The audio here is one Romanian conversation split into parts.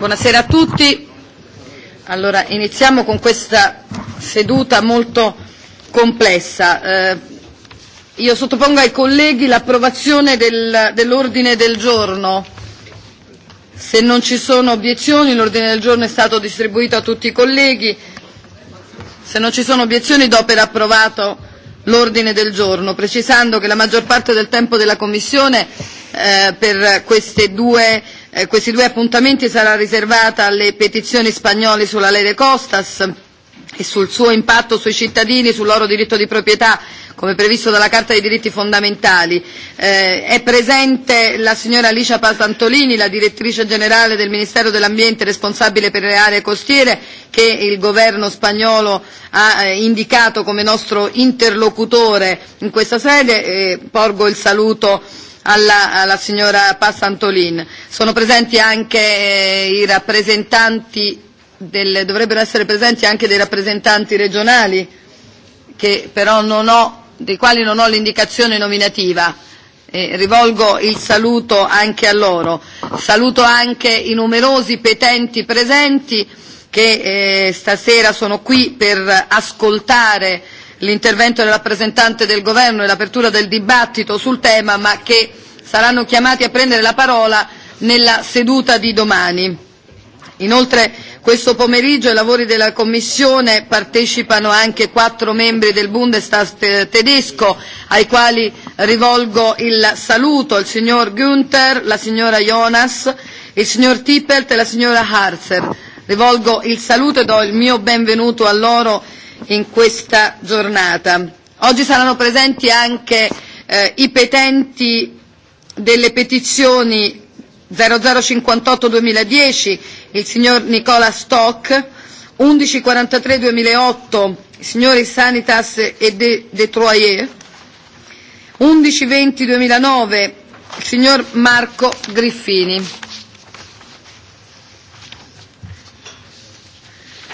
Buonasera a tutti. Allora, iniziamo con questa seduta molto complessa. Eh, io sottopongo ai colleghi l'approvazione del, dell'ordine del giorno. Se non ci sono obiezioni, l'ordine del giorno è stato distribuito a tutti i colleghi. Se non ci sono obiezioni, do per approvato l'ordine del giorno, precisando che la maggior parte del tempo della Commissione eh, per queste due Eh, questi due appuntamenti sarà riservata alle petizioni spagnole sulla Ley de Costas e sul suo impatto sui cittadini, sul loro diritto di proprietà, come previsto dalla Carta dei diritti fondamentali. Eh, è presente la signora Alicia Pasantolini, la direttrice generale del Ministero dell'Ambiente responsabile per le aree costiere, che il governo spagnolo ha eh, indicato come nostro interlocutore in questa sede. Eh, porgo il saluto alla, alla signora Paz Antolin. Sono presenti anche eh, i rappresentanti del, dovrebbero essere presenti anche dei rappresentanti regionali che però non ho, dei quali non ho l'indicazione nominativa. Eh, rivolgo il saluto anche a loro. Saluto anche i numerosi petenti presenti che eh, stasera sono qui per ascoltare l'intervento del rappresentante del governo e l'apertura del dibattito sul tema, ma che saranno chiamati a prendere la parola nella seduta di domani. Inoltre questo pomeriggio ai lavori della Commissione partecipano anche quattro membri del Bundestag tedesco ai quali rivolgo il saluto, il signor Günther, la signora Jonas, il signor Tippelt e la signora Harzer. Rivolgo il saluto e do il mio benvenuto a loro in questa giornata. Oggi saranno presenti anche eh, i petenti delle petizioni 0058 2010, il signor Nicola Stock, 1143 2008, i signori Sanitas e De, De Troyer, 1120 2009, il signor Marco Griffini.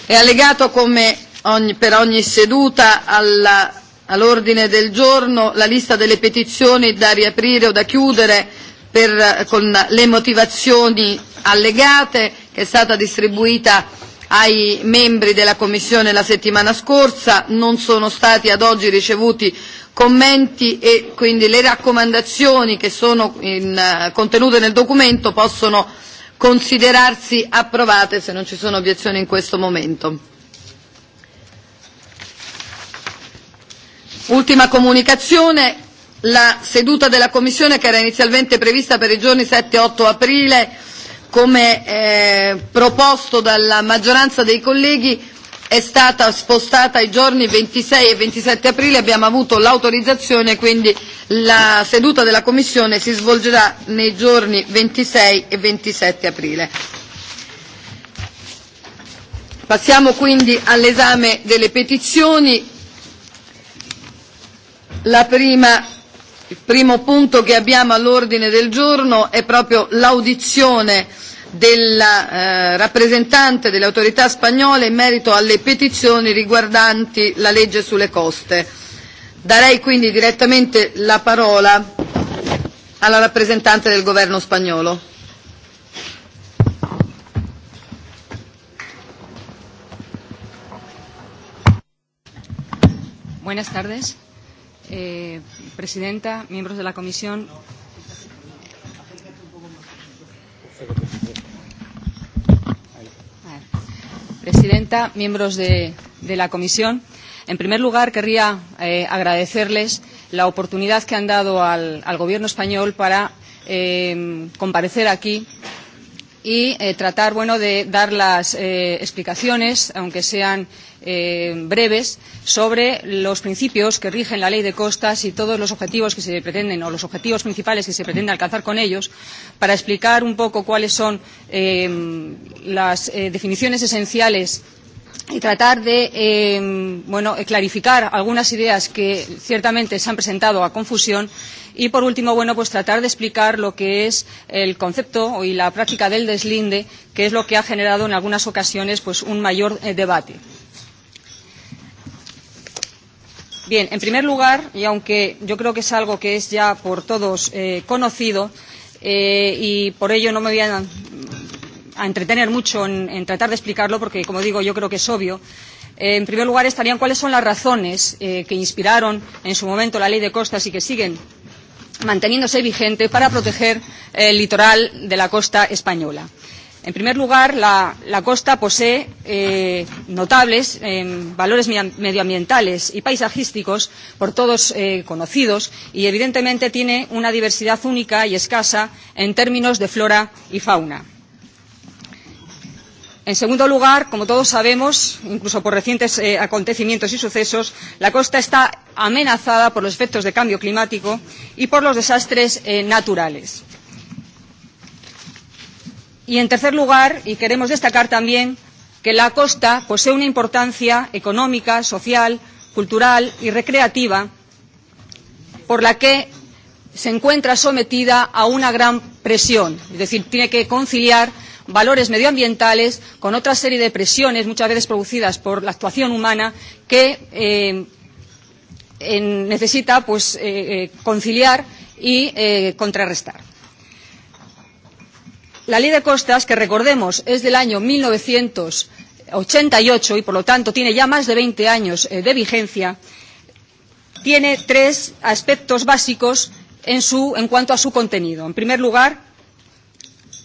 È allegato come ogni, per ogni seduta alla, all'ordine del giorno la lista delle petizioni da riaprire o da chiudere per, con le motivazioni allegate che è stata distribuita ai membri della Commissione la settimana scorsa, non sono stati ad oggi ricevuti commenti e quindi le raccomandazioni che sono in, contenute nel documento possono considerarsi approvate se non ci sono obiezioni in questo momento. Ultima comunicazione, la seduta della Commissione che era inizialmente prevista per i giorni 7-8 aprile, come eh, proposto dalla maggioranza dei colleghi, è stata spostata ai giorni 26 e 27 aprile, abbiamo avuto l'autorizzazione, quindi la seduta della Commissione si svolgerà nei giorni 26 e 27 aprile. Passiamo quindi all'esame delle petizioni. La prima, il primo punto che abbiamo all'ordine del giorno è proprio l'audizione della eh, rappresentante delle autorità spagnole in merito alle petizioni riguardanti la legge sulle coste. Darei quindi direttamente la parola alla rappresentante del governo spagnolo. Buenas tardes eh, Presidenta, miembros de la Comisión. Presidenta, miembros de, de la Comisión, en primer lugar querría eh, agradecerles la oportunidad que han dado al, al Gobierno español para eh, comparecer aquí y eh, tratar bueno, de dar las eh, explicaciones, aunque sean eh, breves sobre los principios que rigen la ley de costas y todos los objetivos que se pretenden o los objetivos principales que se pretende alcanzar con ellos para explicar un poco cuáles son eh, las eh, definiciones esenciales y tratar de eh, bueno, clarificar algunas ideas que ciertamente se han presentado a confusión y por último bueno, pues tratar de explicar lo que es el concepto y la práctica del deslinde que es lo que ha generado en algunas ocasiones pues, un mayor eh, debate. Bien, en primer lugar, y aunque yo creo que es algo que es ya por todos eh, conocido, eh, y por ello no me voy a, a entretener mucho en, en tratar de explicarlo, porque, como digo, yo creo que es obvio, eh, en primer lugar estarían cuáles son las razones eh, que inspiraron en su momento la ley de costas y que siguen manteniéndose vigente para proteger el litoral de la costa española. En primer lugar, la, la costa posee eh, notables eh, valores medioambientales y paisajísticos por todos eh, conocidos y, evidentemente, tiene una diversidad única y escasa en términos de flora y fauna. En segundo lugar, como todos sabemos, incluso por recientes eh, acontecimientos y sucesos, la costa está amenazada por los efectos de cambio climático y por los desastres eh, naturales. Y, en tercer lugar, y queremos destacar también que la costa posee una importancia económica, social, cultural y recreativa por la que se encuentra sometida a una gran presión, es decir, tiene que conciliar valores medioambientales con otra serie de presiones, muchas veces producidas por la actuación humana, que eh, en, necesita pues, eh, eh conciliar y eh, contrarrestar. La ley de costas, que recordemos es del año 1988 y por lo tanto tiene ya más de 20 años eh, de vigencia, tiene tres aspectos básicos en, su, en cuanto a su contenido. En primer lugar,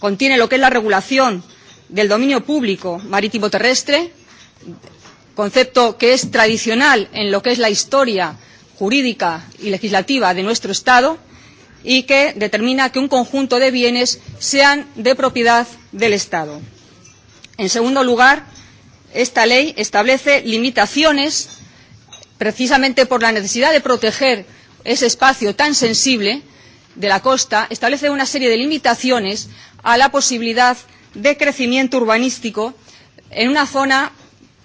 contiene lo que es la regulación del dominio público marítimo terrestre, concepto que es tradicional en lo que es la historia jurídica y legislativa de nuestro Estado, y que determina que un conjunto de bienes sean de propiedad del Estado. En segundo lugar, esta ley establece limitaciones precisamente por la necesidad de proteger ese espacio tan sensible de la costa, establece una serie de limitaciones a la posibilidad de crecimiento urbanístico en una zona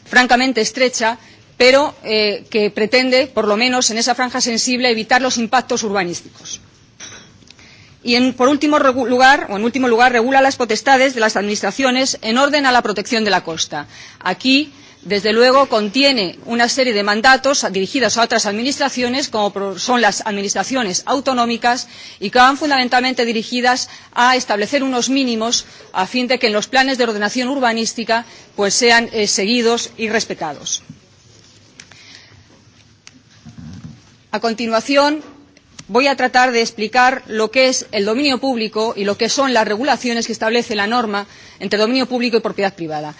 francamente estrecha, pero eh, que pretende, por lo menos en esa franja sensible, evitar los impactos urbanísticos. Y, en, por último lugar, o en último lugar, regula las potestades de las administraciones en orden a la protección de la costa. Aquí, desde luego, contiene una serie de mandatos dirigidos a otras administraciones, como son las administraciones autonómicas, y que van fundamentalmente dirigidas a establecer unos mínimos a fin de que en los planes de ordenación urbanística pues, sean eh, seguidos y respetados. A continuación, voy a tratar de explicar lo que es el dominio público y lo que son las regulaciones que establece la norma entre dominio público y propiedad privada.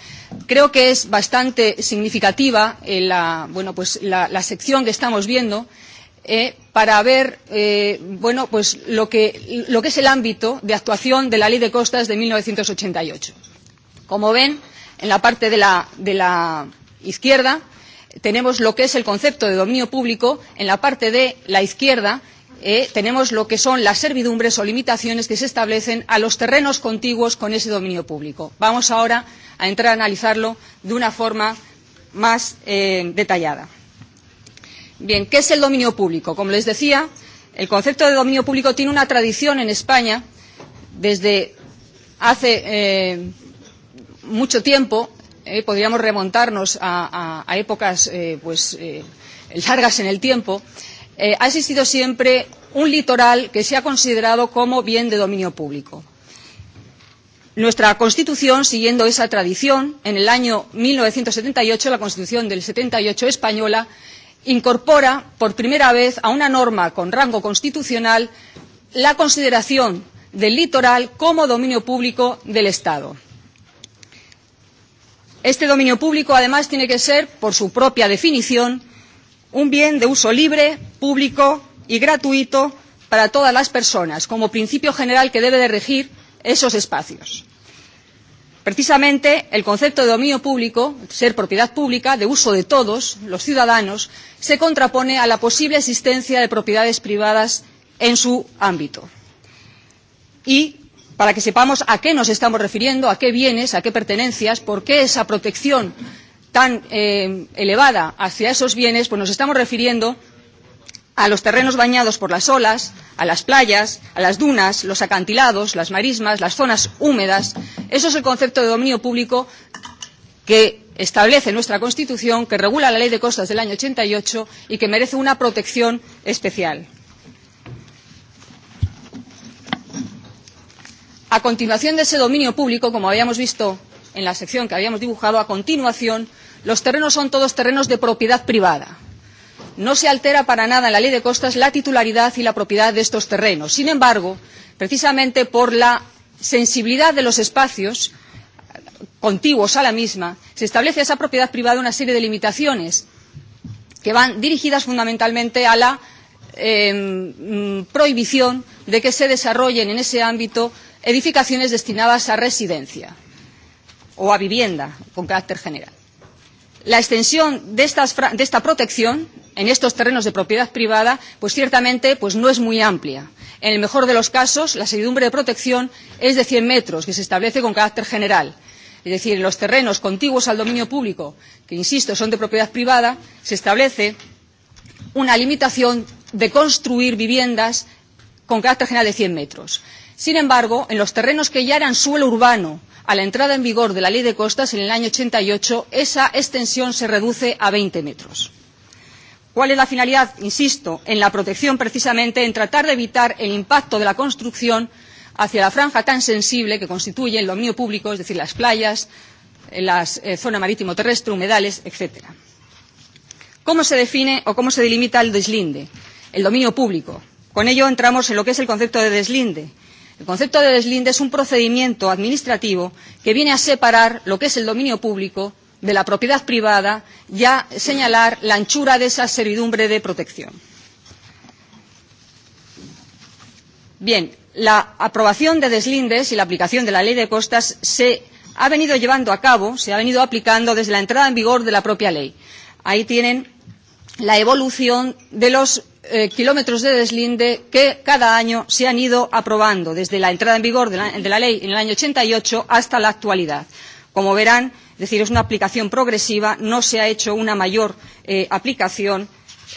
Creo que es bastante significativa eh, la, bueno, pues la, la sección que estamos viendo eh, para ver eh, bueno, pues lo, que, lo que es el ámbito de actuación de la Ley de Costas de 1988. Como ven, en la parte de la, de la izquierda tenemos lo que es el concepto de dominio público, en la parte de la izquierda eh, tenemos lo que son las servidumbres o limitaciones que se establecen a los terrenos contiguos con ese dominio público. Vamos ahora a entrar a analizarlo de una forma más eh, detallada. Bien, ¿qué es el dominio público? Como les decía, el concepto de dominio público tiene una tradición en España desde hace eh, mucho tiempo. Eh, podríamos remontarnos a, a, a épocas eh, pues, eh, largas en el tiempo. Eh, Eh, ha existido siempre un litoral que se ha considerado como bien de dominio público. Nuestra Constitución, siguiendo esa tradición, en el año 1978, la Constitución del 78 española, incorpora por primera vez a una norma con rango constitucional la consideración del litoral como dominio público del Estado. Este dominio público, además, tiene que ser, por su propia definición, un bien de uso libre, público y gratuito para todas las personas, como principio general que debe de regir esos espacios. Precisamente el concepto de dominio público, ser propiedad pública, de uso de todos los ciudadanos, se contrapone a la posible existencia de propiedades privadas en su ámbito. Y para que sepamos a qué nos estamos refiriendo, a qué bienes, a qué pertenencias, por qué esa protección tan eh, elevada hacia esos bienes, pues nos estamos refiriendo a los terrenos bañados por las olas, a las playas, a las dunas, los acantilados, las marismas, las zonas húmedas. Eso es el concepto de dominio público que establece nuestra Constitución, que regula la Ley de Costas del año 88 y que merece una protección especial. A continuación de ese dominio público, como habíamos visto en la sección que habíamos dibujado, a continuación, los terrenos son todos terrenos de propiedad privada no se altera para nada en la ley de costas la titularidad y la propiedad de estos terrenos. Sin embargo, precisamente por la sensibilidad de los espacios contiguos a la misma, se establece a esa propiedad privada una serie de limitaciones que van dirigidas fundamentalmente a la eh, mm, prohibición de que se desarrollen en ese ámbito edificaciones destinadas a residencia o a vivienda con carácter general la extensión de, estas, de esta protección en estos terrenos de propiedad privada, pues ciertamente pues no es muy amplia. En el mejor de los casos, la servidumbre de protección es de 100 metros, que se establece con carácter general. Es decir, en los terrenos contiguos al dominio público, que insisto son de propiedad privada, se establece una limitación de construir viviendas con carácter general de 100 metros. Sin embargo, en los terrenos que ya eran suelo urbano a la entrada en vigor de la Ley de Costas en el año 88, esa extensión se reduce a 20 metros. ¿Cuál es la finalidad? Insisto, en la protección precisamente, en tratar de evitar el impacto de la construcción hacia la franja tan sensible que constituye el dominio público, es decir, las playas, la eh, zona marítimo terrestre, humedales, etc. ¿Cómo se define o cómo se delimita el deslinde, el dominio público? Con ello entramos en lo que es el concepto de deslinde, el concepto de deslinde es un procedimiento administrativo que viene a separar lo que es el dominio público de la propiedad privada y a señalar la anchura de esa servidumbre de protección. Bien, la aprobación de deslindes y la aplicación de la ley de costas se ha venido llevando a cabo, se ha venido aplicando desde la entrada en vigor de la propia ley. Ahí tienen la evolución de los eh, kilómetros de deslinde que cada año se han ido aprobando desde la entrada en vigor de la, de la ley en el año 88 hasta la actualidad. Como verán, es decir, es una aplicación progresiva, no se ha hecho una mayor eh, aplicación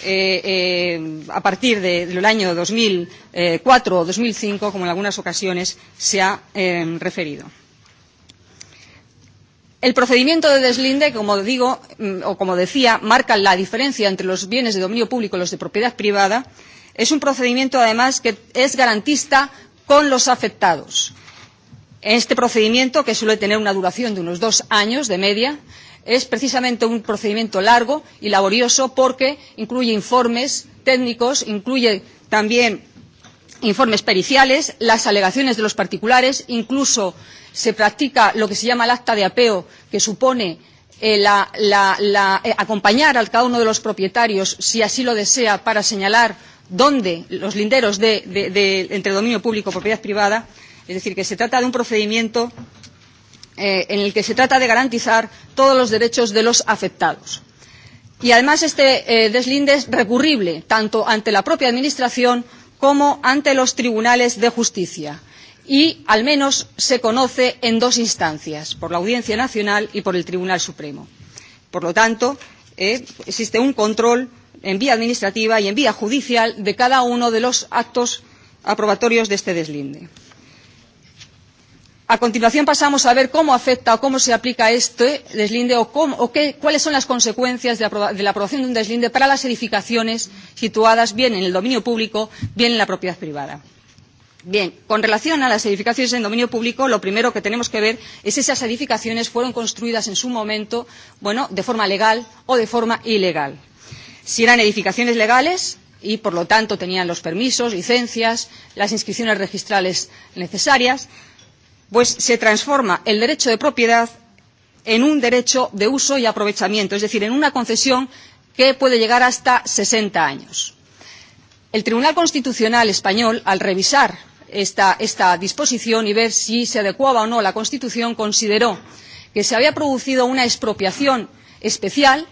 eh, eh, a partir de, del año 2004 eh, o 2005, como en algunas ocasiones se ha eh, referido. El procedimiento de deslinde, como digo, mm, o como decía, marca la diferencia entre los bienes de dominio público y los de propiedad privada. Es un procedimiento, además, que es garantista con los afectados. Este procedimiento, que suele tener una duración de unos dos años de media, es precisamente un procedimiento largo y laborioso porque incluye informes técnicos, incluye también informes periciales, las alegaciones de los particulares, incluso se practica lo que se llama el acta de apeo, que supone eh, la, la, la, eh, acompañar a cada uno de los propietarios, si así lo desea, para señalar dónde los linderos de, de, de, entre dominio público y propiedad privada. Es decir, que se trata de un procedimiento eh, en el que se trata de garantizar todos los derechos de los afectados. Y además este eh, deslinde es recurrible tanto ante la propia Administración como ante los tribunales de justicia y al menos se conoce en dos instancias, por la Audiencia Nacional y por el Tribunal Supremo. Por lo tanto, eh, existe un control en vía administrativa y en vía judicial de cada uno de los actos aprobatorios de este deslinde. A continuación pasamos a ver cómo afecta o cómo se aplica este deslinde o, cómo, o qué, cuáles son las consecuencias de, aproba, de la aprobación de un deslinde para las edificaciones situadas bien en el dominio público, bien en la propiedad privada. Bien, con relación a las edificaciones en dominio público, lo primero que tenemos que ver es si esas edificaciones fueron construidas en su momento, bueno, de forma legal o de forma ilegal. Si eran edificaciones legales y, por lo tanto, tenían los permisos, licencias, las inscripciones registrales necesarias, pues se transforma el derecho de propiedad en un derecho de uso y aprovechamiento, es decir, en una concesión que puede llegar hasta 60 años. El Tribunal Constitucional español, al revisar esta, esta disposición y ver si se adecuaba o no la Constitución, consideró que se había producido una expropiación especial,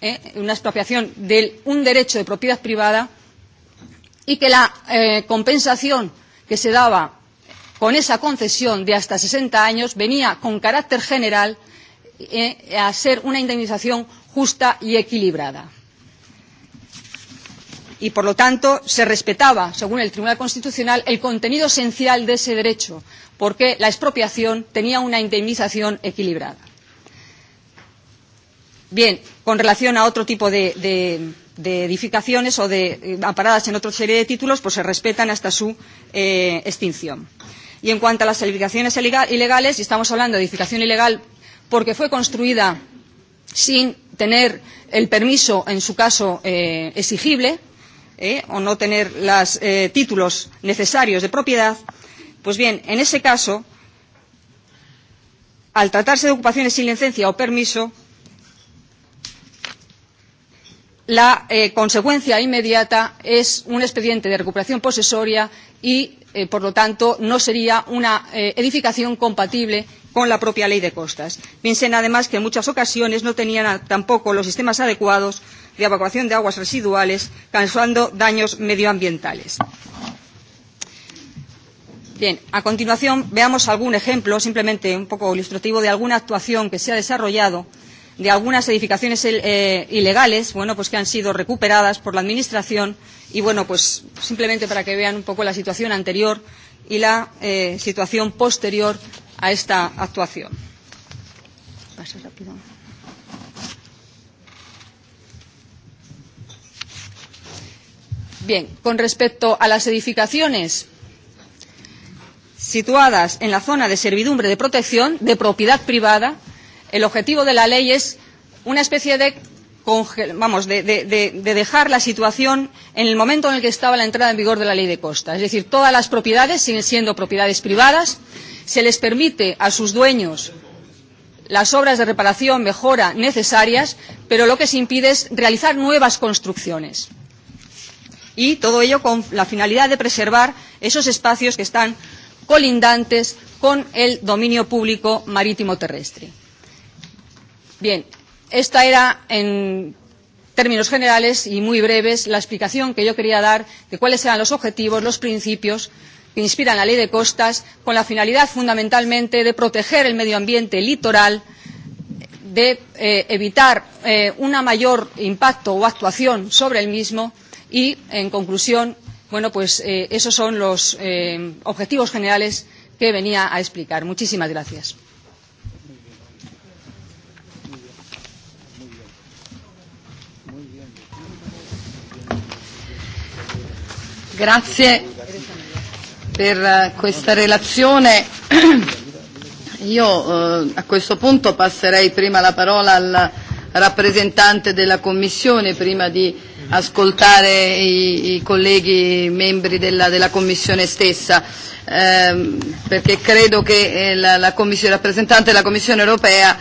eh, eh una expropiación de un derecho de propiedad privada y que la eh, compensación que se daba con esa concesión de hasta 60 años venía con carácter general eh, a ser una indemnización justa y equilibrada y, por lo tanto, se respetaba, según el Tribunal Constitucional, el contenido esencial de ese derecho, porque la expropiación tenía una indemnización equilibrada. Bien, con relación a otro tipo de, de, de edificaciones o de eh, en otra serie de títulos, pues se respetan hasta su eh, extinción. Y en cuanto a las edificaciones ilegales, y estamos hablando de edificación ilegal porque fue construida sin tener el permiso, en su caso, eh, exigible, eh, o no tener los eh, títulos necesarios de propiedad, pues bien, en ese caso, al tratarse de ocupaciones sin licencia o permiso, la eh, consecuencia inmediata es un expediente de recuperación posesoria y, eh, por lo tanto, no sería una eh, edificación compatible con la propia ley de costas. Piensen, además, que en muchas ocasiones no tenían tampoco los sistemas adecuados de evacuación de aguas residuales, causando daños medioambientales. Bien, a continuación veamos algún ejemplo, simplemente un poco ilustrativo, de alguna actuación que se ha desarrollado de algunas edificaciones eh, ilegales, bueno, pues que han sido recuperadas por la Administración y, bueno, pues simplemente para que vean un poco la situación anterior y la eh, situación posterior a esta actuación. Paso rápido. Bien, con respecto a las edificaciones situadas en la zona de servidumbre de protección de propiedad privada, el objetivo de la ley es una especie de, vamos, de, de, de, de dejar la situación en el momento en el que estaba la entrada en vigor de la ley de costa. Es decir, todas las propiedades siguen siendo propiedades privadas, se les permite a sus dueños las obras de reparación, mejora necesarias, pero lo que se impide es realizar nuevas construcciones y todo ello con la finalidad de preservar esos espacios que están colindantes con el dominio público marítimo terrestre. Bien, esta era en términos generales y muy breves la explicación que yo quería dar de cuáles eran los objetivos, los principios que inspiran la ley de costas con la finalidad fundamentalmente de proteger el medio ambiente litoral, de eh, evitar eh, un mayor impacto o actuación sobre el mismo Y, en conclusión, bueno, pues eh, esos son los eh, objetivos generales que venía a explicar. Muchísimas gracias. Grazie per eh, questa relazione. Io eh, a questo punto passerei prima la parola al rappresentante della Commissione prima di ascoltare i, i colleghi membri della, della Commissione stessa, ehm, perché credo che eh, la, la commissione, il rappresentante della Commissione europea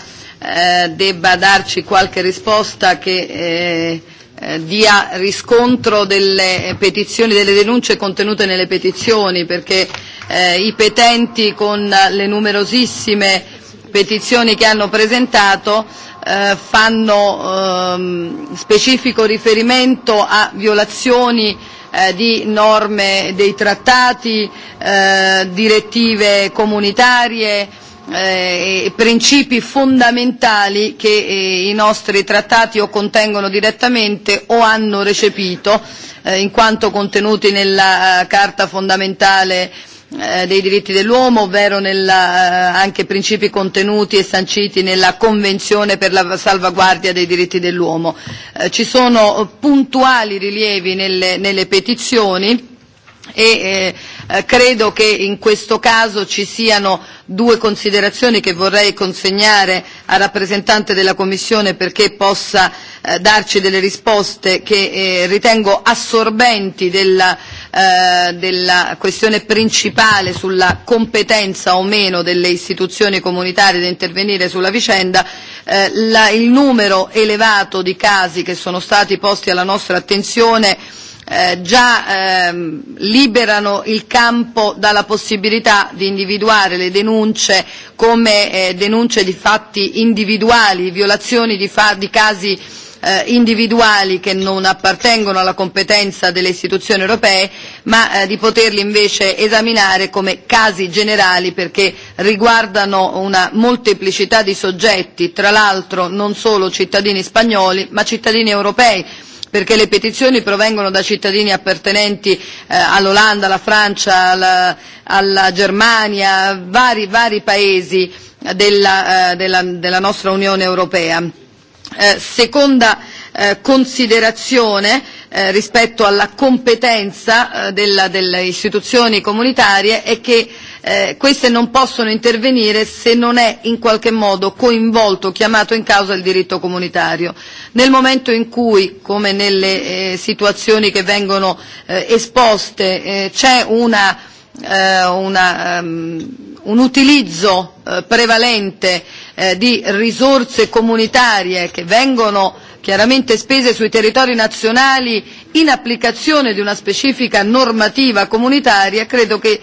eh, debba darci qualche risposta che eh, eh, dia riscontro delle petizioni, delle denunce contenute nelle petizioni, perché eh, i petenti con le numerosissime petizioni che hanno presentato Eh, fanno ehm, specifico riferimento a violazioni eh, di norme dei trattati, eh, direttive comunitarie, eh, principi fondamentali che eh, i nostri trattati o contengono direttamente o hanno recepito eh, in quanto contenuti nella eh, Carta fondamentale eh, Eh, dei diritti dell'uomo, ovvero nella, eh, anche principi contenuti e sanciti nella Convenzione per la salvaguardia dei diritti dell'uomo. Eh, ci sono puntuali rilievi nelle, nelle petizioni e eh, eh credo che in questo caso ci siano due considerazioni che vorrei consegnare al rappresentante della Commissione perché possa eh, darci delle risposte che eh, ritengo assorbenti della Eh, della questione principale sulla competenza o meno delle istituzioni comunitarie di intervenire sulla vicenda, eh, la, il numero elevato di casi che sono stati posti alla nostra attenzione eh, già ehm, liberano il campo dalla possibilità di individuare le denunce come eh, denunce di fatti individuali, violazioni di, fa- di casi eh, individuali che non appartengono alla competenza delle istituzioni europee, ma eh, di poterli invece esaminare come casi generali perché riguardano una molteplicità di soggetti, tra l'altro non solo cittadini spagnoli, ma cittadini europei perché le petizioni provengono da cittadini appartenenti eh, all'Olanda, alla Francia, alla, alla Germania, vari, vari paesi della, eh, della, della nostra Unione Europea Eh, seconda eh, considerazione eh, rispetto alla competenza eh, della, delle istituzioni comunitarie è che eh, queste non possono intervenire se non è in qualche modo coinvolto, chiamato in causa il diritto comunitario. Nel momento in cui, come nelle eh, situazioni che vengono eh, esposte, eh, c'è una eh, una, um, un utilizzo eh, prevalente eh, di risorse comunitarie che vengono chiaramente spese sui territori nazionali in applicazione di una specifica normativa comunitaria, credo che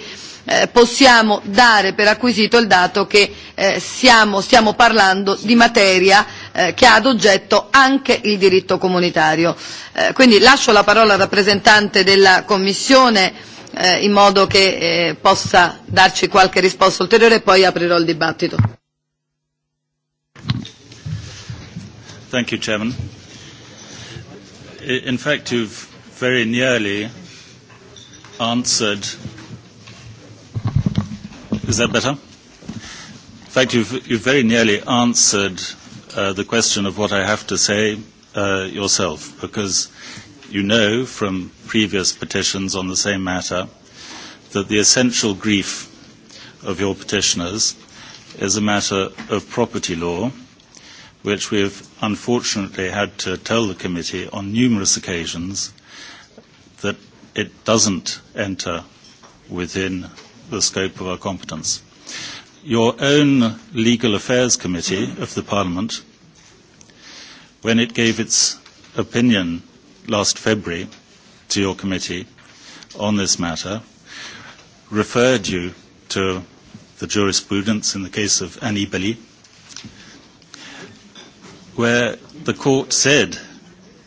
eh, possiamo dare per acquisito il dato che eh, siamo, stiamo parlando di materia eh, che ha ad oggetto anche il diritto comunitario. Eh, quindi lascio la parola al rappresentante della Commissione eh, in modo che eh, possa darci qualche risposta ulteriore e poi aprirò il dibattito. Thank you, Chairman. In fact, you've very nearly answered. Is that better? In fact, you've, you've very nearly answered uh, the question of what I have to say uh, yourself, because uh, you know from previous petitions on the same matter that the essential grief of your petitioners is a matter of property law, which we have unfortunately had to tell the committee on numerous occasions that it doesn't enter within the scope of our competence. Your own Legal Affairs Committee of the Parliament, when it gave its opinion last February to your committee on this matter, referred you to the jurisprudence in the case of Billy, where the court said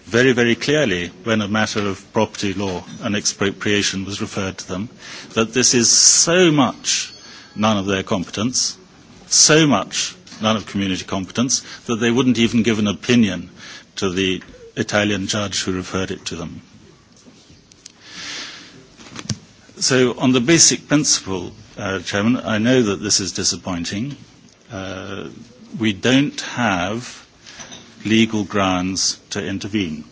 very, very clearly when a matter of property law and expropriation was referred to them that this is so much none of their competence, so much none of community competence, that they wouldn't even give an opinion to the Italian judge who referred it to them. So on the basic principle, uh, Chairman, I know that this is disappointing. Uh, we don't have legal grounds to intervene.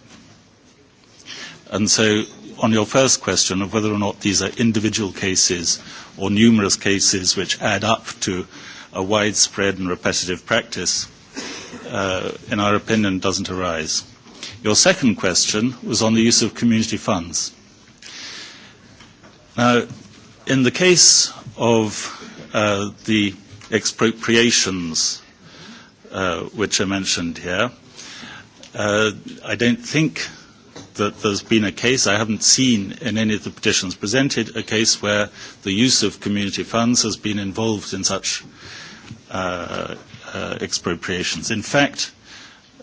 And so on your first question of whether or not these are individual cases or numerous cases which add up to a widespread and repetitive practice, uh, in our opinion, doesn't arise. Your second question was on the use of community funds. Now, in the case of uh, the expropriations uh, which are mentioned here, uh, I don't think that there's been a case, I haven't seen in any of the petitions presented, a case where the use of community funds has been involved in such uh, uh, expropriations. In fact,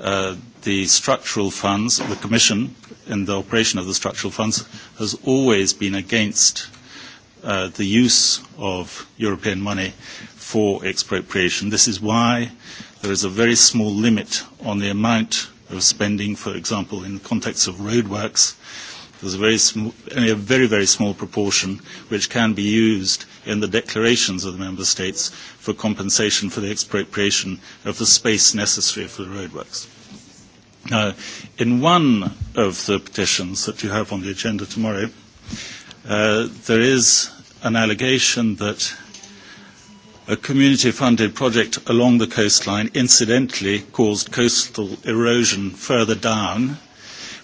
Uh, the structural funds, the Commission, in the operation of the structural funds, has always been against uh, the use of European money for expropriation. This is why there is a very small limit on the amount of spending, for example, in the context of roadworks, uh, There's a very only a very, very small proportion which can be used in the declarations of the member states for compensation for the expropriation of the space necessary for the roadworks. Uh, in one of the petitions that you have on the agenda tomorrow, uh, there is an allegation that a community-funded project along the coastline incidentally caused coastal erosion further down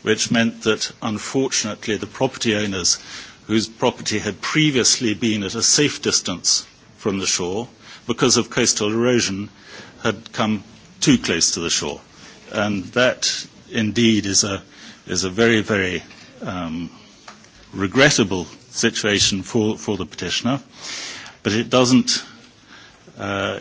which meant that unfortunately the property owners whose property had previously been at a safe distance from the shore because of coastal erosion had come too close to the shore. And that indeed is a, is a very, very um, regrettable situation for, for the petitioner. But it doesn't, uh,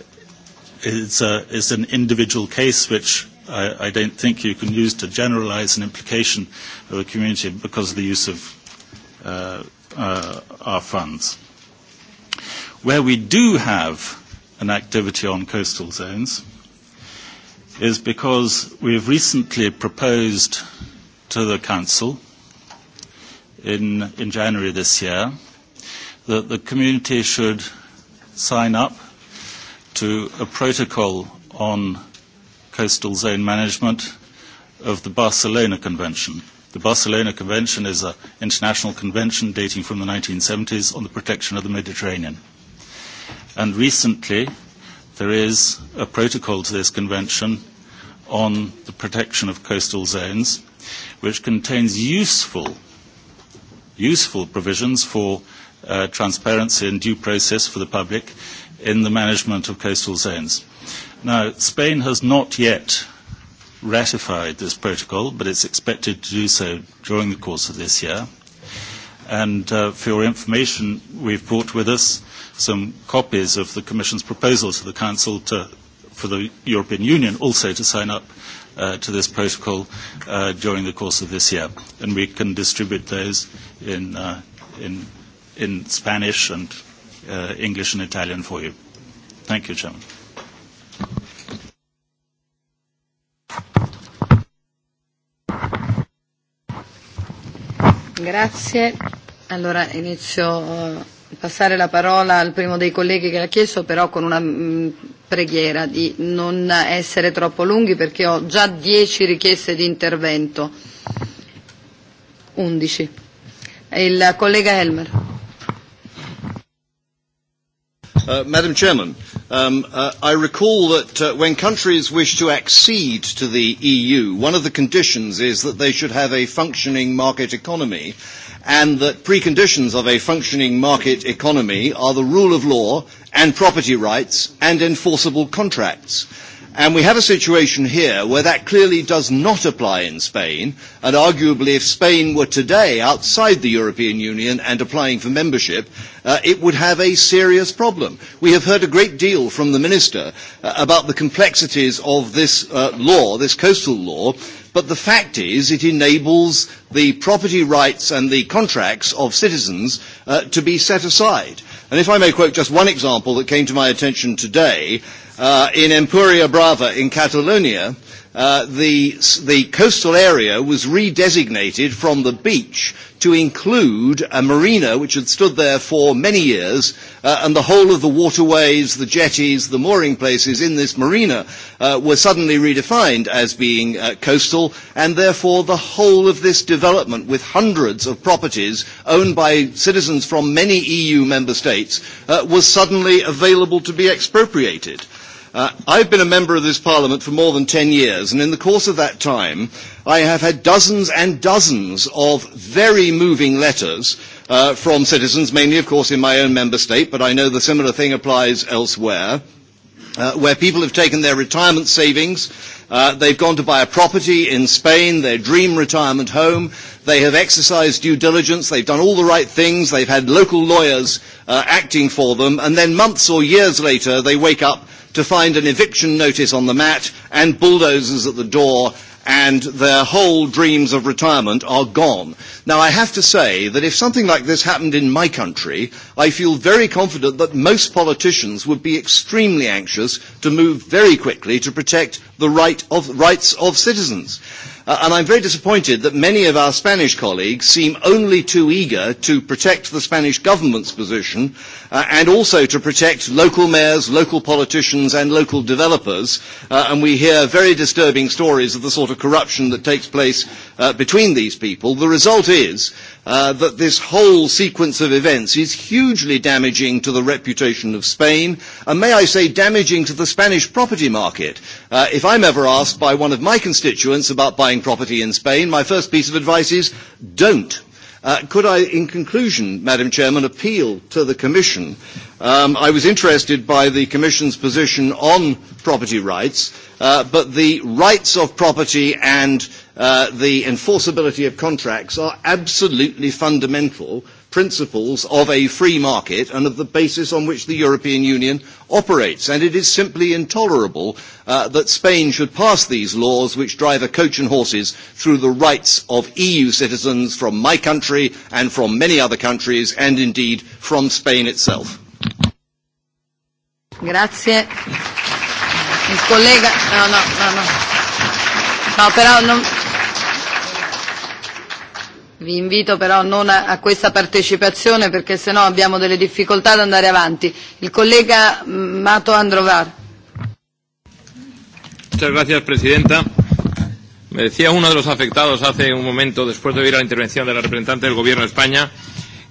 it's, a, it's an individual case which I, I don't think you can use to generalize an implication of a community because of the use of uh, uh, our funds. Where we do have an activity on coastal zones is because we have recently proposed to the Council in, in January this year that the community should sign up to a protocol on coastal zone management of the Barcelona Convention. The Barcelona Convention is an international convention dating from the 1970s on the protection of the Mediterranean. And recently, there is a protocol to this convention on the protection of coastal zones, which contains useful, useful provisions for uh, transparency and due process for the public in the management of coastal zones. Now, Spain has not yet ratified this protocol, but it's expected to do so during the course of this year. And uh, for your information, we've brought with us some copies of the Commission's proposal to the Council to, for the European Union also to sign up uh, to this protocol uh, during the course of this year. And we can distribute those in, uh, in in Spanish and uh, English and Italian for you. Thank you, Chairman. Grazie. Allora inizio a eh, passare la parola al primo dei colleghi che l'ha chiesto, però con una mh, mm, preghiera di non essere troppo lunghi perché ho già dieci richieste di intervento. Undici. Il collega Helmer. Uh, Madam Chairman, um, uh, I recall that uh, when countries wish to accede to the EU, one of the conditions is that they should have a functioning market economy and that preconditions of a functioning market economy are the rule of law and property rights and enforceable contracts. And we have a situation here where that clearly does not apply in Spain, and arguably if Spain were today outside the European Union and applying for membership, uh, it would have a serious problem. We have heard a great deal from the Minister uh, about the complexities of this uh, law, this coastal law, but the fact is it enables the property rights and the contracts of citizens uh, to be set aside. And if I may quote just one example that came to my attention today, Uh, in Empuria Brava in Catalonia, uh, the, the coastal area was redesignated from the beach to include a marina which had stood there for many years uh, and the whole of the waterways, the jetties, the mooring places in this marina uh, were suddenly redefined as being uh, coastal and therefore the whole of this development with hundreds of properties owned by citizens from many EU member states uh, was suddenly available to be expropriated. Uh, I've been a member of this Parliament for more than 10 years, and in the course of that time, I have had dozens and dozens of very moving letters uh, from citizens, mainly, of course, in my own member state, but I know the similar thing applies elsewhere, uh, where people have taken their retirement savings, uh, they've gone to buy a property in Spain, their dream retirement home, They have exercised due diligence. They've done all the right things. They've had local lawyers uh, acting for them. And then months or years later, they wake up to find an eviction notice on the mat and bulldozers at the door and their whole dreams of retirement are gone. Now, I have to say that if something like this happened in my country, I feel very confident that most politicians would be extremely anxious to move very quickly to protect the right of, rights of citizens. Uh, and I'm very disappointed that many of our Spanish colleagues seem only too eager to protect the Spanish government's position uh, and also to protect local mayors, local politicians and local developers. Uh, and we hear very disturbing stories of the sort of corruption that takes place uh, between these people. The result is uh, that this whole sequence of events is hugely damaging to the reputation of Spain, and may I say damaging to the Spanish property market. Uh, if I'm ever asked by one of my constituents about buying property in Spain, my first piece of advice is don't. Uh, could I, in conclusion, Madam Chairman, appeal to the Commission? Um, I was interested by the Commission's position on property rights, uh, but the rights of property and Uh, the enforceability of contracts are absolutely fundamental principles of a free market and of the basis on which the European Union operates. And it is simply intolerable uh, that Spain should pass these laws which drive a coach and horses through the rights of EU citizens from my country and from many other countries and indeed from Spain itself. Grazie. Il collega... No, no, no, no. No, però non... Vi invito però non a, a questa partecipazione perché sennò abbiamo delle difficoltà ad andare avanti. Il collega mm, Mato Androvar. Muchas gracias, Presidenta. Me decía uno de los afectados hace un momento, después de oír la intervención de la representante del Gobierno de España,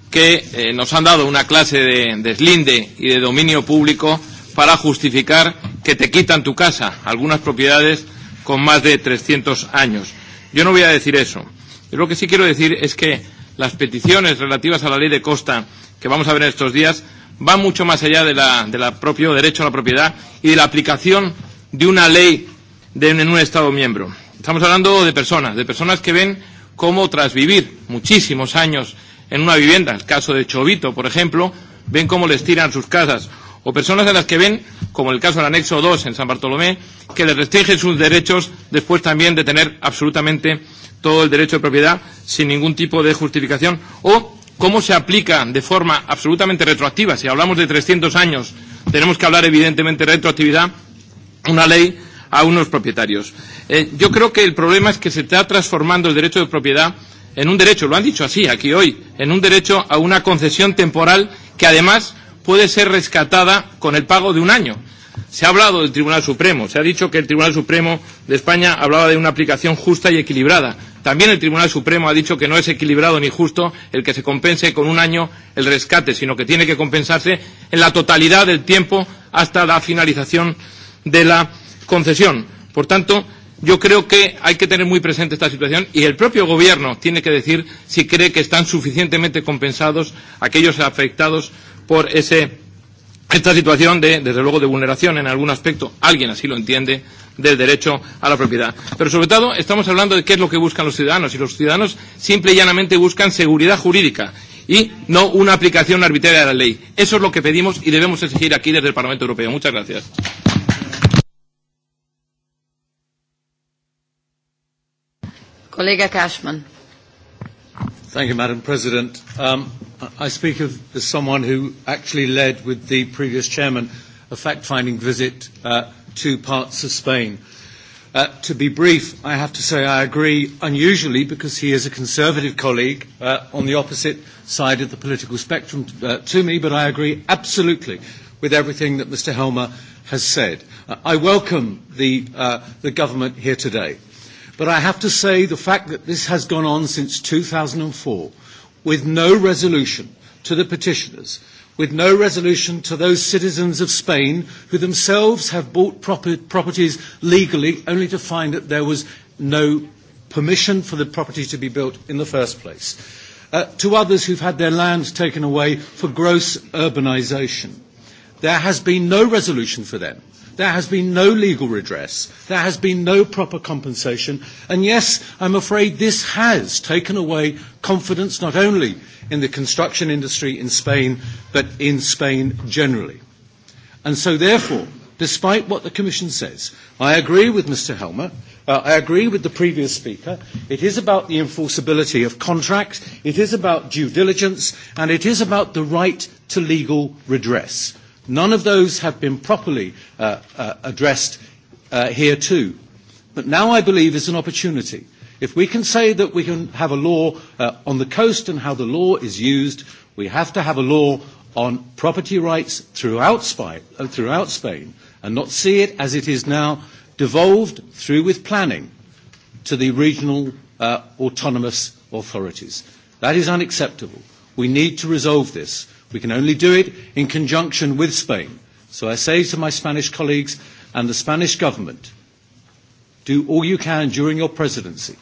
que eh, nos han dado una clase de deslinde y de dominio público para justificar que te quitan tu casa, algunas propiedades con más de 300 años. Yo no voy a decir eso. Pero lo que sí quiero decir es que las peticiones relativas a la ley de costa que vamos a ver en estos días van mucho más allá del la, de la propio derecho a la propiedad y de la aplicación de una ley de, en un Estado miembro. Estamos hablando de personas, de personas que ven cómo tras vivir muchísimos años en una vivienda, el caso de Chovito, por ejemplo, ven cómo les tiran sus casas, o personas a las que ven, como el caso del anexo 2 en San Bartolomé, que les restringen sus derechos después también de tener absolutamente todo el derecho de propiedad sin ningún tipo de justificación o cómo se aplica de forma absolutamente retroactiva. Si hablamos de 300 años, tenemos que hablar evidentemente de retroactividad, una ley a unos propietarios. Eh, yo creo que el problema es que se está transformando el derecho de propiedad en un derecho, lo han dicho así aquí hoy, en un derecho a una concesión temporal que además puede ser rescatada con el pago de un año. Se ha hablado del Tribunal Supremo, se ha dicho que el Tribunal Supremo de España hablaba de una aplicación justa y equilibrada. También el Tribunal Supremo ha dicho que no es equilibrado ni justo el que se compense con un año el rescate, sino que tiene que compensarse en la totalidad del tiempo hasta la finalización de la concesión. Por tanto, yo creo que hay que tener muy presente esta situación y el propio Gobierno tiene que decir si cree que están suficientemente compensados aquellos afectados por ese esta situación de, desde luego, de vulneración en algún aspecto, alguien así lo entiende, del derecho a la propiedad. Pero sobre todo estamos hablando de qué es lo que buscan los ciudadanos y los ciudadanos simple y llanamente buscan seguridad jurídica y no una aplicación arbitraria de la ley. Eso es lo que pedimos y debemos exigir aquí desde el Parlamento Europeo. Muchas gracias. Colega Cashman. Thank you, Madam President. Um, I speak of, as someone who actually led with the previous chairman a fact-finding visit uh, to parts of Spain. Uh, to be brief, I have to say I agree unusually because he is a conservative colleague uh, on the opposite side of the political spectrum uh, to me, but I agree absolutely with everything that Mr. Helmer has said. Uh, I welcome the, uh, the government here today. But I have to say the fact that this has gone on since 2004 with no resolution to the petitioners, with no resolution to those citizens of Spain who themselves have bought properties legally only to find that there was no permission for the property to be built in the first place. Uh, to others who've had their land taken away for gross urbanisation. There has been no resolution for them. There has been no legal redress. There has been no proper compensation. And yes, I'm afraid this has taken away confidence not only in the construction industry in Spain, but in Spain generally. And so therefore, despite what the Commission says, I agree with Mr Helmer, Uh, I agree with the previous speaker. It is about the enforceability of contracts, it is about due diligence, and it is about the right to legal redress. None of those have been properly uh, uh, addressed uh, here too. But now I believe is an opportunity. If we can say that we can have a law uh, on the coast and how the law is used, we have to have a law on property rights throughout, Spain, uh, throughout Spain and not see it as it is now devolved through with planning to the regional uh, autonomous authorities. That is unacceptable. We need to resolve this. We can only do it in conjunction with Spain. So I say to my Spanish colleagues and the Spanish government, do all you can during your presidency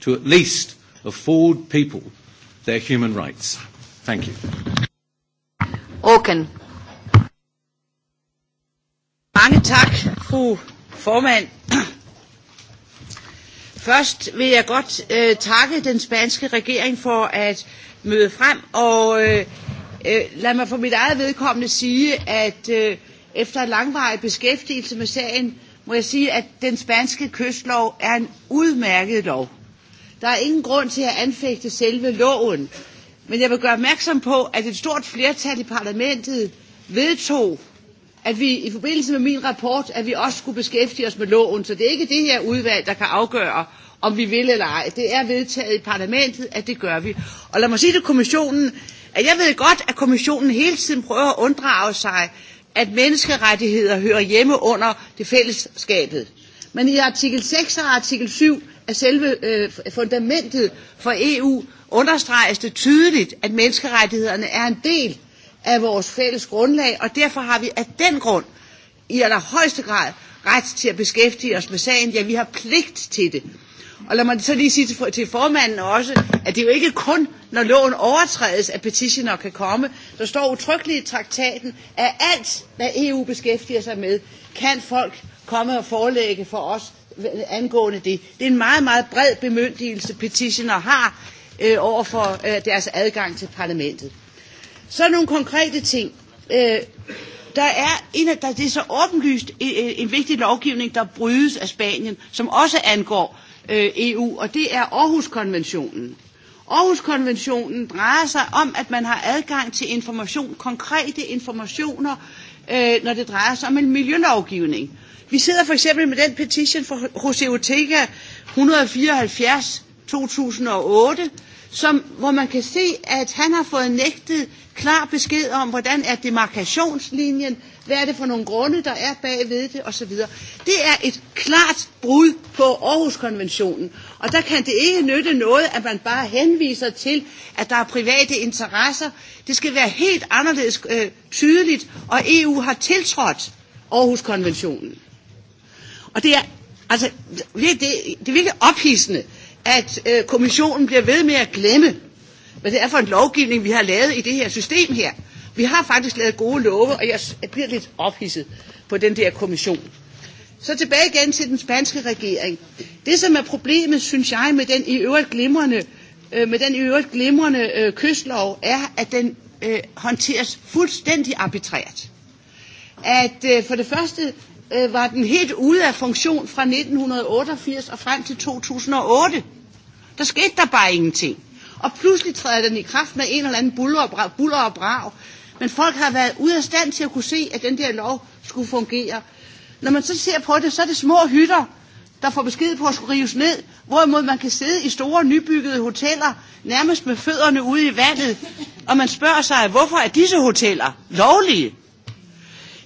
to at least afford people their human rights. Thank you. Auken. Mange tak, fru formand. Først vil jeg godt øh, takke den spanske regering for at møde frem og øh, Øh, lad mig for mit eget vedkommende sige, at øh, efter en langvarig beskæftigelse med sagen, må jeg sige, at den spanske kystlov er en udmærket lov. Der er ingen grund til at anfægte selve loven, men jeg vil gøre opmærksom på, at et stort flertal i parlamentet vedtog, at vi i forbindelse med min rapport, at vi også skulle beskæftige os med loven. Så det er ikke det her udvalg, der kan afgøre, om vi vil eller ej. Det er vedtaget i parlamentet, at det gør vi. Og lad mig sige til kommissionen, at jeg ved godt, at kommissionen hele tiden prøver at unddrage sig, at menneskerettigheder hører hjemme under det fællesskabet. Men i artikel 6 og artikel 7 af selve øh, fundamentet for EU understreges det tydeligt, at menneskerettighederne er en del af vores fælles grundlag, og derfor har vi af den grund i allerhøjeste grad ret til at beskæftige os med sagen. Ja, vi har pligt til det. Og lad mig så lige sige til, formanden også, at det er jo ikke kun, når loven overtrædes, at petitioner kan komme. Der står utryggeligt i traktaten, at alt, hvad EU beskæftiger sig med, kan folk komme og forelægge for os angående det. Det er en meget, meget bred bemyndigelse, petitioner har øh, over for øh, deres adgang til parlamentet. Så nogle konkrete ting. Øh, der er en af, der, det er så åbenlyst en, øh, øh, en vigtig lovgivning, der brydes af Spanien, som også angår øh, EU, og det er Aarhuskonventionen. Aarhuskonventionen drejer sig om, at man har adgang til information, konkrete informationer, øh, når det drejer sig om en miljølovgivning. Vi sidder for eksempel med den petition fra Jose Otega 174 2008, som, hvor man kan se, at han har fået nægtet klar besked om, hvordan er demarkationslinjen, hvad er det for nogle grunde, der er bagved det osv. Det er et klart brud på Aarhuskonventionen, og der kan det ikke nytte noget, at man bare henviser til, at der er private interesser. Det skal være helt anderledes øh, tydeligt, og EU har tiltrådt Aarhuskonventionen. Og det er altså, det, det, det er virkelig ophidsende, at øh, kommissionen bliver ved med at glemme, hvad det er for en lovgivning, vi har lavet i det her system her. Vi har faktisk lavet gode love, og jeg, bliver lidt ophidset på den der kommission. Så tilbage igen til den spanske regering. Det, som er problemet, synes jeg, med den i øvrigt glimrende, øh, med den i øvrigt glimrende øh, kystlov, er, at den øh, håndteres fuldstændig arbitrært. At øh, for det første øh, var den helt ude af funktion fra 1988 og frem til 2008. Der skete der bare ingenting. Og pludselig træder den i kraft med en eller anden buller og brav. Buller og brav. Men folk har været ude af stand til at kunne se, at den der lov skulle fungere. Når man så ser på det, så er det små hytter, der får besked på at skulle rives ned, hvorimod man kan sidde i store nybyggede hoteller, nærmest med fødderne ude i vandet, og man spørger sig, hvorfor er disse hoteller lovlige?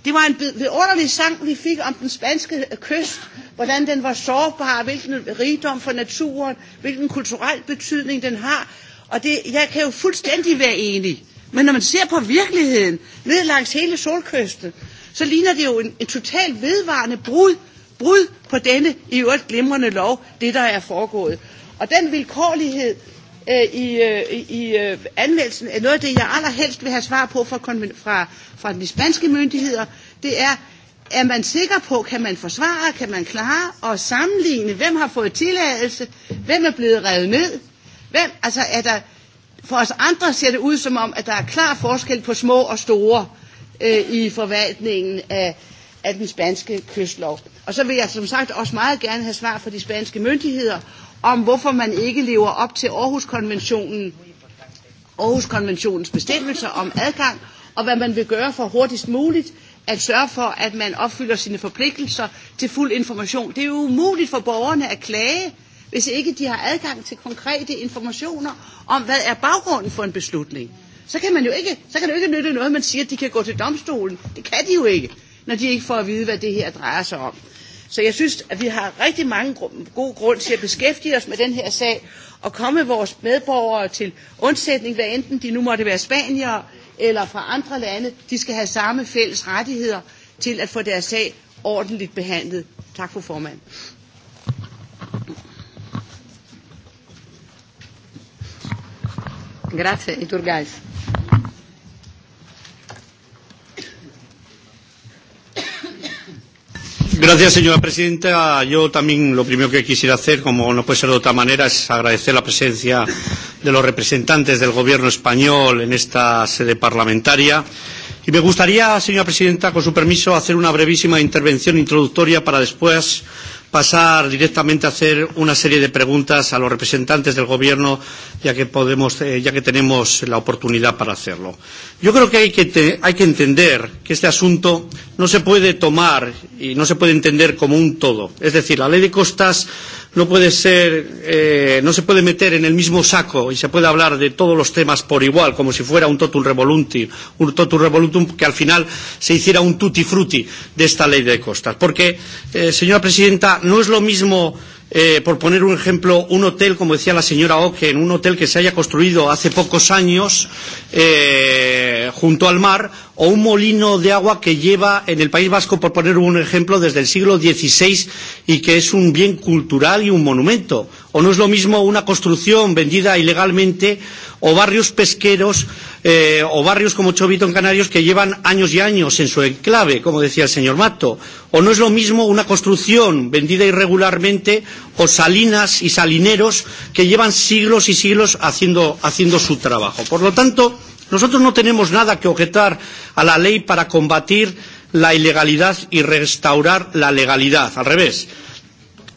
Det var en vidunderlig sang, vi fik om den spanske kyst, hvordan den var sårbar, hvilken rigdom for naturen, hvilken kulturel betydning den har. Og det, jeg kan jo fuldstændig være enig. Men når man ser på virkeligheden ned langs hele solkysten, så ligner det jo en, en total vedvarende brud, brud på denne i øvrigt glimrende lov, det der er foregået. Og den vilkårlighed, øh, i, øh, i øh, anmeldelsen. at Noget af det, jeg allerhelst vil have svar på fra, fra, fra de spanske myndigheder, det er, er man sikker på, kan man forsvare, kan man klare og sammenligne, hvem har fået tilladelse, hvem er blevet revet ned, hvem, altså er der, for os andre ser det ud som om, at der er klar forskel på små og store øh, i forvaltningen af, af den spanske kystlov. Og så vil jeg som sagt også meget gerne have svar fra de spanske myndigheder om, hvorfor man ikke lever op til Aarhuskonventionen, Aarhuskonventionens bestemmelser om adgang, og hvad man vil gøre for hurtigst muligt at sørge for, at man opfylder sine forpligtelser til fuld information. Det er jo umuligt for borgerne at klage, hvis ikke de har adgang til konkrete informationer om, hvad er baggrunden for en beslutning. Så kan, man jo ikke, så kan det jo ikke nytte noget, man siger, at de kan gå til domstolen. Det kan de jo ikke, når de ikke får at vide, hvad det her drejer sig om. Så jeg synes, at vi har rigtig mange gode grunde til at beskæftige os med den her sag og komme vores medborgere til undsætning, hvad enten de nu måtte være spanier eller fra andre lande. De skal have samme fælles rettigheder til at få deres sag ordentligt behandlet. Tak for formand. Grazie, Iturgais. Gracias, señora presidenta. Yo también lo primero que quisiera hacer, como no puede ser de otra manera, es agradecer la presencia de los representantes del Gobierno español en esta sede parlamentaria. Y me gustaría, señora presidenta, con su permiso, hacer una brevísima intervención introductoria para después pasar directamente a hacer una serie de preguntas a los representantes del Gobierno, ya que, podemos, eh, ya que tenemos la oportunidad para hacerlo. Yo creo que hay que, te, hay que entender que este asunto no se puede tomar y no se puede entender como un todo. Es decir, la ley de costas no puede ser, eh, no se puede meter en el mismo saco y se puede hablar de todos los temas por igual, como si fuera un totum revolutum, un totum revolutum que al final se hiciera un tutti frutti de esta ley de costas. Porque, eh, señora presidenta, no es lo mismo Eh, por poner un ejemplo, un hotel, como decía la señora Oken, un hotel que se haya construido hace pocos años eh, junto al mar, o un molino de agua que lleva en el País Vasco, por poner un ejemplo, desde el siglo XVI y que es un bien cultural y un monumento. O no es lo mismo una construcción vendida ilegalmente o barrios pesqueros eh, o barrios como Chovito en Canarios que llevan años y años en su enclave, como decía el señor Mato. O no es lo mismo una construcción vendida irregularmente o salinas y salineros que llevan siglos y siglos haciendo, haciendo su trabajo. Por lo tanto, nosotros no tenemos nada que objetar a la ley para combatir la ilegalidad y restaurar la legalidad. Al revés.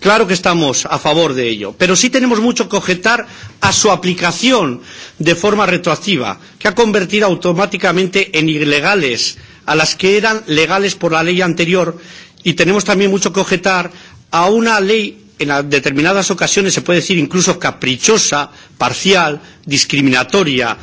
Claro que estamos a favor de ello, pero sí tenemos mucho que objetar a su aplicación de forma retroactiva, que ha convertido automáticamente en ilegales a las que eran legales por la ley anterior y tenemos también mucho que objetar a una ley en determinadas ocasiones se puede decir incluso caprichosa, parcial, discriminatoria,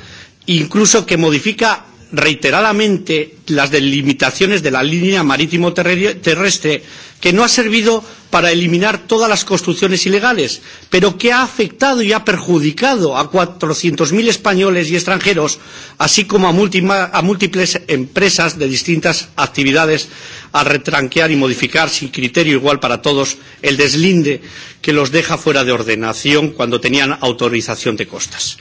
incluso que modifica reiteradamente las delimitaciones de la línea marítimo terrestre que no ha servido para eliminar todas las construcciones ilegales, pero que ha afectado y ha perjudicado a 400.000 españoles y extranjeros, así como a, múltima, a múltiples empresas de distintas actividades, al retranquear y modificar sin criterio igual para todos el deslinde que los deja fuera de ordenación cuando tenían autorización de costas.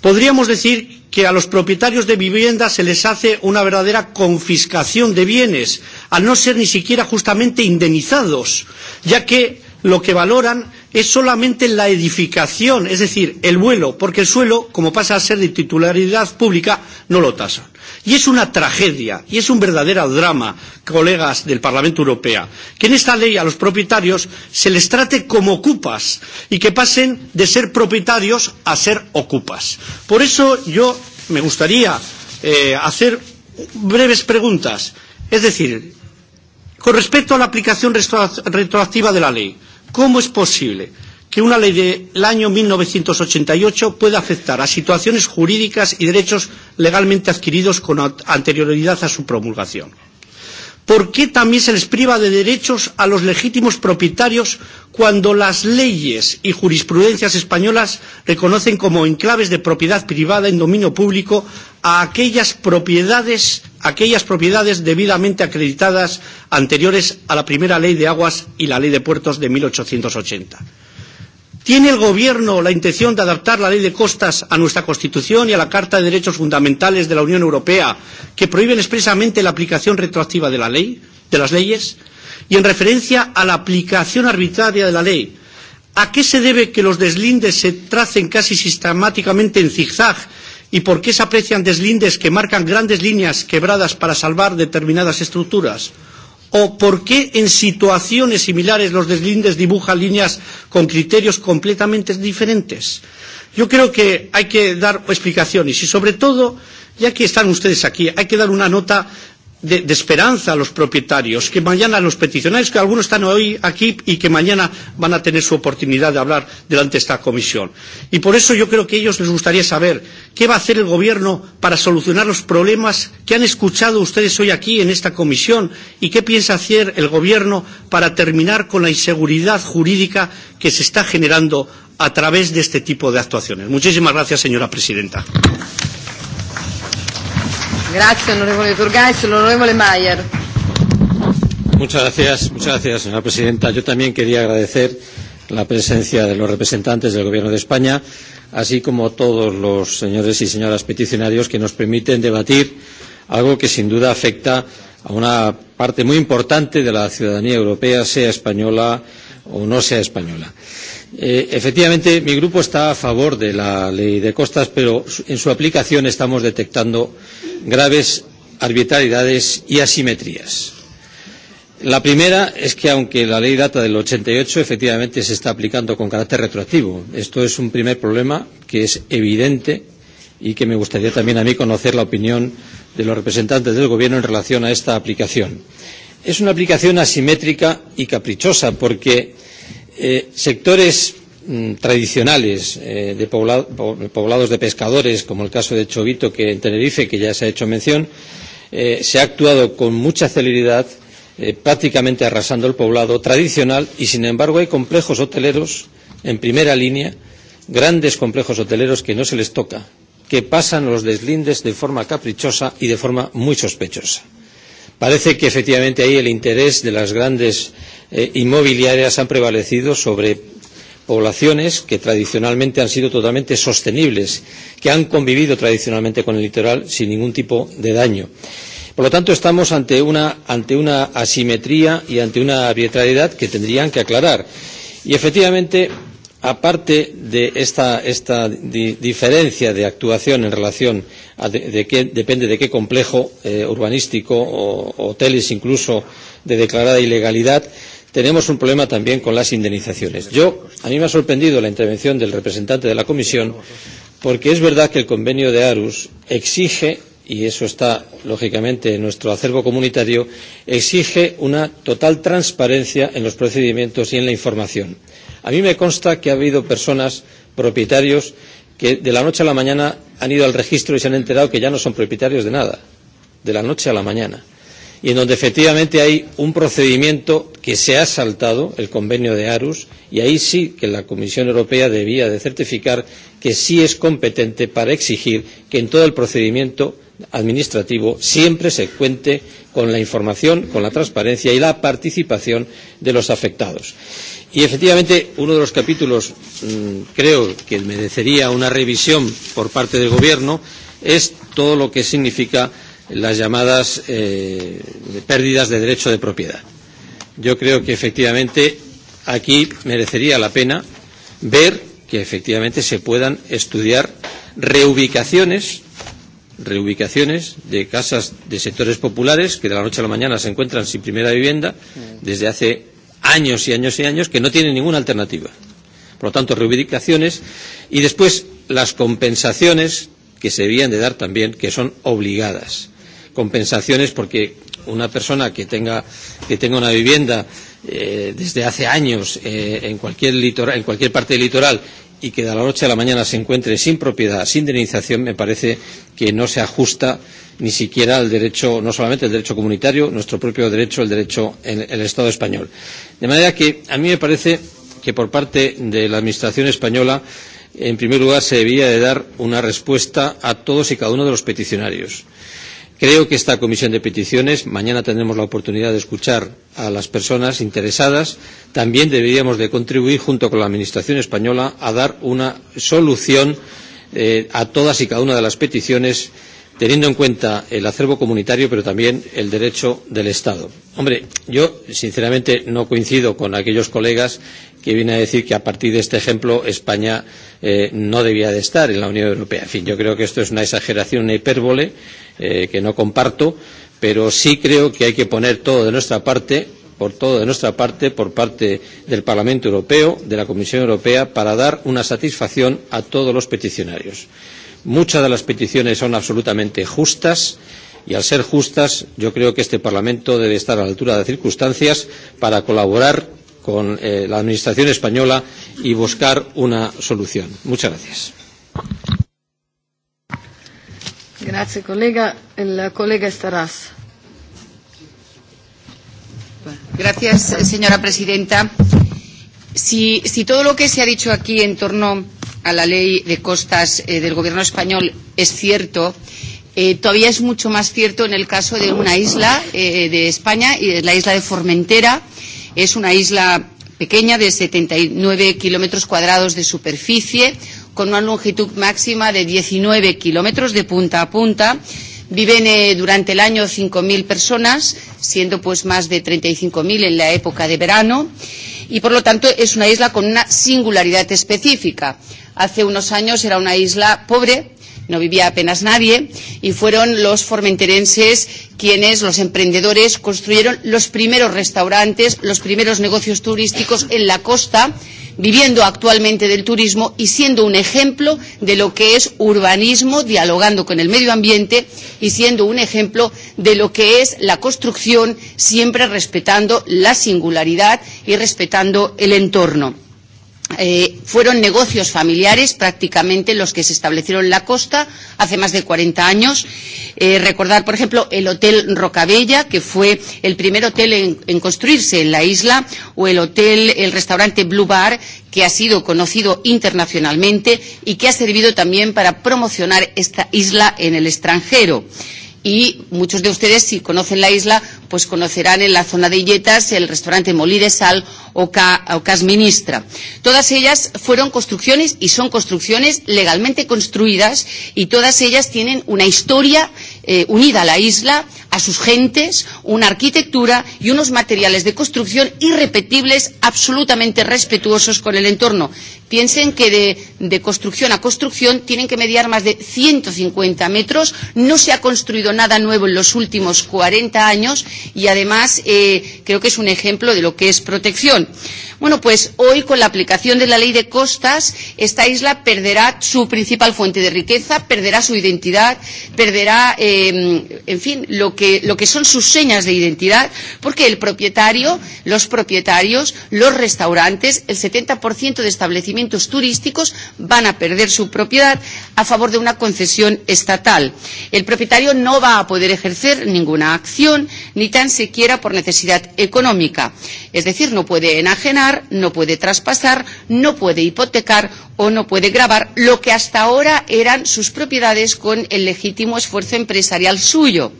Podríamos decir que a los propietarios de viviendas se les hace una verdadera confiscación de bienes, al no ser ni siquiera justamente indemnizados, ya que lo que valoran es solamente la edificación, es decir, el vuelo, porque el suelo, como pasa a ser de titularidad pública, no lo tasan. Y es una tragedia, y es un verdadero drama, colegas del Parlamento Europeo, que en esta ley a los propietarios se les trate como ocupas y que pasen de ser propietarios a ser ocupas. Por eso yo me gustaría eh, hacer breves preguntas. Es decir, con respecto a la aplicación retroactiva de la ley, ¿Cómo es posible que una ley del año 1988 pueda afectar a situaciones jurídicas y derechos legalmente adquiridos con anterioridad a su promulgación? ¿Por qué también se les priva de derechos a los legítimos propietarios cuando las leyes y jurisprudencias españolas reconocen como enclaves de propiedad privada en dominio público a aquellas propiedades, aquellas propiedades debidamente acreditadas anteriores a la primera ley de aguas y la ley de puertos de 1880? ¿Tiene el Gobierno la intención de adaptar la ley de costas a nuestra Constitución y a la Carta de Derechos Fundamentales de la Unión Europea, que prohíben expresamente la aplicación retroactiva de la ley, de las leyes? Y en referencia a la aplicación arbitraria de la ley, ¿a qué se debe que los deslindes se tracen casi sistemáticamente en zigzag y por qué se aprecian deslindes que marcan grandes líneas quebradas para salvar determinadas estructuras? ¿O por qué en situaciones similares los deslindes dibujan líneas con criterios completamente diferentes? Yo creo que hay que dar explicaciones y sobre todo, ya que están ustedes aquí, hay que dar una nota de, de esperanza a los propietarios, que mañana los peticionarios, que algunos están hoy aquí y que mañana van a tener su oportunidad de hablar delante de esta comisión. Y por eso yo creo que a ellos les gustaría saber qué va a hacer el Gobierno para solucionar los problemas que han escuchado ustedes hoy aquí en esta comisión y qué piensa hacer el Gobierno para terminar con la inseguridad jurídica que se está generando a través de este tipo de actuaciones. Muchísimas gracias, señora presidenta. Grazie onorevole Turgais, l'onorevole Mayer. Muchas gracias, muchas gracias, señora presidenta. Yo también quería agradecer la presencia de los representantes del Gobierno de España, así como todos los señores y señoras peticionarios que nos permiten debatir algo que sin duda afecta a una parte muy importante de la ciudadanía europea, sea española o no sea española. Eh, efectivamente, mi grupo está a favor de la ley de costas, pero en su aplicación estamos detectando graves arbitrariedades y asimetrías. La primera es que, aunque la ley data del 88, efectivamente se está aplicando con carácter retroactivo. Esto es un primer problema que es evidente y que me gustaría también a mí conocer la opinión de los representantes del Gobierno en relación a esta aplicación. Es una aplicación asimétrica y caprichosa porque Eh, sectores mmm, tradicionales eh, de poblado, poblados de pescadores, como el caso de Chovito que en Tenerife, que ya se ha hecho mención, eh, se ha actuado con mucha celeridad, eh, prácticamente arrasando el poblado tradicional, y sin embargo hay complejos hoteleros en primera línea, grandes complejos hoteleros que no se les toca, que pasan los deslindes de forma caprichosa y de forma muy sospechosa. Parece que efectivamente ahí el interés de las grandes eh, inmobiliarias han prevalecido sobre poblaciones que tradicionalmente han sido totalmente sostenibles, que han convivido tradicionalmente con el litoral sin ningún tipo de daño. Por lo tanto, estamos ante una, ante una asimetría y ante una arbitrariedad que tendrían que aclarar. Y efectivamente, aparte de esta, esta di, diferencia de actuación en relación a de, de qué, depende de qué complejo eh, urbanístico o hoteles incluso de declarada ilegalidad, tenemos un problema también con las indemnizaciones. Yo, a mí me ha sorprendido la intervención del representante de la Comisión, porque es verdad que el convenio de Arus exige, y eso está lógicamente en nuestro acervo comunitario, exige una total transparencia en los procedimientos y en la información. A mí me consta que ha habido personas, propietarios, que de la noche a la mañana han ido al registro y se han enterado que ya no son propietarios de nada, de la noche a la mañana y en donde efectivamente hay un procedimiento que se ha saltado, el convenio de Arus, y ahí sí que la Comisión Europea debía de certificar que sí es competente para exigir que en todo el procedimiento administrativo siempre se cuente con la información, con la transparencia y la participación de los afectados. Y efectivamente, uno de los capítulos mmm, creo que merecería una revisión por parte del Gobierno es todo lo que significa las llamadas eh, pérdidas de derecho de propiedad. Yo creo que efectivamente aquí merecería la pena ver que efectivamente se puedan estudiar reubicaciones reubicaciones de casas de sectores populares que de la noche a la mañana se encuentran sin primera vivienda desde hace años y años y años que no tienen ninguna alternativa. Por lo tanto, reubicaciones y después las compensaciones que se debían de dar también, que son obligadas compensaciones porque una persona que tenga, que tenga una vivienda eh, desde hace años eh, en, cualquier litoral, en cualquier parte del litoral y que de la noche a la mañana se encuentre sin propiedad, sin indemnización, me parece que no se ajusta ni siquiera al derecho, no solamente el derecho comunitario, nuestro propio derecho, el derecho en el Estado español. De manera que a mí me parece que por parte de la Administración española, en primer lugar, se debía de dar una respuesta a todos y cada uno de los peticionarios. Creo que esta comisión de peticiones, mañana tendremos la oportunidad de escuchar a las personas interesadas, también deberíamos de contribuir junto con la Administración española a dar una solución eh, a todas y cada una de las peticiones eh, teniendo en cuenta el acervo comunitario, pero también el derecho del Estado. Hombre, yo sinceramente no coincido con aquellos colegas que vienen a decir que a partir de este ejemplo España eh, no debía de estar en la Unión Europea. En fin, yo creo que esto es una exageración, una hipérbole eh, que no comparto, pero sí creo que hay que poner todo de nuestra parte por todo de nuestra parte, por parte del Parlamento Europeo, de la Comisión Europea, para dar una satisfacción a todos los peticionarios. Muchas de las peticiones son absolutamente justas y al ser justas yo creo que este Parlamento debe estar a la altura de las circunstancias para colaborar con eh, la Administración española y buscar una solución. Muchas gracias. Grazie colega. El colega Estarás. Gracias, señora presidenta. Si, si todo lo que se ha dicho aquí en torno a la ley de costas eh, del gobierno español es cierto, eh, todavía es mucho más cierto en el caso de una isla eh, de España, y es la isla de Formentera. Es una isla pequeña de 79 kilómetros cuadrados de superficie, con una longitud máxima de 19 kilómetros de punta a punta Viven eh, durante el año 5.000 personas, siendo pues más de 35.000 en la época de verano, y por lo tanto es una isla con una singularidad específica. Hace unos años era una isla pobre, no vivía apenas nadie, y fueron los formenterenses quienes, los emprendedores, construyeron los primeros restaurantes, los primeros negocios turísticos en la costa, viviendo actualmente del turismo y siendo un ejemplo de lo que es urbanismo, dialogando con el medio ambiente y siendo un ejemplo de lo que es la construcción, siempre respetando la singularidad y respetando el entorno eh, fueron negocios familiares prácticamente los que se establecieron en la costa hace más de 40 años. Eh, recordar, por ejemplo, el Hotel Rocabella, que fue el primer hotel en, en construirse en la isla, o el hotel, el restaurante Blue Bar, que ha sido conocido internacionalmente y que ha servido también para promocionar esta isla en el extranjero y muchos de ustedes, si conocen la isla, pues conocerán en la zona de Illetas el restaurante Molí de Sal o, Ca, o Cas Ministra. Todas ellas fueron construcciones y son construcciones legalmente construidas y todas ellas tienen una historia eh, unida a la isla, a sus gentes, una arquitectura y unos materiales de construcción irrepetibles, absolutamente respetuosos con el entorno. Piensen que de, de construcción a construcción tienen que mediar más de 150 metros, no se ha construido nada nuevo en los últimos 40 años y además eh, creo que es un ejemplo de lo que es protección. Bueno, pues hoy con la aplicación de la ley de costas, esta isla perderá su principal fuente de riqueza, perderá su identidad, perderá, eh, en fin, lo que, lo que son sus señas de identidad, porque el propietario, los propietarios, los restaurantes, el 70% de establecimientos turísticos van a perder su propiedad a favor de una concesión estatal. El propietario no va a poder ejercer ninguna acción, ni tan siquiera por necesidad económica. Es decir, no puede enajenar condicionar, no puede traspasar, no puede hipotecar o no puede grabar lo que hasta ahora eran sus propiedades con el legítimo esfuerzo empresarial suyo.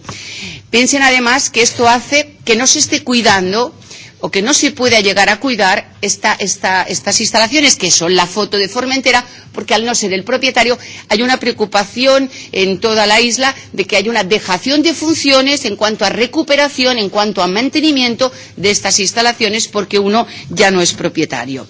Piensen además que esto hace que no se esté cuidando o que no se pueda llegar a cuidar esta, esta, estas instalaciones, que son la foto de Formentera, porque al no ser el propietario hay una preocupación en toda la isla de que hay una dejación de funciones en cuanto a recuperación, en cuanto a mantenimiento de estas instalaciones, porque uno ya no es propietario.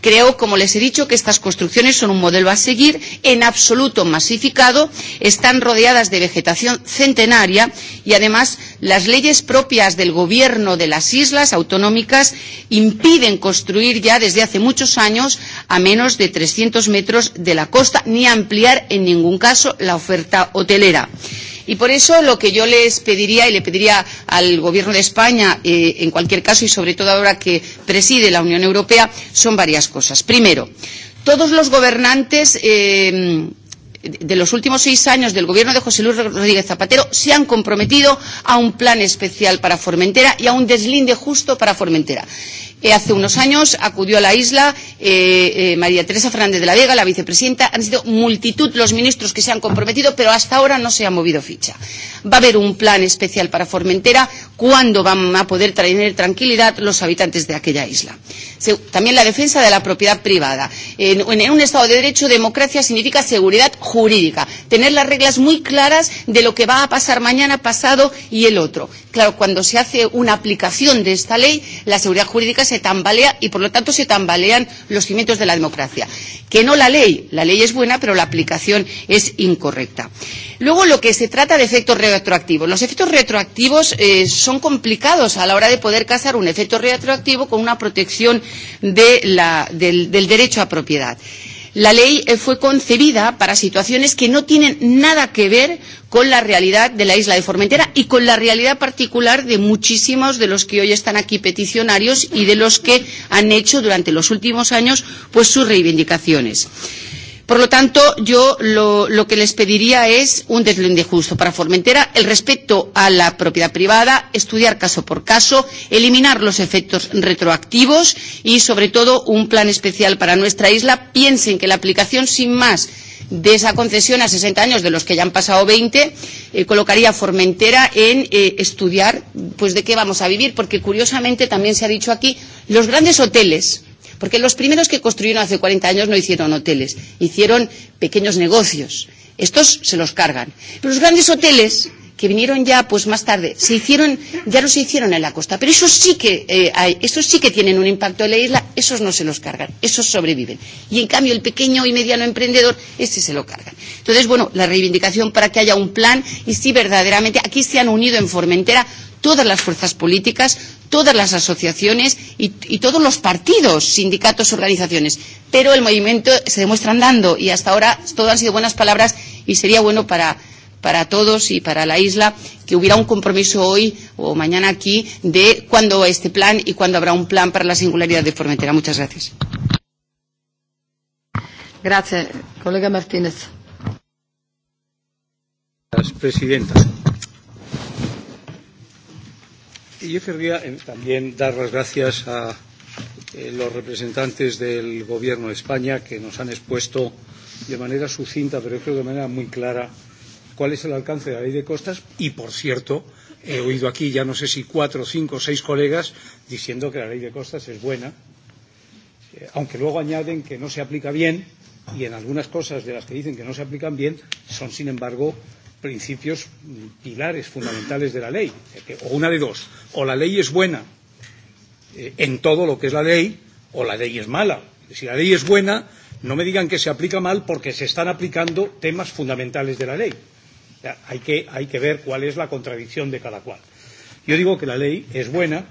Creo, como les he dicho, que estas construcciones son un modelo a seguir, en absoluto masificado, están rodeadas de vegetación centenaria y, además, las leyes propias del gobierno de las islas autonómicas impiden construir ya desde hace muchos años a menos de 300 metros de la costa, ni ampliar en ningún caso la oferta hotelera. Y por eso lo que yo les pediría y le pediría al Gobierno de España, eh, en cualquier caso y sobre todo ahora que preside la Unión Europea, son varias cosas. Primero, todos los gobernantes eh, de los últimos seis años del gobierno de José Luis Rodríguez Zapatero se han comprometido a un plan especial para Formentera y a un deslinde justo para Formentera. Eh, hace unos años acudió a la isla eh, eh, María Teresa Fernández de la Vega, la vicepresidenta. Han sido multitud los ministros que se han comprometido, pero hasta ahora no se ha movido ficha. Va a haber un plan especial para Formentera. ¿Cuándo van a poder traer tranquilidad los habitantes de aquella isla? Se, también la defensa de la propiedad privada. En, en un Estado de Derecho, democracia significa seguridad jurídica jurídica. Tener las reglas muy claras de lo que va a pasar mañana, pasado y el otro. Claro, cuando se hace una aplicación de esta ley, la seguridad jurídica se tambalea y, por lo tanto, se tambalean los cimientos de la democracia. Que no la ley. La ley es buena, pero la aplicación es incorrecta. Luego, lo que se trata de efectos retroactivos. Los efectos retroactivos eh, son complicados a la hora de poder casar un efecto retroactivo con una protección de la, del, del derecho a propiedad. La ley eh, fue concebida para situaciones que no tienen nada que ver con la realidad de la isla de Formentera y con la realidad particular de muchísimos de los que hoy están aquí peticionarios y de los que han hecho durante los últimos años pues sus reivindicaciones. Por lo tanto, yo lo, lo que les pediría es un deslinde justo para Formentera, el respeto a la propiedad privada, estudiar caso por caso, eliminar los efectos retroactivos y, sobre todo, un plan especial para nuestra isla. Piensen que la aplicación, sin más, de esa concesión a 60 años, de los que ya han pasado 20, eh, colocaría Formentera en eh, estudiar pues de qué vamos a vivir, porque curiosamente también se ha dicho aquí, los grandes hoteles Porque los primeros que construyeron hace 40 años no hicieron hoteles, hicieron pequeños negocios. Estos se los cargan. Pero los grandes hoteles que vinieron ya pues más tarde, se hicieron, ya no se hicieron en la costa, pero esos sí que eh, hay, esos sí que tienen un impacto en la isla, esos no se los cargan, esos sobreviven. Y en cambio el pequeño y mediano emprendedor, ese se lo cargan. Entonces, bueno, la reivindicación para que haya un plan y si verdaderamente aquí se han unido en Formentera todas las fuerzas políticas, todas las asociaciones y, y todos los partidos, sindicatos, organizaciones. Pero el movimiento se demuestra andando y hasta ahora todo han sido buenas palabras y sería bueno para, para todos y para la isla que hubiera un compromiso hoy o mañana aquí de cuándo este plan y cuándo habrá un plan para la singularidad de Formentera. Muchas gracias. Gracias, colega Martínez. Presidenta. Y yo querría eh, también dar las gracias a eh, los representantes del Gobierno de España que nos han expuesto de manera sucinta, pero yo creo de manera muy clara, cuál es el alcance de la ley de costas y, por cierto, he oído aquí ya no sé si cuatro, cinco, o seis colegas diciendo que la ley de costas es buena, eh, aunque luego añaden que no se aplica bien y en algunas cosas de las que dicen que no se aplican bien son, sin embargo, principios pilares fundamentales de la ley, o una de dos, o la ley es buena eh, en todo lo que es la ley, o la ley es mala. Si la ley es buena, no me digan que se aplica mal porque se están aplicando temas fundamentales de la ley. O sea, hay, que, hay que ver cuál es la contradicción de cada cual. Yo digo que la ley es buena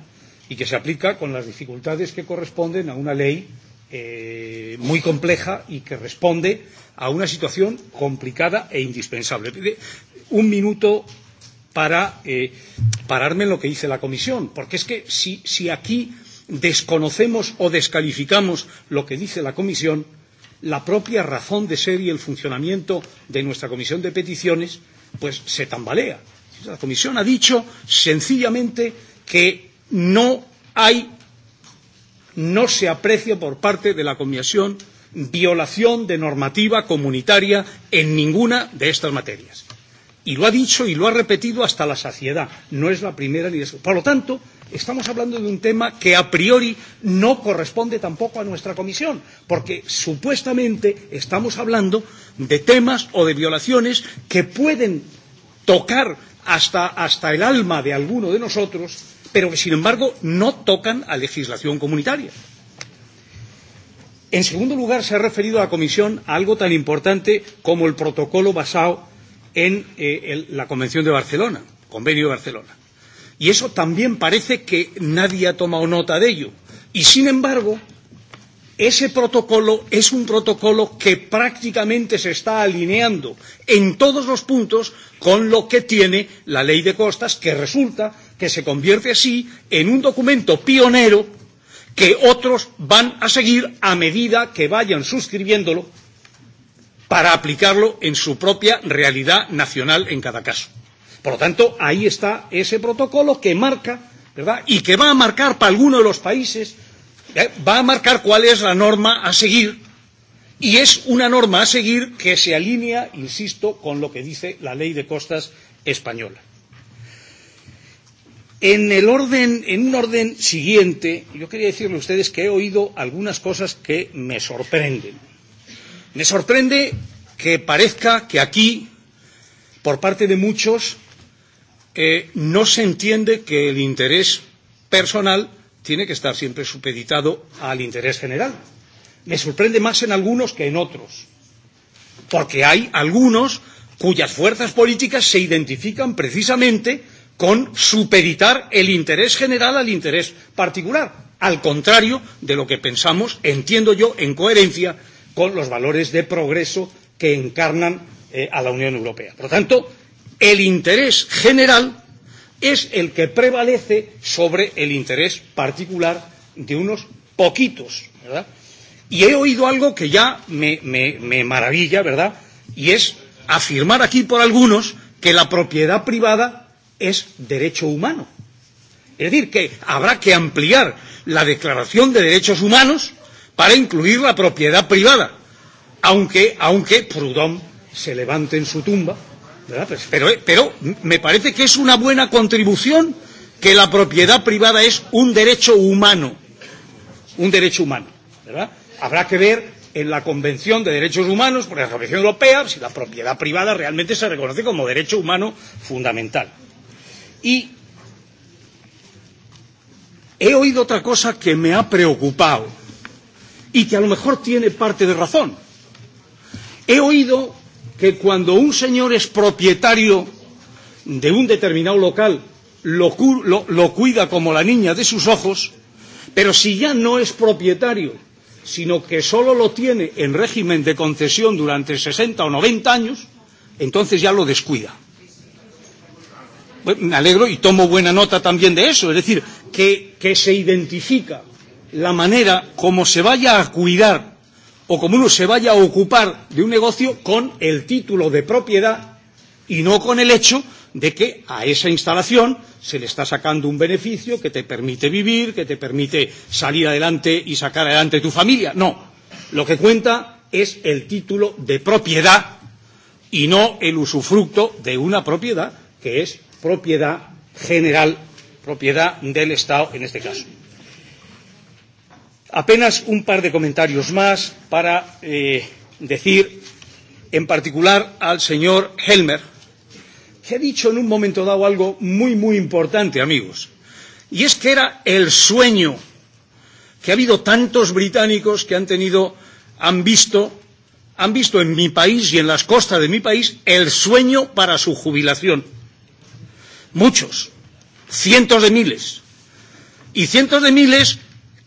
y que se aplica con las dificultades que corresponden a una ley eh, muy compleja y que responde a una situación complicada e indispensable. Un minuto para eh, pararme en lo que dice la Comisión, porque es que si, si aquí desconocemos o descalificamos lo que dice la Comisión, la propia razón de ser y el funcionamiento de nuestra Comisión de Peticiones, pues se tambalea. La Comisión ha dicho sencillamente que no hay, no se aprecia por parte de la Comisión violación de normativa comunitaria en ninguna de estas materias. Y lo ha dicho y lo ha repetido hasta la saciedad. No es la primera ni eso. Por lo tanto, estamos hablando de un tema que a priori no corresponde tampoco a nuestra comisión, porque supuestamente estamos hablando de temas o de violaciones que pueden tocar hasta, hasta el alma de alguno de nosotros, pero que sin embargo no tocan a legislación comunitaria. En segundo lugar, se ha referido a la Comisión a algo tan importante como el protocolo basado en eh, el, la Convención de Barcelona, Convenio de Barcelona. Y eso también parece que nadie ha tomado nota de ello. Y sin embargo, ese protocolo es un protocolo que prácticamente se está alineando en todos los puntos con lo que tiene la ley de costas, que resulta que se convierte así en un documento pionero que otros van a seguir a medida que vayan suscribiéndolo para aplicarlo en su propia realidad nacional en cada caso. Por lo tanto, ahí está ese protocolo que marca, ¿verdad? Y que va a marcar para alguno de los países, ¿eh? va a marcar cuál es la norma a seguir. Y es una norma a seguir que se alinea, insisto, con lo que dice la ley de costas española. En el orden, en un orden siguiente, yo quería decirle a ustedes que he oído algunas cosas que me sorprenden. Me sorprende que parezca que aquí, por parte de muchos, eh, no se entiende que el interés personal tiene que estar siempre supeditado al interés general. Me sorprende más en algunos que en otros, porque hay algunos cuyas fuerzas políticas se identifican precisamente con supeditar el interés general al interés particular, al contrario de lo que pensamos, entiendo yo, en coherencia con los valores de progreso que encarnan eh, a la Unión Europea. Por lo tanto, el interés general es el que prevalece sobre el interés particular de unos poquitos, ¿verdad? Y he oído algo que ya me, me, me maravilla, ¿verdad? Y es afirmar aquí por algunos que la propiedad privada es derecho humano. Es decir, que habrá que ampliar la Declaración de Derechos Humanos para incluir la propiedad privada, aunque, aunque Proudhon se levante en su tumba, ¿verdad? Pues, pero, pero me parece que es una buena contribución que la propiedad privada es un derecho humano, un derecho humano, ¿verdad? Habrá que ver en la Convención de Derechos Humanos, por la Convención Europea, si la propiedad privada realmente se reconoce como derecho humano fundamental. Y he oído otra cosa que me ha preocupado y que a lo mejor tiene parte de razón. He oído que cuando un señor es propietario de un determinado local, lo, cu lo, lo cuida como la niña de sus ojos, pero si ya no es propietario, sino que solo lo tiene en régimen de concesión durante 60 o 90 años, entonces ya lo descuida pues me alegro y tomo buena nota también de eso, es decir, que, que se identifica la manera como se vaya a cuidar o como uno se vaya a ocupar de un negocio con el título de propiedad y no con el hecho de que a esa instalación se le está sacando un beneficio que te permite vivir, que te permite salir adelante y sacar adelante tu familia. No, lo que cuenta es el título de propiedad y no el usufructo de una propiedad que es propiedad general, propiedad del Estado en este caso. Apenas un par de comentarios más para eh, decir, en particular al señor Helmer, que ha dicho en un momento dado algo muy, muy importante, amigos. Y es que era el sueño que ha habido tantos británicos que han tenido, han visto, han visto en mi país y en las costas de mi país el sueño para su jubilación muchos, cientos de miles, y cientos de miles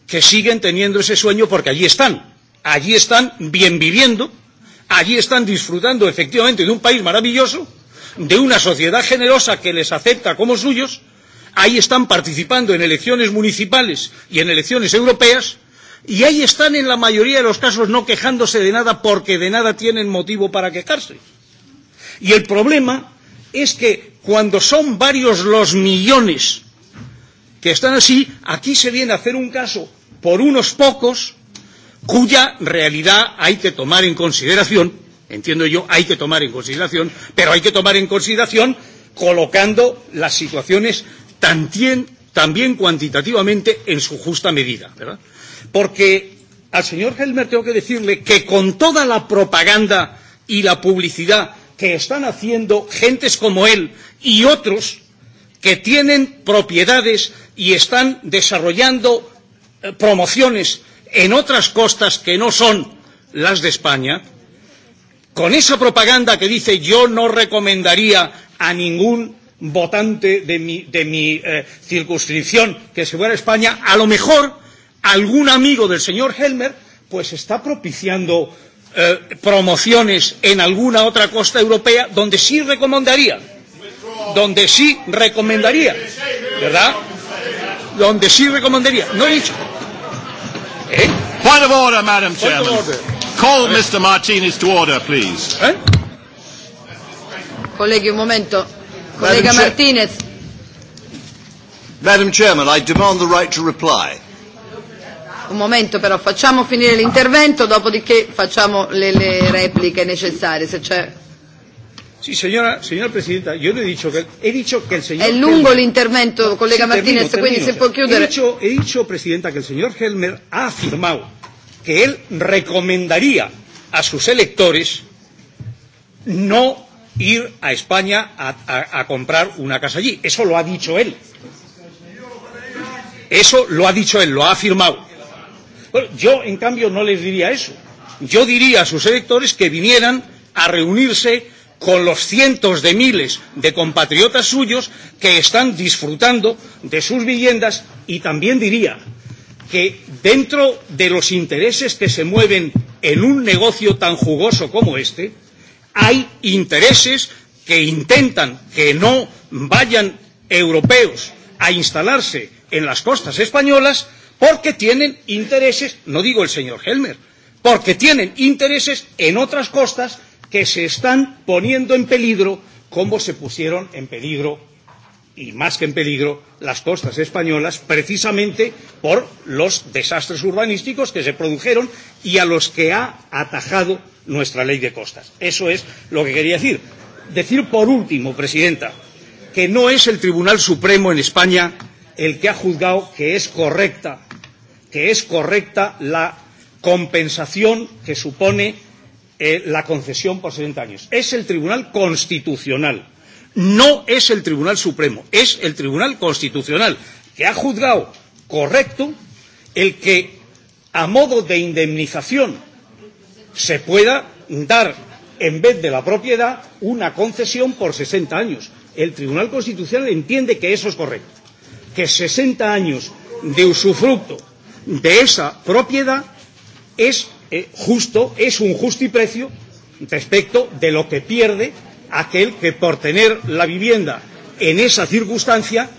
que siguen teniendo ese sueño porque allí están, allí están bien viviendo, allí están disfrutando efectivamente de un país maravilloso, de una sociedad generosa que les acepta como suyos, ahí están participando en elecciones municipales y en elecciones europeas, y ahí están en la mayoría de los casos no quejándose de nada porque de nada tienen motivo para quejarse. Y el problema es que cuando son varios los millones que están así, aquí se viene a hacer un caso por unos pocos cuya realidad hay que tomar en consideración, entiendo yo, hay que tomar en consideración, pero hay que tomar en consideración colocando las situaciones también, también cuantitativamente en su justa medida, ¿verdad? Porque al señor Helmer tengo que decirle que con toda la propaganda y la publicidad que están haciendo gentes como él y otros que tienen propiedades y están desarrollando eh, promociones en otras costas que no son las de España, con esa propaganda que dice yo no recomendaría a ningún votante de mi, de mi eh, circunscripción que se fuera a España, a lo mejor algún amigo del señor Helmer pues está propiciando Eh, promociones en alguna otra costa europea donde sí recomendaría, donde sí recomendaría, ¿verdad? Donde sí recomendaría, no he dicho. ¿Eh? Point of order, Madam Chairman. Point of order. Call Mr. Martinez to order, please. ¿Eh? Colleghi, un momento. colega Madam Martinez. Madam Chairman, I demand the right to reply un momento però, facciamo finire l'intervento, dopodiché facciamo le, le repliche necessarie, se c'è Sì, signora, signora Presidenta, io le dico che, he dicho che il signor... È lungo el intervento, collega sì, Martinez, termino, quindi termino, se può chiudere. He dicho, he dicho, Presidenta, que el señor Helmer ha affermato che él recomendaría a sus electores no ir a España a, a, a comprar una casa allí. Eso lo ha dicho él. Eso lo ha dicho él, lo ha afirmado. Bueno, yo, en cambio, no les diría eso. Yo diría a sus electores que vinieran a reunirse con los cientos de miles de compatriotas suyos que están disfrutando de sus viviendas y también diría que dentro de los intereses que se mueven en un negocio tan jugoso como este, hay intereses que intentan que no vayan europeos a instalarse en las costas españolas porque tienen intereses, no digo el señor Helmer, porque tienen intereses en otras costas que se están poniendo en peligro como se pusieron en peligro y más que en peligro las costas españolas precisamente por los desastres urbanísticos que se produjeron y a los que ha atajado nuestra ley de costas. Eso es lo que quería decir. Decir por último, Presidenta, que no es el Tribunal Supremo en España el que ha juzgado que es correcta que es correcta la compensación que supone eh, la concesión por 60 años. Es el Tribunal Constitucional, no es el Tribunal Supremo, es el Tribunal Constitucional que ha juzgado correcto el que a modo de indemnización se pueda dar en vez de la propiedad una concesión por 60 años. El Tribunal Constitucional entiende que eso es correcto, que 60 años de usufructo de esa propiedad es eh, justo, es un precio respecto de lo que pierde aquel que por tener la vivienda en esa circunstancia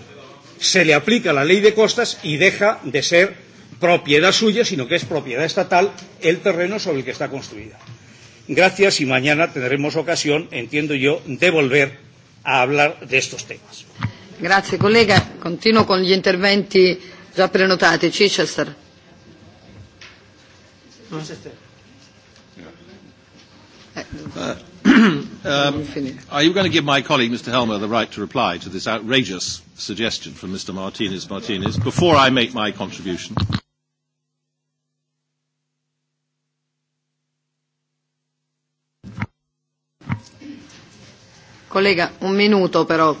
se le aplica la ley de costas y deja de ser propiedad suya, sino que es propiedad estatal el terreno sobre el que está construida. Gracias y mañana tendremos ocasión, entiendo yo, de volver a hablar de estos temas. Grazie collega, continuo con gli interventi Già prenotate, Chichester. Eh. Uh, um, are you going to give my colleague, Mr. Helmer, the right to reply to this outrageous suggestion from Mr. Martinez Martinez before I make my contribution? Collega, un minuto però,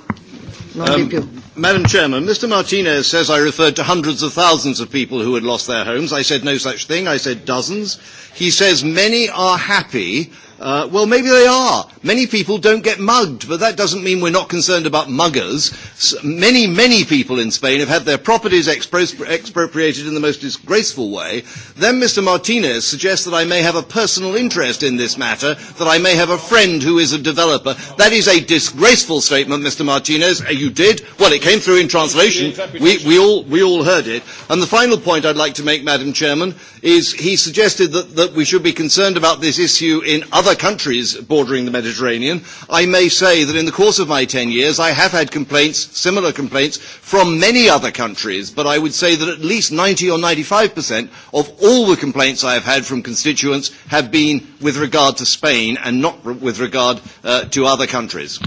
non um, di più. Madam Chairman, Mr. Martinez says I referred to hundreds of thousands of people who had lost their homes. I said no such thing. I said dozens. He says many are happy Uh, well, maybe they are. Many people don't get mugged, but that doesn't mean we're not concerned about muggers. So many, many people in Spain have had their properties expro- expropriated in the most disgraceful way. Then Mr. Martinez suggests that I may have a personal interest in this matter, that I may have a friend who is a developer. That is a disgraceful statement, Mr. Martinez. Uh, you did. Well, it came through in translation. We, we, all, we all heard it. And the final point I'd like to make, Madam Chairman, is he suggested that, that we should be concerned about this issue in other other countries bordering the Mediterranean, I may say that in the course of my 10 years, I have had complaints, similar complaints, from many other countries, but I would say that at least 90 or 95% of all the complaints I have had from constituents have been with regard to Spain and not with regard uh, to other countries.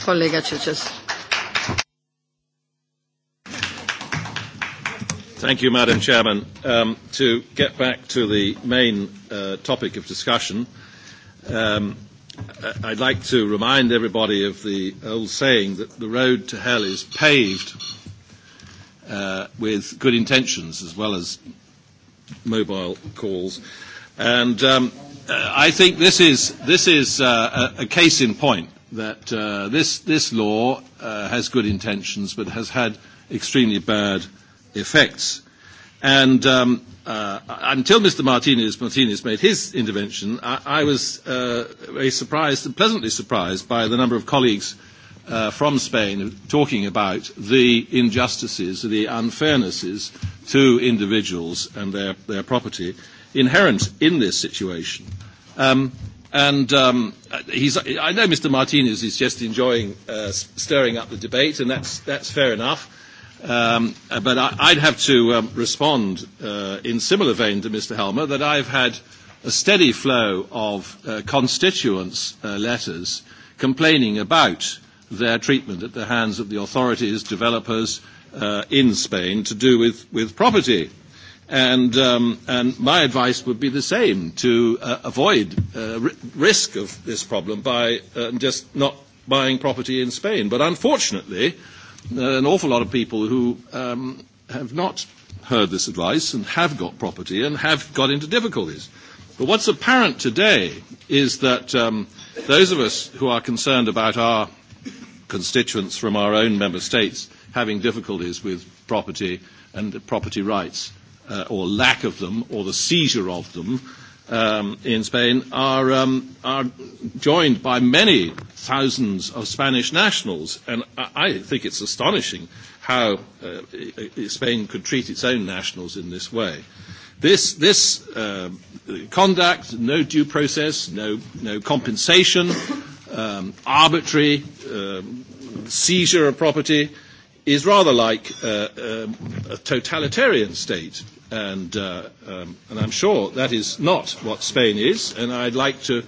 Colega Thank you, Madam Chairman. Um, to get back to the main uh, topic of discussion, um, I'd like to remind everybody of the old saying that the road to hell is paved uh, with good intentions as well as mobile calls. And um, uh, I think this is, this is uh, a, a case in point that uh, this, this law uh, has good intentions but has had extremely bad – effects. And um, uh, until Mr. Martinez, Martinez made his intervention, I, I was uh, very surprised and pleasantly surprised by the number of colleagues uh, from Spain talking about the injustices, the unfairnesses to individuals and their, their property inherent in this situation. Um, and um, he's, I know Mr. Martinez is just enjoying uh, stirring up the debate, and that's, that's fair enough. Um, but I, I'd have to um, respond uh, in similar vein to Mr. Helmer that I've had a steady flow of uh, constituents' uh, letters complaining about their treatment at the hands of the authorities, developers uh, in Spain to do with, with property. And, um, and my advice would be the same, to uh, avoid uh, risk of this problem by uh, just not buying property in Spain. But unfortunately, uh, Uh, an awful lot of people who um, have not heard this advice and have got property and have got into difficulties. But what's apparent today is that um, those of us who are concerned about our constituents from our own member states having difficulties with property and property rights uh, or lack of them or the seizure of them um, in Spain are, um, are joined by many thousands of Spanish nationals. And I, I think it's astonishing how uh, Spain could treat its own nationals in this way. This, this uh, conduct, no due process, no, no compensation, um, arbitrary um, seizure of property, is rather like uh, um, a totalitarian state. And, uh, um, and I'm sure that is not what Spain is, and I'd like to,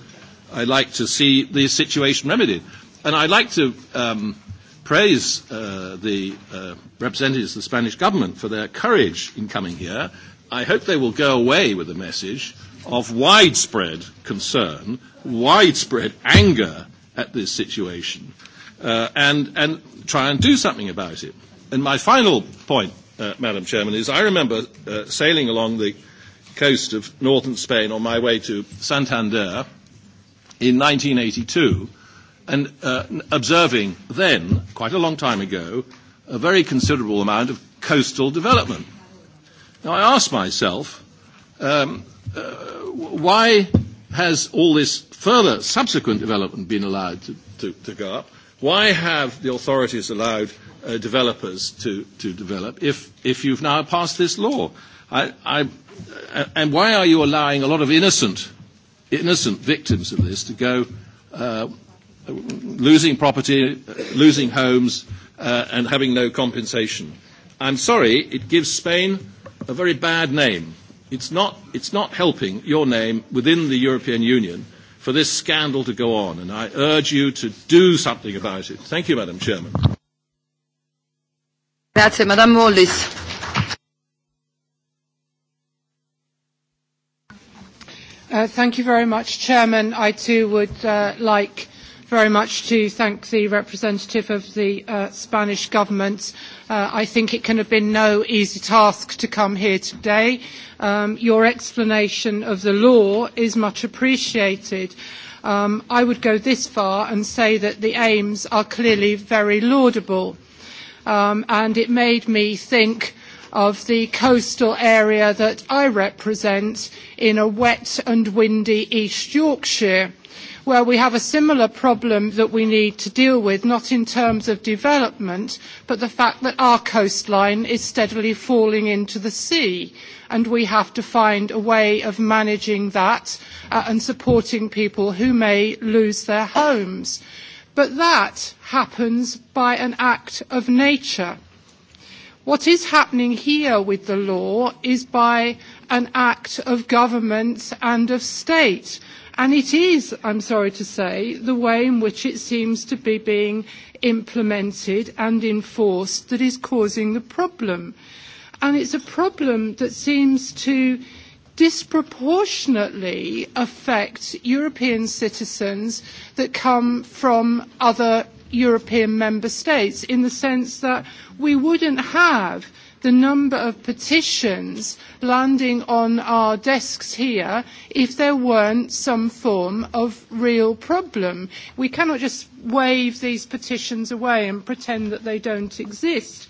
I'd like to see the situation remedied. And I'd like to um, praise uh, the uh, representatives of the Spanish government for their courage in coming here. I hope they will go away with a message of widespread concern, widespread anger at this situation, uh, and, and try and do something about it. And my final point, uh, Madam Chairman, is I remember uh, sailing along the coast of northern Spain on my way to Santander in 1982 and uh, observing then, quite a long time ago, a very considerable amount of coastal development. Now I asked myself, um, uh, why has all this further subsequent development been allowed to, to, to go up? Why have the authorities allowed uh, developers to, to develop if, if you've now passed this law? I, I, uh, and why are you allowing a lot of innocent, innocent victims of this to go uh, losing property, losing homes, uh, and having no compensation? I'm sorry, it gives Spain a very bad name. It's not, it's not helping your name within the European Union for this scandal to go on, and I urge you to do something about it. Thank you, Madam Chairman. Grazie, Madam Wallis. Uh, thank you very much, Chairman. I too would uh, like very much to thank the representative of the uh, Spanish government. Uh, I think it can have been no easy task to come here today. Um, your explanation of the law is much appreciated. Um, I would go this far and say that the aims are clearly very laudable. Um, and it made me think of the coastal area that I represent in a wet and windy East Yorkshire where we have a similar problem that we need to deal with, not in terms of development, but the fact that our coastline is steadily falling into the sea. And we have to find a way of managing that uh, and supporting people who may lose their homes. But that happens by an act of nature. What is happening here with the law is by an act of government and of state And it is, I'm sorry to say, the way in which it seems to be being implemented and enforced that is causing the problem. And it's a problem that seems to disproportionately affect European citizens that come from other European member states in the sense that we wouldn't have the number of petitions landing on our desks here if there weren't some form of real problem. We cannot just wave these petitions away and pretend that they don't exist.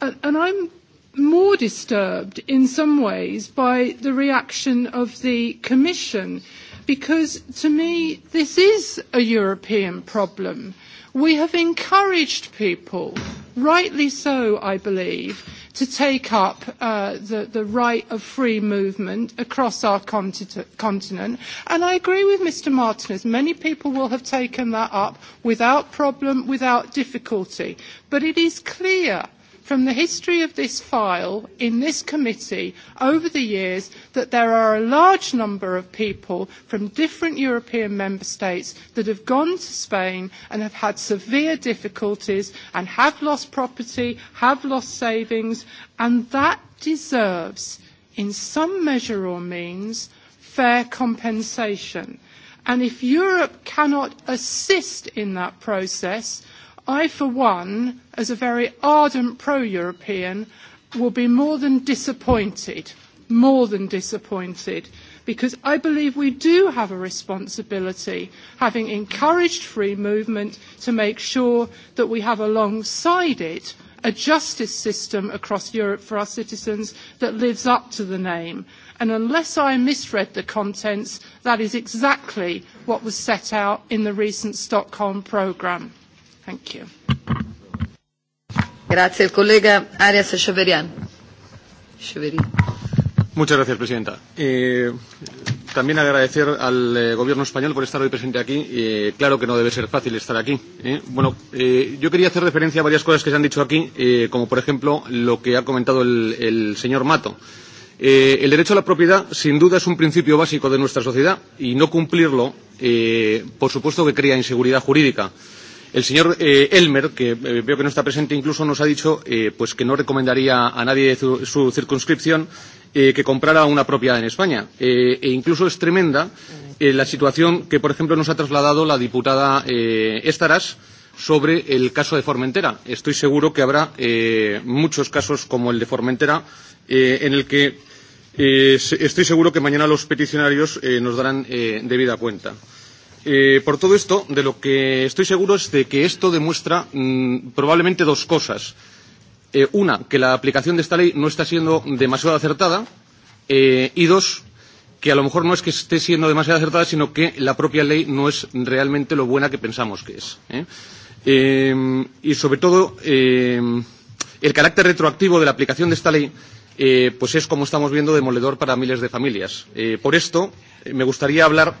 Uh, and I'm more disturbed in some ways by the reaction of the Commission because to me this is a European problem We have encouraged people, rightly so, I believe, to take up uh, the, the right of free movement across our continent. And I agree with Mr. Martinez. Many people will have taken that up without problem, without difficulty. But it is clear from the history of this file in this committee over the years that there are a large number of people from different European member states that have gone to Spain and have had severe difficulties and have lost property, have lost savings, and that deserves, in some measure or means, fair compensation. And if Europe cannot assist in that process, I, for one, as a very ardent pro-European, will be more than disappointed, more than disappointed, because I believe we do have a responsibility, having encouraged free movement, to make sure that we have alongside it a justice system across Europe for our citizens that lives up to the name. And unless I misread the contents, that is exactly what was set out in the recent Stockholm programme. Thank you. Grazie. El colega Arias Echeverian. Echeverian. Muchas gracias, Presidenta. Eh, también agradecer al eh, Gobierno español por estar hoy presente aquí. Eh, claro que no debe ser fácil estar aquí. ¿eh? Bueno, eh, yo quería hacer referencia a varias cosas que se han dicho aquí, eh, como por ejemplo lo que ha comentado el, el señor Mato. Eh, el derecho a la propiedad, sin duda, es un principio básico de nuestra sociedad y no cumplirlo, eh, por supuesto, que crea inseguridad jurídica. El señor eh, Elmer, que eh, veo que no está presente, incluso nos ha dicho eh, pues que no recomendaría a nadie de su, su circunscripción eh, que comprara una propiedad en España. Eh, e incluso es tremenda eh, la situación que, por ejemplo, nos ha trasladado la diputada eh, Estaras sobre el caso de Formentera. Estoy seguro que habrá eh, muchos casos como el de Formentera eh, en el que eh, estoy seguro que mañana los peticionarios eh, nos darán eh, debida cuenta. Eh, por todo esto, de lo que estoy seguro es de que esto demuestra mmm, probablemente dos cosas. Eh, una, que la aplicación de esta ley no está siendo demasiado acertada. Eh, y dos, que a lo mejor no es que esté siendo demasiado acertada, sino que la propia ley no es realmente lo buena que pensamos que es. ¿eh? Eh, y sobre todo, eh, el carácter retroactivo de la aplicación de esta ley eh, pues es, como estamos viendo, demoledor para miles de familias. Eh, por esto, eh, me gustaría hablar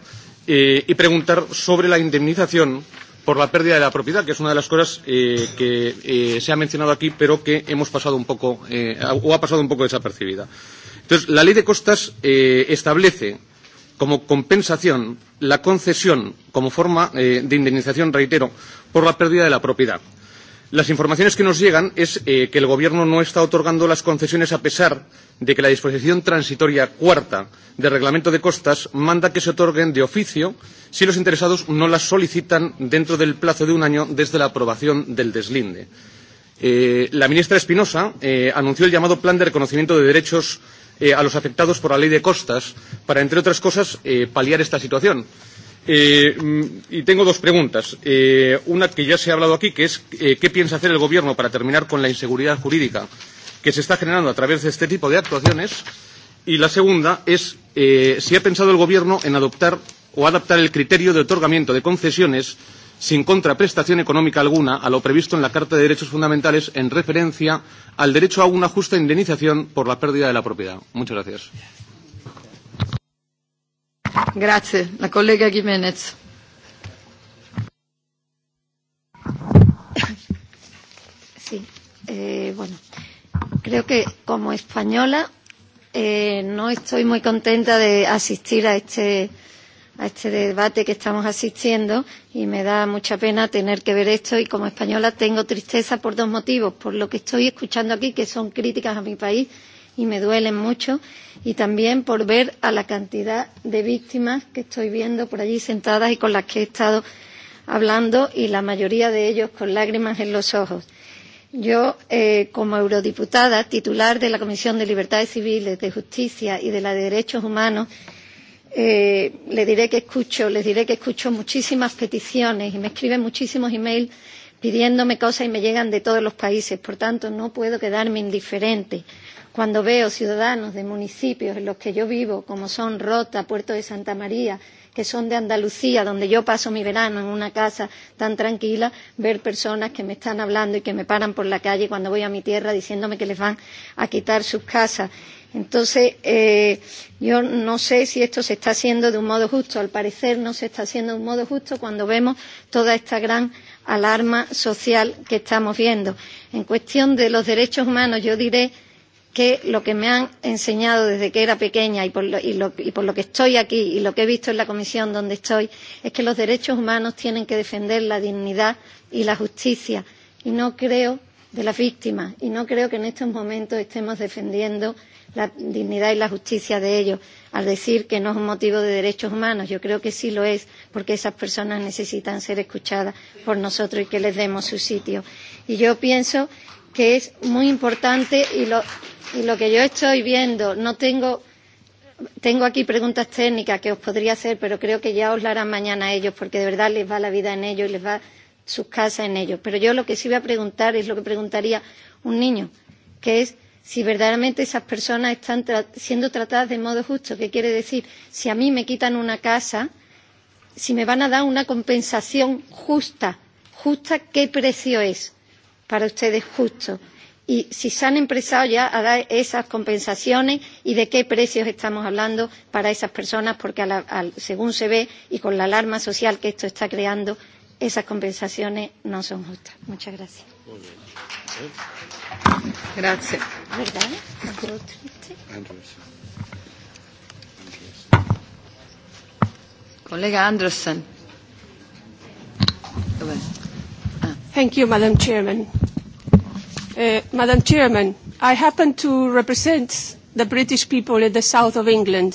eh, y preguntar sobre la indemnización por la pérdida de la propiedad, que es una de las cosas eh, que eh, se ha mencionado aquí, pero que hemos pasado un poco, eh, o ha pasado un poco desapercibida. Entonces, la ley de costas eh, establece como compensación la concesión como forma eh, de indemnización, reitero, por la pérdida de la propiedad. Las informaciones que nos llegan es eh, que el Gobierno no está otorgando las concesiones a pesar de que la disposición transitoria cuarta del Reglamento de Costas manda que se otorguen de oficio si los interesados no las solicitan dentro del plazo de un año desde la aprobación del deslinde. Eh, la ministra Espinosa eh, anunció el llamado Plan de Reconocimiento de Derechos eh, a los afectados por la Ley de Costas para, entre otras cosas, eh, paliar esta situación Eh, mm, y tengo dos preguntas. Eh, una que ya se ha hablado aquí, que es eh, qué piensa hacer el Gobierno para terminar con la inseguridad jurídica que se está generando a través de este tipo de actuaciones. Y la segunda es eh, si ha pensado el Gobierno en adoptar o adaptar el criterio de otorgamiento de concesiones sin contraprestación económica alguna a lo previsto en la Carta de Derechos Fundamentales en referencia al derecho a una justa indemnización por la pérdida de la propiedad. Muchas gracias. Sí, eh, bueno, creo que como española eh, no estoy muy contenta de asistir a este, a este debate que estamos asistiendo y me da mucha pena tener que ver esto y como española tengo tristeza por dos motivos, por lo que estoy escuchando aquí, que son críticas a mi país y me duelen mucho, y también por ver a la cantidad de víctimas que estoy viendo por allí sentadas y con las que he estado hablando, y la mayoría de ellos con lágrimas en los ojos. Yo, eh, como eurodiputada, titular de la Comisión de Libertades Civiles, de Justicia y de la de Derechos Humanos, eh, le diré que escucho, les diré que escucho muchísimas peticiones y me escriben muchísimos emails pidiéndome cosas y me llegan de todos los países. Por tanto, no puedo quedarme indiferente cuando veo ciudadanos de municipios en los que yo vivo, como son Rota, Puerto de Santa María, que son de Andalucía, donde yo paso mi verano en una casa tan tranquila, ver personas que me están hablando y que me paran por la calle cuando voy a mi tierra diciéndome que les van a quitar sus casas. Entonces, eh, yo no sé si esto se está haciendo de un modo justo. Al parecer no se está haciendo de un modo justo cuando vemos toda esta gran alarma social que estamos viendo. En cuestión de los derechos humanos, yo diré que lo que me han enseñado desde que era pequeña y por, lo, y, lo, y por lo que estoy aquí y lo que he visto en la comisión donde estoy es que los derechos humanos tienen que defender la dignidad y la justicia y no creo de las víctimas y no creo que en estos momentos estemos defendiendo la dignidad y la justicia de ellos al decir que no es un motivo de derechos humanos. Yo creo que sí lo es porque esas personas necesitan ser escuchadas por nosotros y que les demos su sitio. Y yo pienso que es muy importante y lo, Y lo que yo estoy viendo, no tengo, tengo aquí preguntas técnicas que os podría hacer, pero creo que ya os la harán mañana a ellos, porque de verdad les va la vida en ellos y les va sus casas en ellos. Pero yo lo que sí voy a preguntar es lo que preguntaría un niño, que es si verdaderamente esas personas están tra siendo tratadas de modo justo. ¿Qué quiere decir? Si a mí me quitan una casa, si me van a dar una compensación justa, justa, ¿qué precio es para ustedes justo? y si se han empezado ya a dar esas compensaciones y de qué precios estamos hablando para esas personas, porque según se ve y con la alarma social que esto está creando, esas compensaciones no son justas. Muchas gracias. Thank you, Madam Chairman. Uh, Madam Chairman, I happen to represent the British people in the south of England,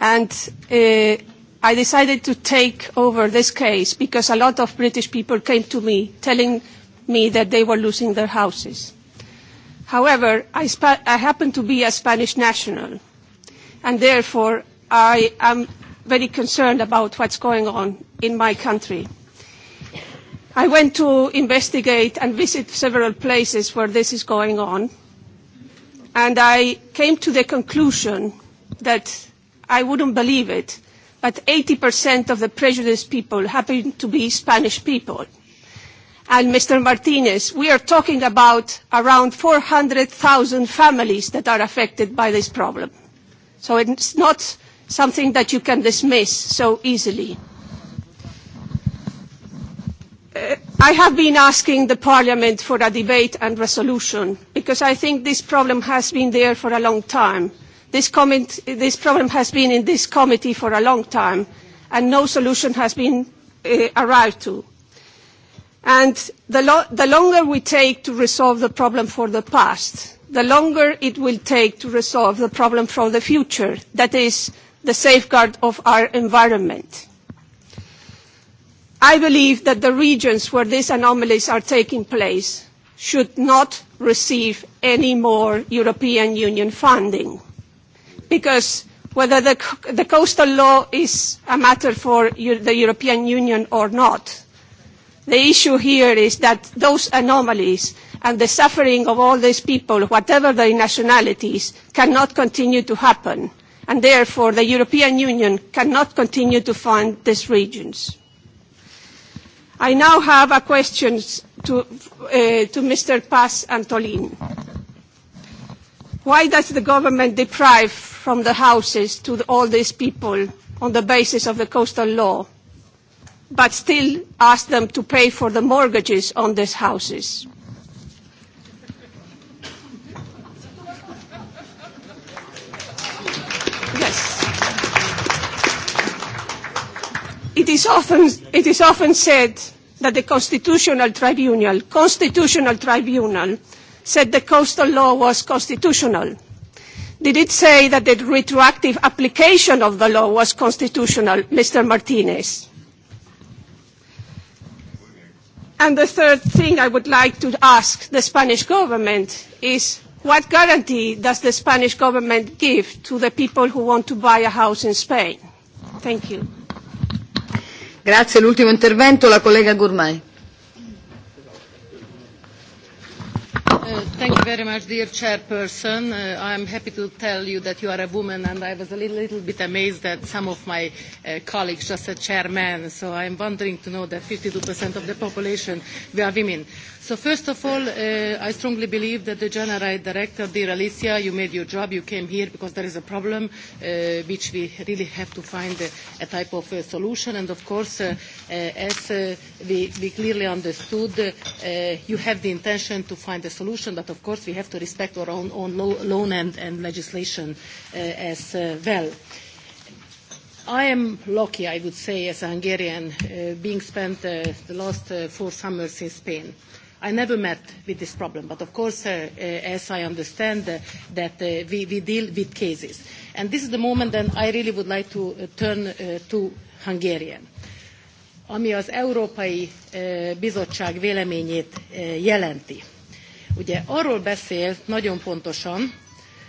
and uh, I decided to take over this case because a lot of British people came to me telling me that they were losing their houses. However, I, I happen to be a Spanish national, and therefore I am very concerned about what's going on in my country. I went to investigate and visit several places where this is going on, and I came to the conclusion that I wouldn't believe it, but 80% of the prejudiced people happen to be Spanish people. And Mr. Martinez, we are talking about around 400,000 families that are affected by this problem. So it's not something that you can dismiss so easily. Uh, I have been asking the Parliament for a debate and resolution because I think this problem has been there for a long time. This, comment, this problem has been in this committee for a long time and no solution has been uh, arrived to. And the, lo the longer we take to resolve the problem for the past, the longer it will take to resolve the problem for the future, that is, the safeguard of our environment. I believe that the regions where these anomalies are taking place should not receive any more European Union funding because whether the, the coastal law is a matter for the European Union or not, the issue here is that those anomalies and the suffering of all these people, whatever their nationalities, cannot continue to happen. And therefore, the European Union cannot continue to fund these regions. I now have a question to, uh, to Mr. Paz Antolin. Why does the government deprive from the houses to the, all these people on the basis of the coastal law, but still ask them to pay for the mortgages on these houses? It is, often, it is often said that the Constitutional Tribunal, Constitutional Tribunal, said the coastal law was constitutional. Did it say that the retroactive application of the law was constitutional, Mr. Martinez? And the third thing I would like to ask the Spanish government is what guarantee does the Spanish government give to the people who want to buy a house in Spain? Thank you. Grazie, l'ultimo intervento la collega Gourmay. Uh, thank you very much, dear chairperson. Uh, I'm happy to tell you that you are a woman, and I was a little, bit amazed that some of my uh, colleagues just said chairman. So I am wondering to know that 52% of the population we are women. So first of all, uh, I strongly believe that the general director, dear Alicia, you made your job. You came here because there is a problem uh, which we really have to find a, type of solution. And of course, as we, clearly understood, you have the intention to find a solution solution, but of course we have to respect our own, own law and, and legislation uh, as uh, well. I am lucky, I would say, as a Hungarian, uh, being spent uh, the last uh, four summers in Spain. I never met with this problem, but of course, uh, uh, as I understand, uh, that uh, we, we, deal with cases. And this is the moment that I really would like to uh, turn uh, to Hungarian. Ami az Európai Bizottság véleményét jelenti ugye arról beszél nagyon pontosan,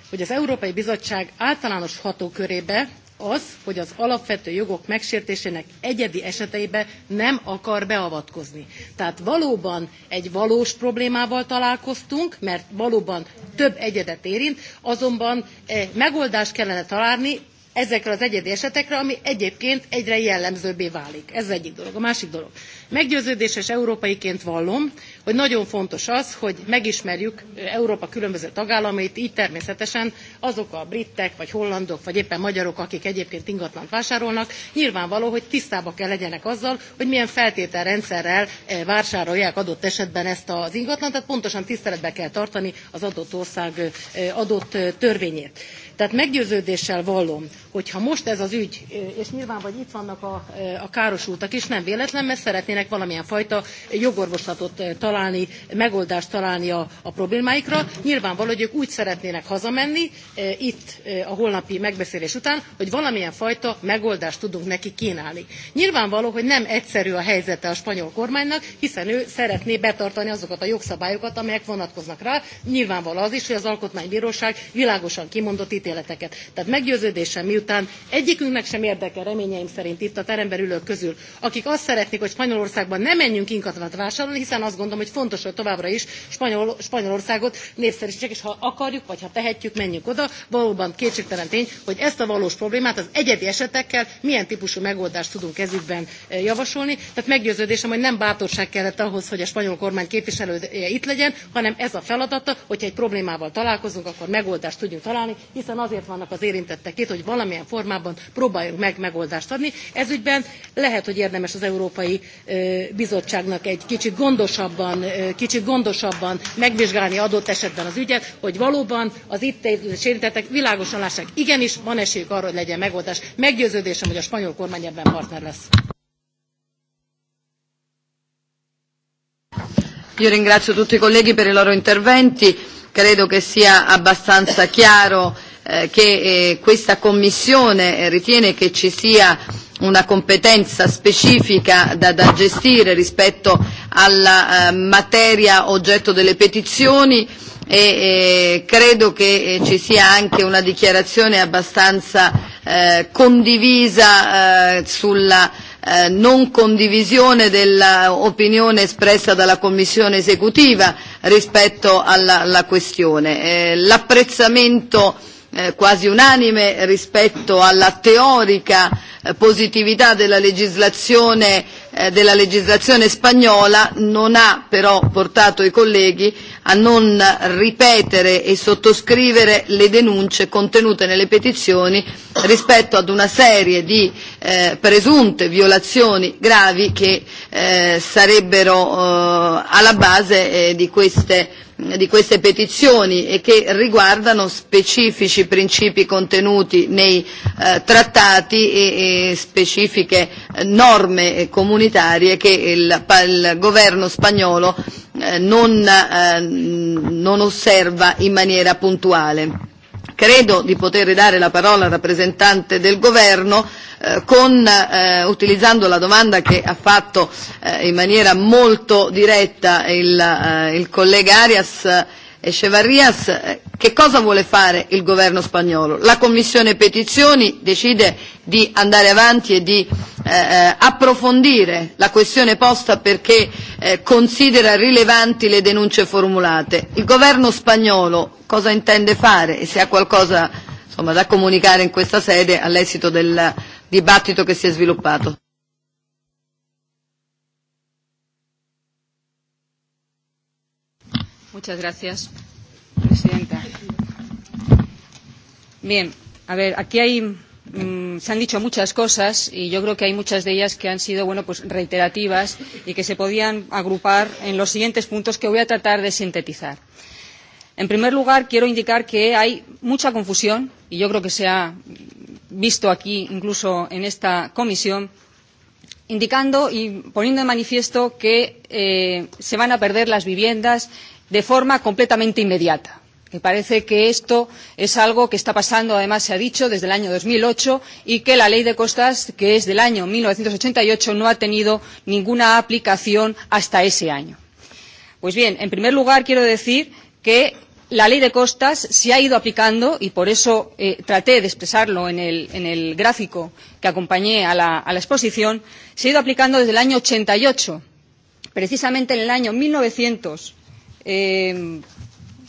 hogy az Európai Bizottság általános hatókörébe az, hogy az alapvető jogok megsértésének egyedi eseteibe nem akar beavatkozni. Tehát valóban egy valós problémával találkoztunk, mert valóban több egyedet érint, azonban megoldást kellene találni ezekre az egyedi esetekre, ami egyébként egyre jellemzőbbé válik. Ez az egyik dolog. A másik dolog. Meggyőződéses európaiként vallom, hogy nagyon fontos az, hogy megismerjük Európa különböző tagállamait, így természetesen azok a britek, vagy hollandok, vagy éppen magyarok, akik egyébként ingatlant vásárolnak, nyilvánvaló, hogy tisztában kell legyenek azzal, hogy milyen feltételrendszerrel eh, vásárolják adott esetben ezt az ingatlant, tehát pontosan tiszteletbe kell tartani az adott ország eh, adott eh, törvényét. Tehát meggyőződéssel vallom, hogy ha most ez az ügy, és nyilván vagy itt vannak a, a károsultak is, nem véletlen, mert szeretnének valamilyen fajta jogorvoslatot tartani találni, megoldást találni a, a problémáikra. Nyilvánvaló, hogy ők úgy szeretnének hazamenni itt a holnapi megbeszélés után, hogy valamilyen fajta megoldást tudunk neki kínálni. Nyilvánvaló, hogy nem egyszerű a helyzete a spanyol kormánynak, hiszen ő szeretné betartani azokat a jogszabályokat, amelyek vonatkoznak rá. Nyilvánvaló az is, hogy az Alkotmánybíróság világosan kimondott ítéleteket. Tehát meggyőződésem, miután egyikünknek sem érdeke reményeim szerint itt a teremben ülők közül, akik azt szeretnék, hogy Spanyolországban ne menjünk ingatlant vásárolni, hiszen azt gondolom, hogy fontos, hogy továbbra is Spanyol, Spanyolországot népszerűsítsék, és ha akarjuk, vagy ha tehetjük, menjünk oda. Valóban kétségtelen tény, hogy ezt a valós problémát az egyedi esetekkel milyen típusú megoldást tudunk kezükben javasolni. Tehát meggyőződésem, hogy nem bátorság kellett ahhoz, hogy a spanyol kormány képviselője itt legyen, hanem ez a feladata, hogyha egy problémával találkozunk, akkor megoldást tudjunk találni, hiszen azért vannak az érintettek itt, hogy valamilyen formában próbáljunk meg megoldást adni. Ezügyben lehet, hogy érdemes az Európai Bizottságnak egy kicsit gondosabban alaposabban, kicsit gondosabban megvizsgálni adott esetben az ügyet, hogy valóban az itt sérintettek világosan lássák. Igenis, van esélyük arra, hogy legyen megoldás. Meggyőződésem, hogy a spanyol kormány ebben partner lesz. Io ringrazio tutti i colleghi per i loro interventi, credo che sia abbastanza chiaro eh, che eh, questa Commissione eh, ritiene che ci sia una competenza specifica da, da gestire rispetto alla eh, materia oggetto delle petizioni e eh, credo che eh, ci sia anche una dichiarazione abbastanza eh, condivisa eh, sulla eh, non condivisione dell'opinione espressa dalla Commissione esecutiva rispetto alla, alla questione. Eh, L'apprezzamento Eh, quasi unanime rispetto alla teorica eh, positività della legislazione Eh, della legislazione spagnola non ha però portato i colleghi a non ripetere e sottoscrivere le denunce contenute nelle petizioni rispetto ad una serie di eh, presunte violazioni gravi che eh, sarebbero eh, alla base eh, di queste di queste petizioni e che riguardano specifici principi contenuti nei eh, trattati e, e specifiche norme comunitarie comunitarie che il, il governo spagnolo eh, non, eh, non osserva in maniera puntuale credo di poter ridare la parola al rappresentante del governo eh, con, eh, utilizzando la domanda che ha fatto eh, in maniera molto diretta il, eh, il collega Arias Echevarrias, che cosa vuole fare il governo spagnolo? La Commissione Petizioni decide di andare avanti e di eh, eh, approfondire la questione posta perché eh, considera rilevanti le denunce formulate. Il governo spagnolo cosa intende fare e se ha qualcosa insomma, da comunicare in questa sede all'esito del dibattito che si è sviluppato? Muchas gracias, presidenta. Bien, a ver, aquí hay mmm, se han dicho muchas cosas y yo creo que hay muchas de ellas que han sido bueno, pues reiterativas y que se podían agrupar en los siguientes puntos que voy a tratar de sintetizar. En primer lugar, quiero indicar que hay mucha confusión y yo creo que se ha visto aquí, incluso en esta comisión, indicando y poniendo de manifiesto que eh, se van a perder las viviendas de forma completamente inmediata. Me parece que esto es algo que está pasando, además se ha dicho, desde el año 2008 y que la ley de costas, que es del año 1988, no ha tenido ninguna aplicación hasta ese año. Pues bien, en primer lugar quiero decir que la ley de costas se ha ido aplicando y por eso eh, traté de expresarlo en el, en el gráfico que acompañé a la, a la exposición, se ha ido aplicando desde el año 88. Precisamente en el año 1900 eh,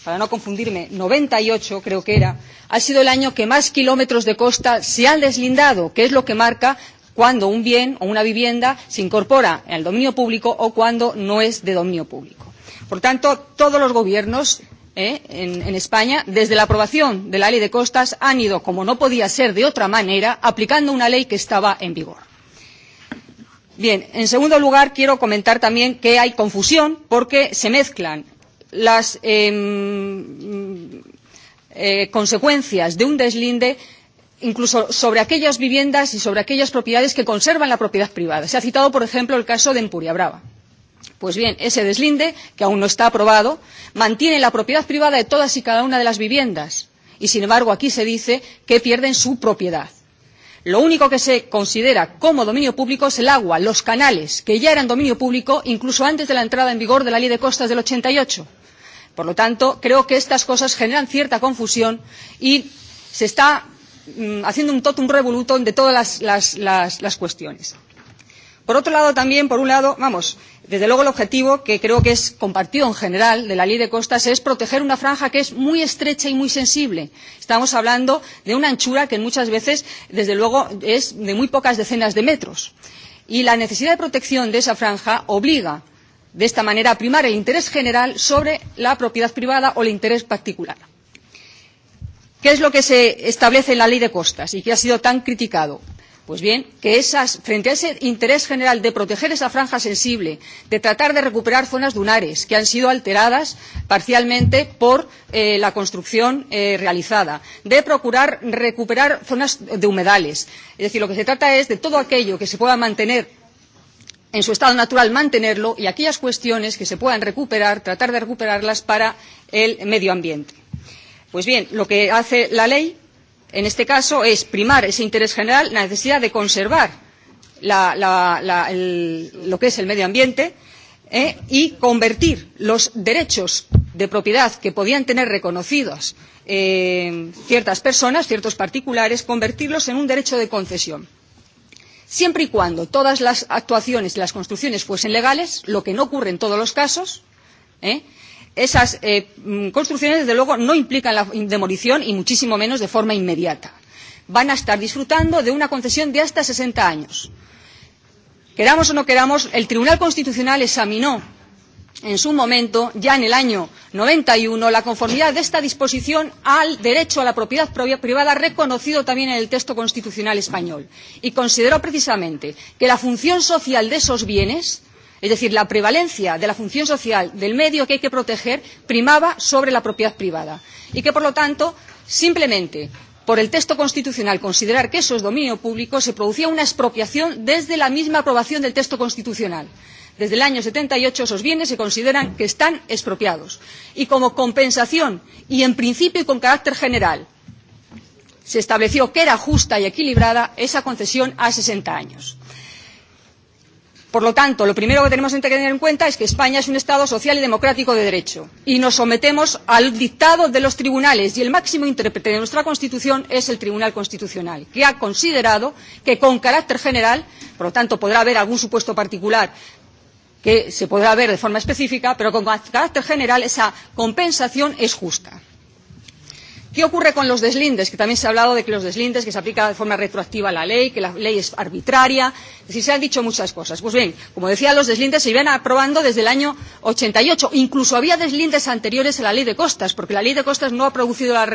para no confundirme, 98 creo que era, ha sido el año que más kilómetros de costa se han deslindado, que es lo que marca cuando un bien o una vivienda se incorpora al dominio público o cuando no es de dominio público. Por tanto, todos los gobiernos eh, en, en España, desde la aprobación de la ley de costas, han ido, como no podía ser de otra manera, aplicando una ley que estaba en vigor. Bien, en segundo lugar, quiero comentar también que hay confusión porque se mezclan las eh, eh, consecuencias de un deslinde incluso sobre aquellas viviendas y sobre aquellas propiedades que conservan la propiedad privada. Se ha citado, por ejemplo, el caso de Empuria Brava. Pues bien, ese deslinde, que aún no está aprobado, mantiene la propiedad privada de todas y cada una de las viviendas y, sin embargo, aquí se dice que pierden su propiedad. Lo único que se considera como dominio público es el agua, los canales, que ya eran dominio público incluso antes de la entrada en vigor de la Ley de Costas del 88. Por lo tanto, creo que estas cosas generan cierta confusión y se está mm, haciendo un totum revolutum de todas las, las, las, las cuestiones. Por otro lado, también, por un lado, vamos, desde luego el objetivo, que creo que es compartido en general, de la ley de costas, es proteger una franja que es muy estrecha y muy sensible. Estamos hablando de una anchura que muchas veces, desde luego, es de muy pocas decenas de metros. Y la necesidad de protección de esa franja obliga, de esta manera, a primar el interés general sobre la propiedad privada o el interés particular. ¿Qué es lo que se establece en la ley de costas y que ha sido tan criticado? Pues bien, que esas, frente a ese interés general de proteger esa franja sensible, de tratar de recuperar zonas dunares que han sido alteradas parcialmente por eh, la construcción eh, realizada, de procurar recuperar zonas de humedales. Es decir, lo que se trata es de todo aquello que se pueda mantener en su estado natural mantenerlo y aquellas cuestiones que se puedan recuperar, tratar de recuperarlas para el medio ambiente. Pues bien, lo que hace la ley en este caso es primar ese interés general, la necesidad de conservar la, la, la, el, lo que es el medio ambiente eh, y convertir los derechos de propiedad que podían tener reconocidos eh, ciertas personas, ciertos particulares, convertirlos en un derecho de concesión. Siempre y cuando todas las actuaciones y las construcciones fuesen legales, lo que no ocurre en todos los casos, eh, esas eh, mm, construcciones, desde luego, no implican la demolición y muchísimo menos de forma inmediata. Van a estar disfrutando de una concesión de hasta 60 años. Queramos o no queramos, el Tribunal Constitucional examinó en su momento, ya en el año 91, la conformidad de esta disposición al derecho a la propiedad privada reconocido también en el texto constitucional español. Y consideró precisamente que la función social de esos bienes Es decir, la prevalencia de la función social del medio que hay que proteger primaba sobre la propiedad privada y que, por lo tanto, simplemente por el texto constitucional considerar que eso es dominio público se producía una expropiación desde la misma aprobación del texto constitucional. Desde el año 78 esos bienes se consideran que están expropiados y como compensación y en principio y con carácter general se estableció que era justa y equilibrada esa concesión a 60 años. Por lo tanto, lo primero que tenemos que tener en cuenta es que España es un Estado social y democrático de derecho y nos sometemos al dictado de los tribunales y el máximo intérprete de nuestra Constitución es el Tribunal Constitucional, que ha considerado que con carácter general, por lo tanto podrá haber algún supuesto particular que se podrá ver de forma específica, pero con carácter general esa compensación es justa. ¿Qué ocurre con los deslindes? Que también se ha hablado de que los deslindes, que se aplica de forma retroactiva la ley, que la ley es arbitraria. Es decir, se han dicho muchas cosas. Pues bien, como decía, los deslindes se iban aprobando desde el año 88. Incluso había deslindes anteriores a la ley de costas, porque la ley de costas no ha producido la,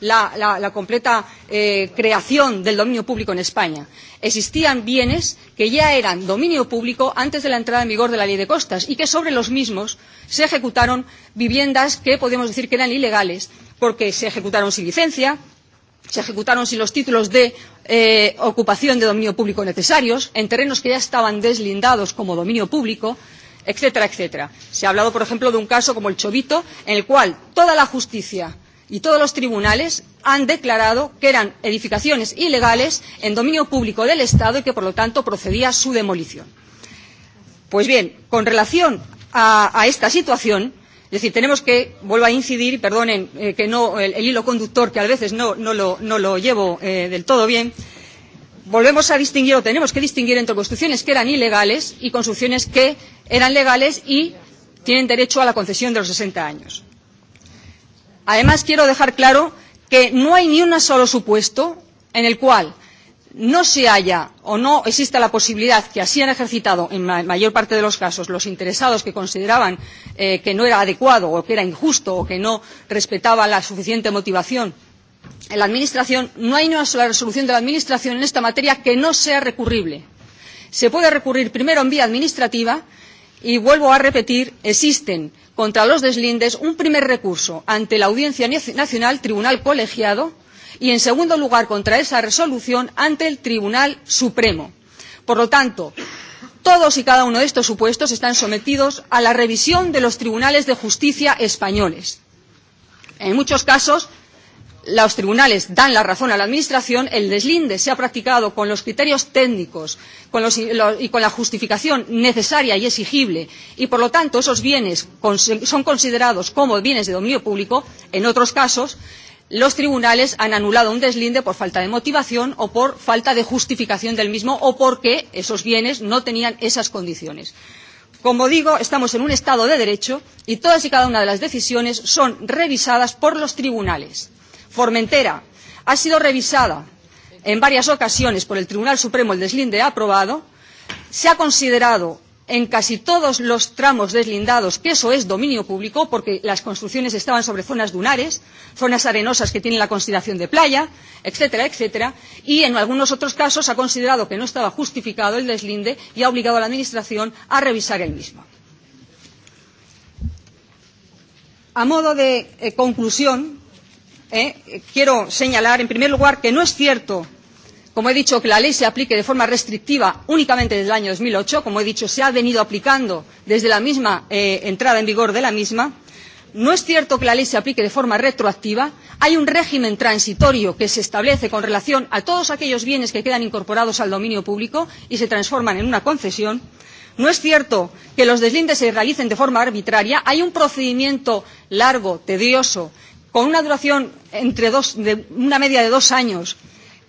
la, la, la completa eh, creación del dominio público en España. Existían bienes que ya eran dominio público antes de la entrada en vigor de la ley de costas y que sobre los mismos se ejecutaron viviendas que podemos decir que eran ilegales porque se ejecutaron sin licencia, se ejecutaron sin los títulos de eh, ocupación de dominio público necesarios, en terrenos que ya estaban deslindados como dominio público, etcétera, etcétera. Se ha hablado, por ejemplo, de un caso como el Chovito, en el cual toda la justicia y todos los tribunales han declarado que eran edificaciones ilegales en dominio público del Estado y que, por lo tanto, procedía su demolición. Pues bien, con relación a, a esta situación, Es decir, tenemos que, vuelvo a incidir, y perdonen eh, que no, el, el hilo conductor que a veces no, no, lo, no lo llevo eh, del todo bien, volvemos a distinguir o tenemos que distinguir entre construcciones que eran ilegales y construcciones que eran legales y tienen derecho a la concesión de los 60 años. Además, quiero dejar claro que no hay ni un solo supuesto en el cual no se haya o no exista la posibilidad que así han ejercitado en la mayor parte de los casos los interesados que consideraban eh, que no era adecuado o que era injusto o que no respetaba la suficiente motivación en la Administración, no hay una sola resolución de la Administración en esta materia que no sea recurrible. Se puede recurrir primero en vía administrativa y vuelvo a repetir, existen contra los deslindes un primer recurso ante la Audiencia Nacional, Tribunal Colegiado, y en segundo lugar contra esa resolución ante el Tribunal Supremo. Por lo tanto, todos y cada uno de estos supuestos están sometidos a la revisión de los tribunales de justicia españoles. En muchos casos, los tribunales dan la razón a la Administración, el deslinde se ha practicado con los criterios técnicos con los, lo, y con la justificación necesaria y exigible, y por lo tanto esos bienes con, son considerados como bienes de dominio público, en otros casos los tribunales han anulado un deslinde por falta de motivación o por falta de justificación del mismo o porque esos bienes no tenían esas condiciones. Como digo, estamos en un Estado de Derecho y todas y cada una de las decisiones son revisadas por los tribunales. Formentera ha sido revisada en varias ocasiones por el Tribunal Supremo el deslinde ha aprobado, se ha considerado en casi todos los tramos deslindados, que eso es dominio público, porque las construcciones estaban sobre zonas dunares, zonas arenosas que tienen la consideración de playa, etcétera, etcétera, y en algunos otros casos ha considerado que no estaba justificado el deslinde y ha obligado a la Administración a revisar el mismo. A modo de eh, conclusión, eh, quiero señalar, en primer lugar, que no es cierto Como he dicho, que la ley se aplique de forma restrictiva únicamente desde el año 2008, como he dicho, se ha venido aplicando desde la misma eh, entrada en vigor de la misma. No es cierto que la ley se aplique de forma retroactiva. Hay un régimen transitorio que se establece con relación a todos aquellos bienes que quedan incorporados al dominio público y se transforman en una concesión. No es cierto que los deslindes se realicen de forma arbitraria. Hay un procedimiento largo, tedioso, con una duración entre dos, de una media de dos años,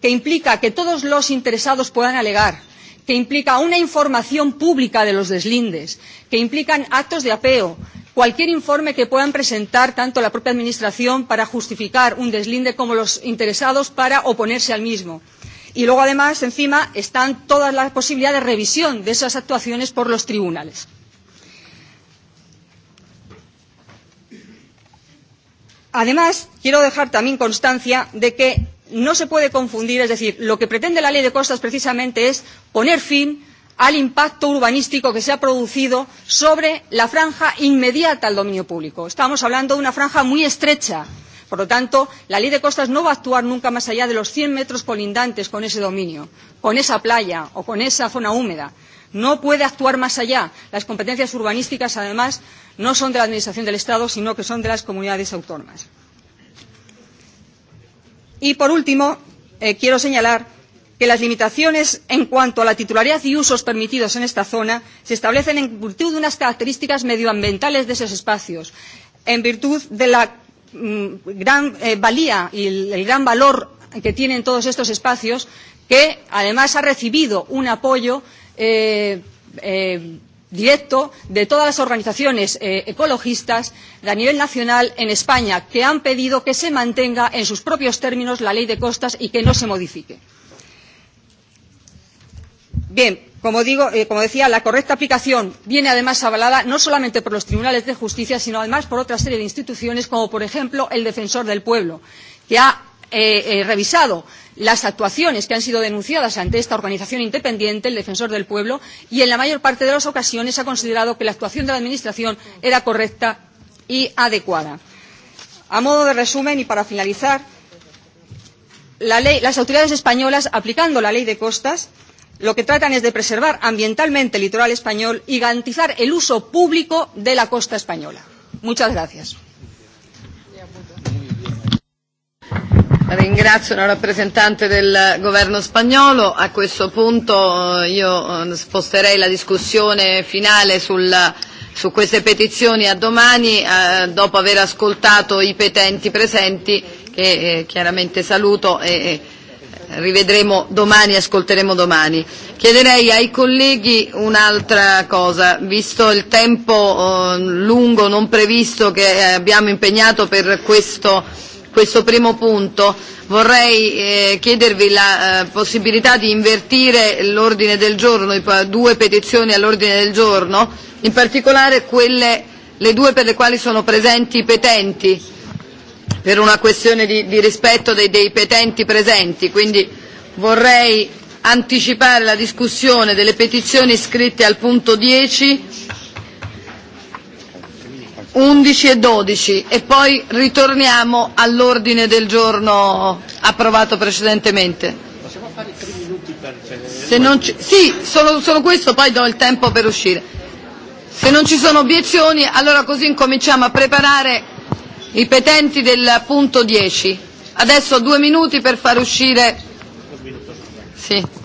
que implica que todos los interesados puedan alegar, que implica una información pública de los deslindes, que implican actos de apeo, cualquier informe que puedan presentar tanto la propia Administración para justificar un deslinde como los interesados para oponerse al mismo. Y luego, además, encima, están todas las posibilidades de revisión de esas actuaciones por los tribunales. Además, quiero dejar también constancia de que no se puede confundir, es decir, lo que pretende la ley de costas precisamente es poner fin al impacto urbanístico que se ha producido sobre la franja inmediata al dominio público. Estamos hablando de una franja muy estrecha. Por lo tanto, la ley de costas no va a actuar nunca más allá de los 100 metros colindantes con ese dominio, con esa playa o con esa zona húmeda. No puede actuar más allá. Las competencias urbanísticas, además, no son de la Administración del Estado, sino que son de las comunidades autónomas. Y, por último, eh, quiero señalar que las limitaciones en cuanto a la titularidad y usos permitidos en esta zona se establecen en virtud de unas características medioambientales de esos espacios, en virtud de la mm, gran eh, valía y el, el gran valor que tienen todos estos espacios, que además ha recibido un apoyo eh, eh, directo de todas las organizaciones eh, ecologistas de a nivel nacional en España, que han pedido que se mantenga en sus propios términos la ley de costas y que no se modifique. Bien, como, digo, eh, como decía, la correcta aplicación viene además avalada no solamente por los tribunales de justicia, sino además por otra serie de instituciones, como por ejemplo el defensor del pueblo, que ha eh, eh, revisado las actuaciones que han sido denunciadas ante esta organización independiente, el Defensor del Pueblo, y en la mayor parte de las ocasiones ha considerado que la actuación de la Administración era correcta y adecuada. A modo de resumen y para finalizar, la ley, las autoridades españolas, aplicando la ley de costas, lo que tratan es de preservar ambientalmente el litoral español y garantizar el uso público de la costa española. Muchas gracias. Ringrazio la rappresentante del governo spagnolo. A questo punto eh, io eh, sposterei la discussione finale sulla su queste petizioni a domani eh, dopo aver ascoltato i petenti presenti che eh, chiaramente saluto e eh, rivedremo domani, ascolteremo domani. Chiederei ai colleghi un'altra cosa, visto il tempo eh, lungo non previsto che eh, abbiamo impegnato per questo questo primo punto, vorrei eh, chiedervi la eh, possibilità di invertire l'ordine del giorno, due petizioni all'ordine del giorno, in particolare quelle, le due per le quali sono presenti i petenti, per una questione di, di rispetto dei, dei petenti presenti, quindi vorrei anticipare la discussione delle petizioni scritte al punto 10 11 e 12 e poi ritorniamo all'ordine del giorno approvato precedentemente. Possiamo fare tre minuti per... Se non ci... Sì, solo, solo questo, poi do il tempo per uscire. Se non ci sono obiezioni, allora così incominciamo a preparare i petenti del punto 10. Adesso due minuti per far uscire... Sì.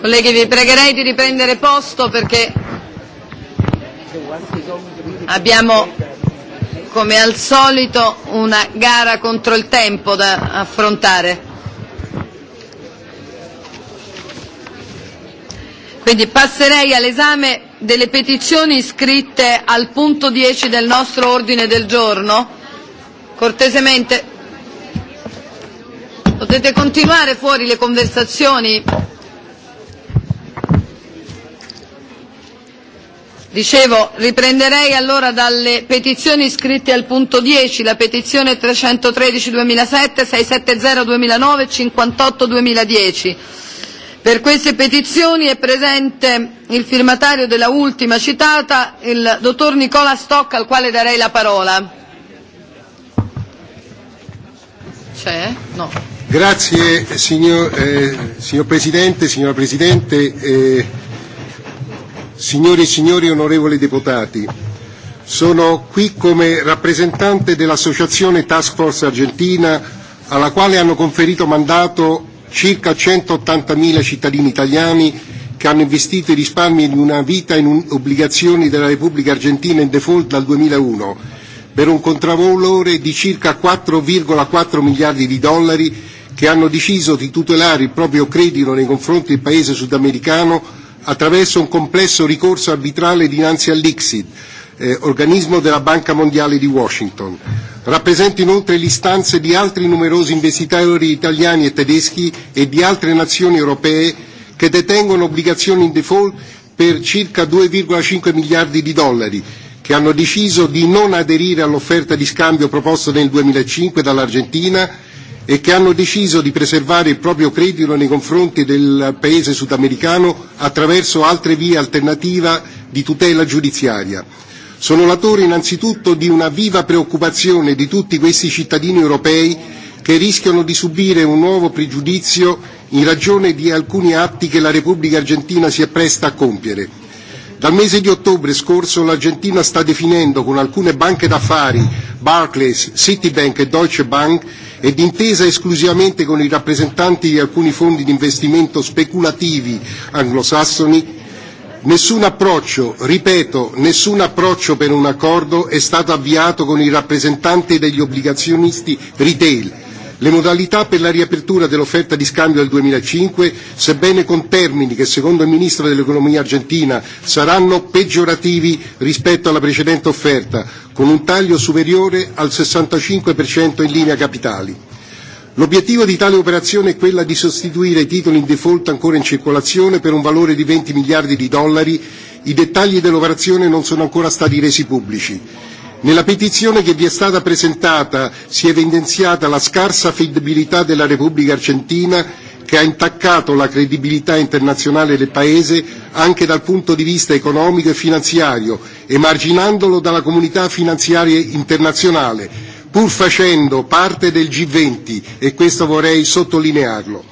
Colleghi, vi pregherei di riprendere posto perché abbiamo, come al solito, una gara contro il tempo da affrontare. Quindi passerei all'esame delle petizioni iscritte al punto 10 del nostro ordine del giorno. Cortesemente, potete continuare fuori le conversazioni Dicevo, riprenderei allora dalle petizioni iscritte al punto 10, la petizione 313-2007, 670-2009 58-2010. Per queste petizioni è presente il firmatario della ultima citata, il dottor Nicola Stocca, al quale darei la parola. C'è? No. Grazie signor, eh, signor Presidente, signora Presidente. Eh, signori e signori onorevoli deputati, sono qui come rappresentante dell'Associazione Task Force Argentina alla quale hanno conferito mandato circa 180.000 cittadini italiani che hanno investito i risparmi di una vita in un, obbligazioni della Repubblica Argentina in default dal 2001 per un contravvalore di circa 4,4 miliardi di dollari che hanno deciso di tutelare il proprio credito nei confronti del paese sudamericano attraverso un complesso ricorso arbitrale dinanzi all'ICSID, eh, organismo della Banca Mondiale di Washington. Rappresenta inoltre le istanze di altri numerosi investitori italiani e tedeschi e di altre nazioni europee che detengono obbligazioni in default per circa 2,5 miliardi di dollari, che hanno deciso di non aderire all'offerta di scambio proposta nel 2005 dall'Argentina e che hanno deciso di preservare il proprio credito nei confronti del paese sudamericano attraverso altre vie alternative di tutela giudiziaria. Sono l'autore innanzitutto di una viva preoccupazione di tutti questi cittadini europei che rischiano di subire un nuovo pregiudizio in ragione di alcuni atti che la Repubblica Argentina si appresta a compiere. Dal mese di ottobre scorso l'Argentina sta definendo con alcune banche d'affari, Barclays, Citibank e Deutsche Bank, e d'intesa esclusivamente con i rappresentanti di alcuni fondi di investimento speculativi anglosassoni, Nessun approccio, ripeto, nessun approccio per un accordo è stato avviato con i rappresentanti degli obbligazionisti retail le modalità per la riapertura dell'offerta di scambio del 2005, sebbene con termini che secondo il Ministro dell'Economia argentina saranno peggiorativi rispetto alla precedente offerta, con un taglio superiore al 65% in linea capitali. L'obiettivo di tale operazione è quella di sostituire i titoli in default ancora in circolazione per un valore di 20 miliardi di dollari. I dettagli dell'operazione non sono ancora stati resi pubblici. Nella petizione che vi è stata presentata si è evidenziata la scarsa affidabilità della Repubblica Argentina che ha intaccato la credibilità internazionale del Paese anche dal punto di vista economico e finanziario, emarginandolo dalla comunità finanziaria internazionale, pur facendo parte del G20 e questo vorrei sottolinearlo.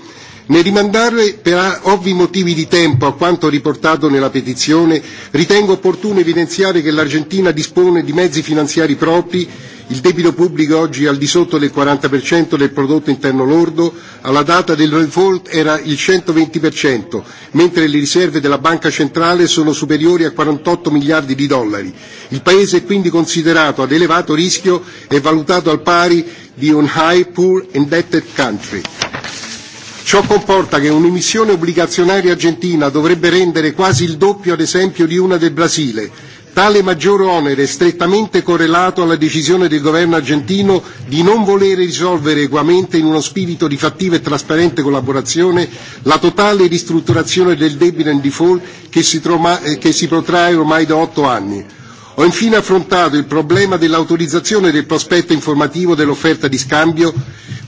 Nel rimandare per ovvi motivi di tempo a quanto riportato nella petizione, ritengo opportuno evidenziare che l'Argentina dispone di mezzi finanziari propri, il debito pubblico oggi è al di sotto del 40% del prodotto interno lordo, alla data del default era il 120%, mentre le riserve della Banca Centrale sono superiori a 48 miliardi di dollari. Il Paese è quindi considerato ad elevato rischio e valutato al pari di un high, poor, indebted country. Ciò comporta che un'emissione obbligazionaria argentina dovrebbe rendere quasi il doppio, ad esempio, di una del Brasile. Tale maggiore onere è strettamente correlato alla decisione del governo argentino di non volere risolvere equamente, in uno spirito di fattiva e trasparente collaborazione, la totale ristrutturazione del debito in default che si, troma, eh, che si protrae ormai da otto anni. Ho infine affrontato il problema dell'autorizzazione del prospetto informativo dell'offerta di scambio,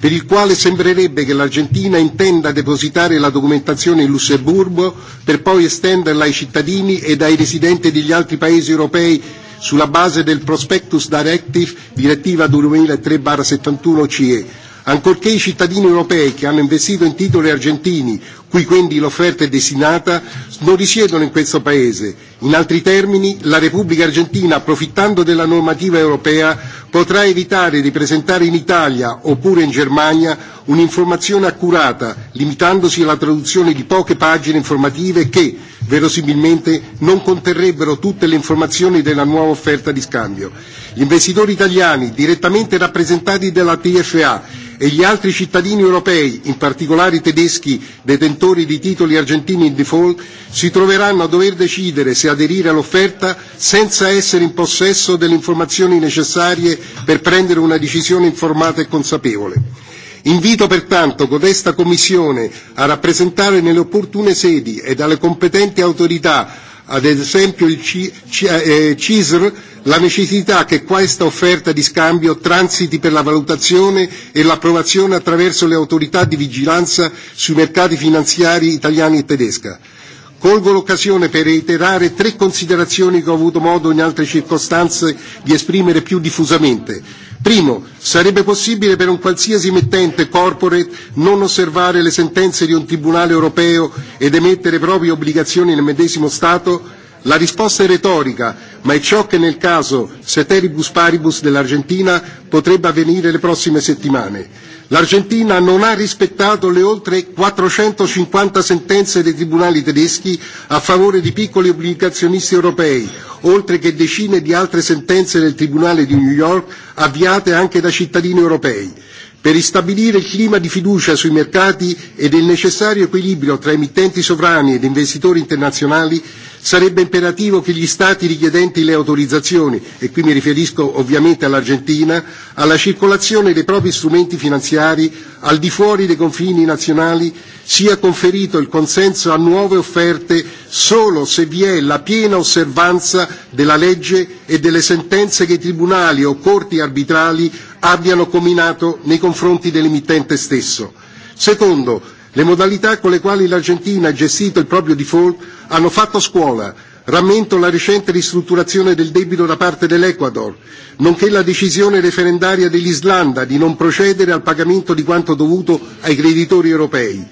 per il quale sembrerebbe che l'Argentina intenda depositare la documentazione in Lussemburgo per poi estenderla ai cittadini e ai residenti degli altri paesi europei sulla base del Prospectus Directive, direttiva 2003-71 CE, ancorché i cittadini europei che hanno investito in titoli argentini cui quindi l'offerta è destinata, non risiedono in questo Paese. In altri termini, la Repubblica Argentina, approfittando della normativa europea, potrà evitare di presentare in Italia oppure in Germania un'informazione accurata, limitandosi alla traduzione di poche pagine informative che, verosimilmente, non conterrebbero tutte le informazioni della nuova offerta di scambio. Gli investitori italiani, direttamente rappresentati dalla TFA, e gli altri cittadini europei, in particolare i tedeschi detentori detentori di titoli argentini in default si troveranno a dover decidere se aderire all'offerta senza essere in possesso delle informazioni necessarie per prendere una decisione informata e consapevole. Invito pertanto codesta Commissione a rappresentare nelle opportune sedi e alle competenti autorità ad esempio il CISR, eh, la necessità che questa offerta di scambio transiti per la valutazione e l'approvazione attraverso le autorità di vigilanza sui mercati finanziari italiani e tedesca. Colgo l'occasione per reiterare tre considerazioni che ho avuto modo in altre circostanze di esprimere più diffusamente. Primo, sarebbe possibile per un qualsiasi emittente corporate non osservare le sentenze di un tribunale europeo ed emettere proprie obbligazioni nel medesimo Stato? La risposta è retorica, ma è ciò che nel caso Ceteribus Paribus dell'Argentina potrebbe avvenire le prossime settimane. L'Argentina non ha rispettato le oltre 450 sentenze dei tribunali tedeschi a favore di piccoli obbligazionisti europei, oltre che decine di altre sentenze del Tribunale di New York avviate anche da cittadini europei. Per ristabilire il clima di fiducia sui mercati ed il necessario equilibrio tra emittenti sovrani ed investitori internazionali Sarebbe imperativo che gli Stati richiedenti le autorizzazioni, e qui mi riferisco ovviamente all'Argentina, alla circolazione dei propri strumenti finanziari al di fuori dei confini nazionali sia conferito il consenso a nuove offerte solo se vi è la piena osservanza della legge e delle sentenze che i tribunali o corti arbitrali abbiano cominato nei confronti dell'emittente stesso. Secondo, le modalità con le quali l'Argentina ha gestito il proprio default hanno fatto scuola. Rammento la recente ristrutturazione del debito da parte dell'Ecuador, nonché la decisione referendaria dell'Islanda di non procedere al pagamento di quanto dovuto ai creditori europei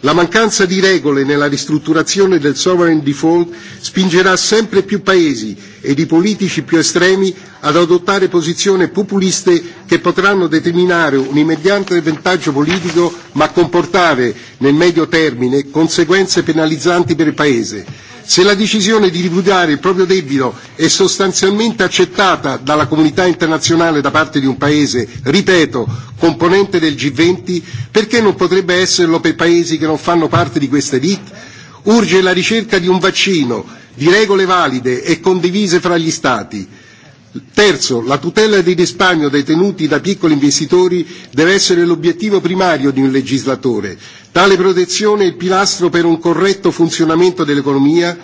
la mancanza di regole nella ristrutturazione del sovereign default spingerà sempre più paesi e i politici più estremi ad adottare posizioni populiste che potranno determinare un immediato vantaggio politico ma comportare nel medio termine conseguenze penalizzanti per il Paese. Se la decisione di ripudiare il proprio debito è sostanzialmente accettata dalla comunità internazionale da parte di un paese, ripeto, componente del G20, perché non potrebbe esserlo per paesi che non fanno parte di questa elite? Urge la ricerca di un vaccino, di regole valide e condivise fra gli Stati Terzo, la tutela dei risparmio detenuti da piccoli investitori deve essere l'obiettivo primario di un legislatore. Tale protezione è il pilastro per un corretto funzionamento dell'economia.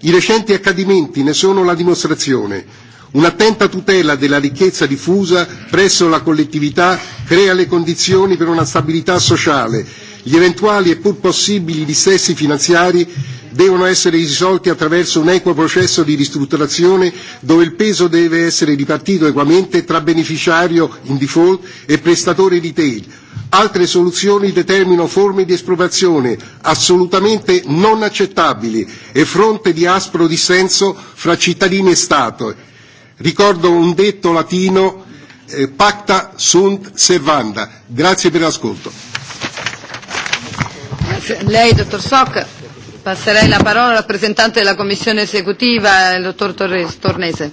I recenti accadimenti ne sono la dimostrazione. Un'attenta tutela della ricchezza diffusa presso la collettività crea le condizioni per una stabilità sociale. Gli eventuali e pur possibili dissessi finanziari devono essere risolti attraverso un equo processo di ristrutturazione dove il peso deve essere ripartito equamente tra beneficiario in default e prestatore retail. Altre soluzioni determinano forme di espropriazione assolutamente non accettabili e fronte di aspro dissenso fra cittadini e Stato. Ricordo un detto latino eh, pacta sunt servanda. Grazie per l'ascolto. Lei, dottor Soc, Passerei la parola al rappresentante della Commissione esecutiva, il dottor Torres, Tornese.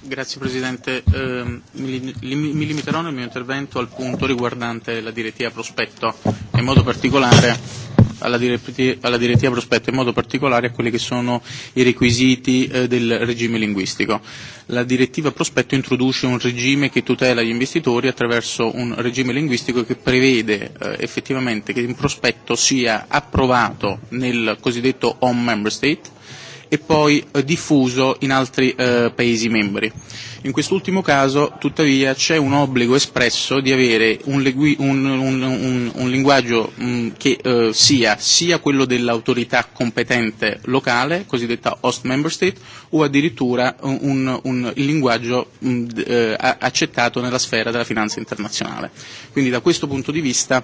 Grazie Presidente. Eh, mi, mi limiterò nel mio intervento al punto riguardante la direttiva prospetto, in modo particolare alla direttiva, alla direttiva prospetto, in modo particolare a quelli che sono i requisiti eh, del regime linguistico. La direttiva prospetto introduce un regime che tutela gli investitori attraverso un regime linguistico che prevede eh, effettivamente che un prospetto sia approvato nel cosiddetto home member state, e poi eh, diffuso in altri eh, Paesi membri. In quest'ultimo caso, tuttavia, c'è un obbligo espresso di avere un, legui- un, un, un, un linguaggio mh, mm, che eh, sia sia quello dell'autorità competente locale, cosiddetta host member state, o addirittura un, un, un linguaggio mh, mm, eh, accettato nella sfera della finanza internazionale. Quindi da questo punto di vista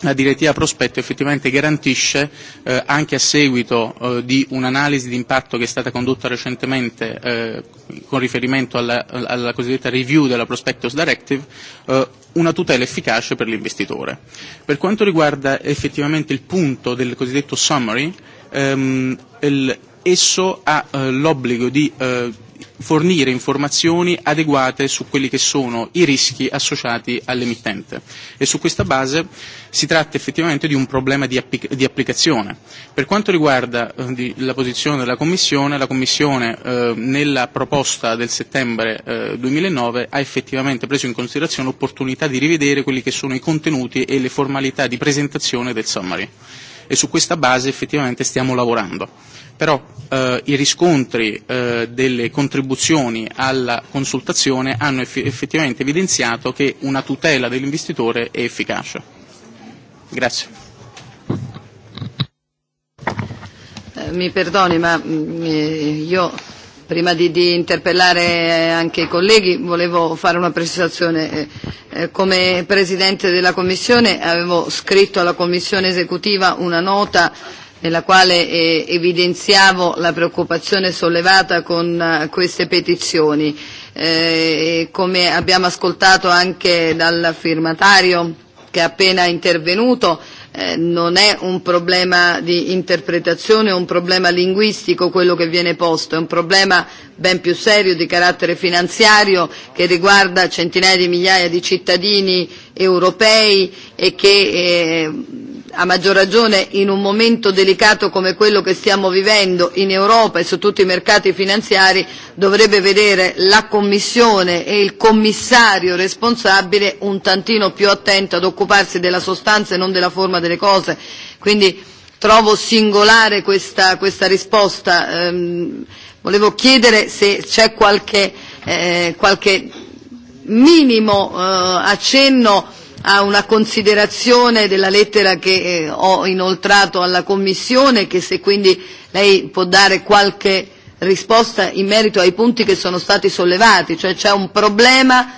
la direttiva prospetto effettivamente garantisce, eh, anche a seguito eh, di un'analisi di impatto che è stata condotta recentemente eh, con riferimento alla, alla cosiddetta review della Prospectus Directive, eh, una tutela efficace per l'investitore. Per quanto riguarda effettivamente il punto del cosiddetto summary, ehm, il, esso ha eh, l'obbligo di eh, fornire informazioni adeguate su quelli che sono i rischi associati all'emittente e su questa base si tratta effettivamente di un problema di, applic- di applicazione. Per quanto riguarda eh, di, la posizione della Commissione, la Commissione eh, nella proposta del settembre eh, 2009 ha effettivamente preso in considerazione l'opportunità di rivedere quelli che sono i contenuti e le formalità di presentazione del summary e su questa base effettivamente stiamo lavorando però eh, i riscontri eh, delle contribuzioni alla consultazione hanno eff- effettivamente evidenziato che una tutela dell'investitore è efficace. Grazie. Eh, mi perdoni, ma mm, io prima di, di interpellare eh, anche i colleghi volevo fare una precisazione. Eh, come Presidente della Commissione avevo scritto alla Commissione esecutiva una nota nella quale eh, evidenziavo la preoccupazione sollevata con uh, queste petizioni. Eh, come abbiamo ascoltato anche dal firmatario che è appena intervenuto, eh, non è un problema di interpretazione, è un problema linguistico quello che viene posto, è un problema ben più serio di carattere finanziario che riguarda centinaia di migliaia di cittadini europei e che eh, a maggior ragione in un momento delicato come quello che stiamo vivendo in Europa e su tutti i mercati finanziari, dovrebbe vedere la Commissione e il commissario responsabile un tantino più attento ad occuparsi della sostanza e non della forma delle cose. Quindi trovo singolare questa, questa risposta. Ehm, volevo chiedere se c'è qualche, eh, qualche minimo eh, accenno a una considerazione della lettera che eh, ho inoltrato alla Commissione, che se quindi lei può dare qualche risposta in merito ai punti che sono stati sollevati, cioè c'è un problema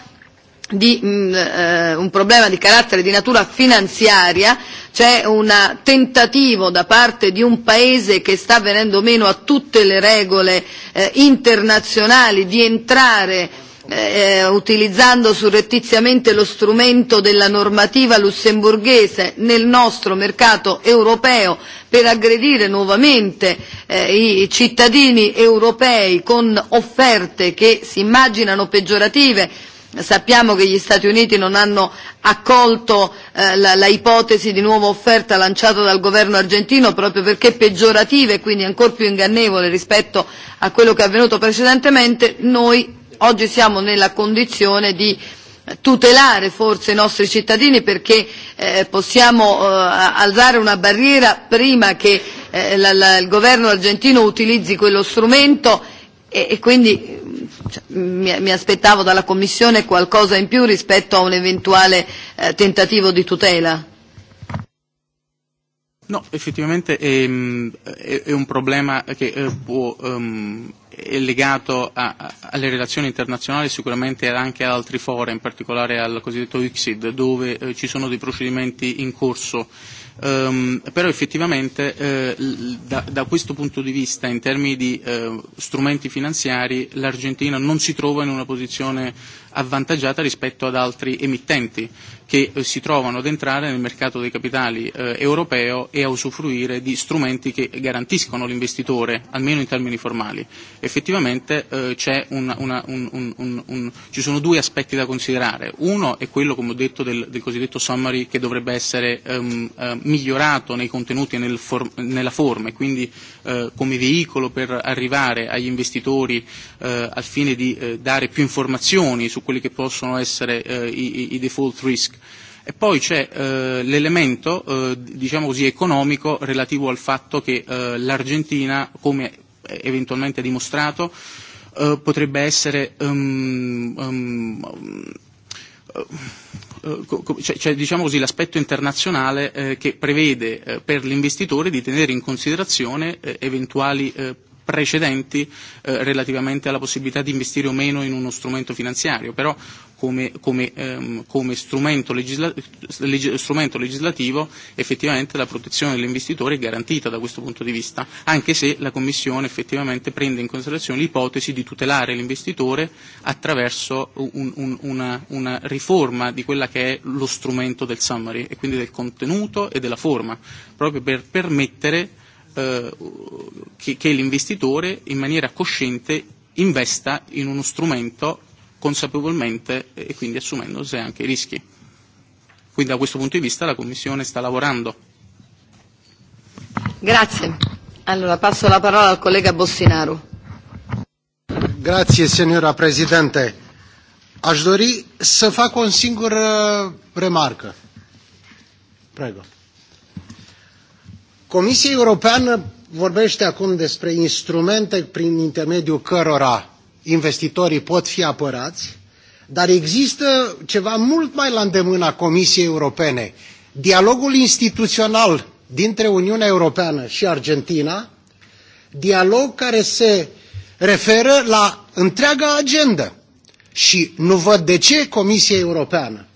di mh, mm, eh, un problema di carattere di natura finanziaria, c'è un tentativo da parte di un paese che sta venendo meno a tutte le regole eh, internazionali di entrare eh, utilizzando surrettiziamente lo strumento della normativa lussemburghese nel nostro mercato europeo per aggredire nuovamente eh, i cittadini europei con offerte che si immaginano peggiorative Sappiamo che gli Stati Uniti non hanno accolto eh, la, la ipotesi di nuova offerta lanciata dal governo argentino proprio perché peggiorativa e quindi ancora più ingannevole rispetto a quello che è avvenuto precedentemente, noi oggi siamo nella condizione di tutelare forse i nostri cittadini perché eh, possiamo eh, alzare una barriera prima che eh, la, la, il governo argentino utilizzi quello strumento e, e quindi mm, cioè, mi, mi aspettavo dalla Commissione qualcosa in più rispetto a un eventuale eh, tentativo di tutela. No, effettivamente ehm, è, è un problema che è, eh, può, ehm, è legato a, a, alle relazioni internazionali, sicuramente anche ad altri fora, in particolare al cosiddetto ICSID, dove eh, ci sono dei procedimenti in corso. Um, però effettivamente eh, da, da questo punto di vista, in termini di eh, strumenti finanziari, l'Argentina non si trova in una posizione avvantaggiata rispetto ad altri emittenti che eh, si trovano ad entrare nel mercato dei capitali eh, europeo e a usufruire di strumenti che garantiscono l'investitore, almeno in termini formali. Effettivamente eh, c'è una, una, un, un, un, un, ci sono due aspetti da considerare. Uno è quello, come ho detto, del, del cosiddetto summary che dovrebbe essere um, uh, migliorato nei contenuti e nel for- nella forma e quindi uh, come veicolo per arrivare agli investitori uh, al fine di uh, dare più informazioni su quelli che possono essere eh, i, i default risk. E poi c'è eh, l'elemento, eh, diciamo così, economico relativo al fatto che eh, l'Argentina, come eventualmente dimostrato, eh, potrebbe essere um, um, c'è diciamo così l'aspetto internazionale eh, che prevede eh, per l'investitore di tenere in considerazione eh, eventuali eh, precedenti eh, relativamente alla possibilità di investire o meno in uno strumento finanziario, però come, come, ehm, come strumento, legisla- leg- strumento legislativo effettivamente la protezione dell'investitore è garantita da questo punto di vista, anche se la Commissione effettivamente prende in considerazione l'ipotesi di tutelare l'investitore attraverso un, un, una, una riforma di quella che è lo strumento del summary e quindi del contenuto e della forma, proprio per permettere eh, che, che l'investitore in maniera cosciente investa in uno strumento consapevolmente e quindi assumendosi anche i rischi. Quindi da questo punto di vista la Commissione sta lavorando. Grazie. Allora passo la parola al collega Bossinaro. Grazie signora Presidente. Aș dori să fac o singură remarcă. Prego. Comisia Europeană vorbește acum despre instrumente prin intermediul cărora investitorii pot fi apărați, dar există ceva mult mai la îndemâna Comisiei Europene. Dialogul instituțional dintre Uniunea Europeană și Argentina, dialog care se referă la întreaga agendă. Și nu văd de ce Comisia Europeană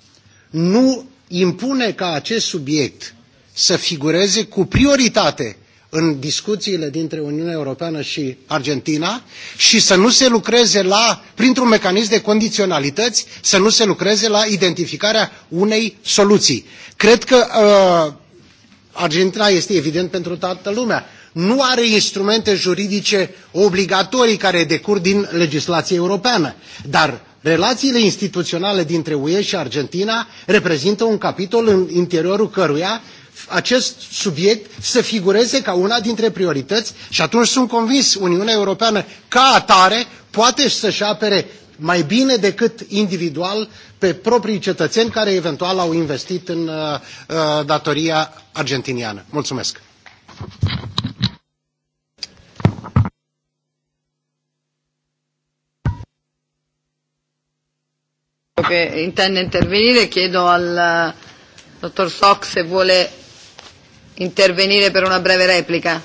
nu impune ca acest subiect să figureze cu prioritate în discuțiile dintre Uniunea Europeană și Argentina și să nu se lucreze la, printr-un mecanism de condiționalități, să nu se lucreze la identificarea unei soluții. Cred că uh, Argentina este evident pentru toată lumea. Nu are instrumente juridice obligatorii care decur din legislația europeană, dar relațiile instituționale dintre UE și Argentina reprezintă un capitol în interiorul căruia acest subiect să figureze ca una dintre priorități și atunci sunt convins Uniunea Europeană ca atare poate să-și apere mai bine decât individual pe proprii cetățeni care eventual au investit în uh, uh datoria argentiniană. Mulțumesc! che intende intervenire, chiedo al uh, dottor Sock se vuole intervenire per una breve replica.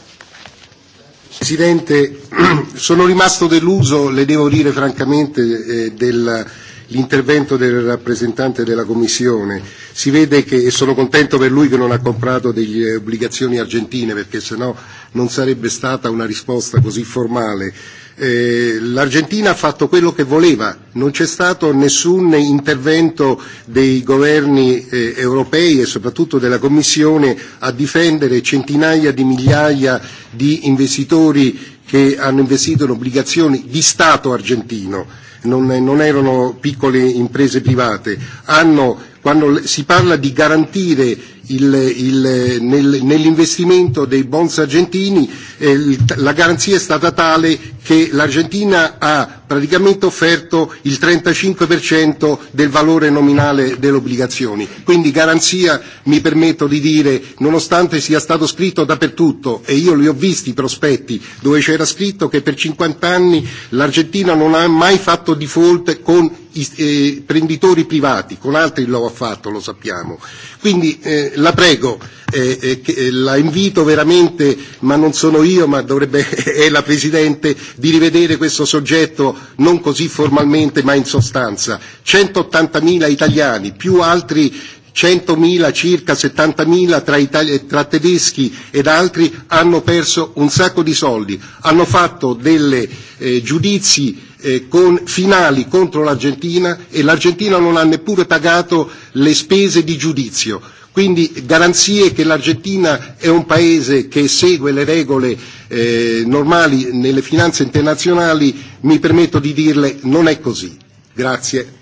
Presidente, sono rimasto deluso, le devo dire francamente, eh, del l'intervento del rappresentante della Commissione. Si vede che, e sono contento per lui che non ha comprato delle eh, obbligazioni argentine, perché sennò non sarebbe stata una risposta così formale. Eh, L'Argentina ha fatto quello che voleva, non c'è stato nessun intervento dei governi eh, europei e soprattutto della Commissione a difendere centinaia di migliaia di investitori che hanno investito in obbligazioni di Stato argentino non, non erano piccole imprese private, hanno, quando si parla di garantire il, il, nel, nell'investimento dei bonds argentini eh, il, la garanzia è stata tale che l'Argentina ha praticamente offerto il 35% del valore nominale delle obbligazioni. Quindi garanzia, mi permetto di dire, nonostante sia stato scritto dappertutto, e io li ho visti i prospetti dove c'era scritto che per 50 anni l'Argentina non ha mai fatto default con imprenditori privati, con altri lo ha fatto, lo sappiamo. Quindi eh, la prego, eh, eh, che, eh, la invito veramente, ma non sono io, ma dovrebbe, è la Presidente, di rivedere questo soggetto non così formalmente ma in sostanza. 180.000 italiani, più altri 100.000, circa 70.000 tra, tra tedeschi ed altri hanno perso un sacco di soldi, hanno fatto delle eh, giudizi eh, con finali contro l'Argentina e l'Argentina non ha neppure pagato le spese di giudizio. Quindi garanzie che l'Argentina è un paese che segue le regole eh, normali nelle finanze internazionali, mi permetto di dirle, non è così. Grazie.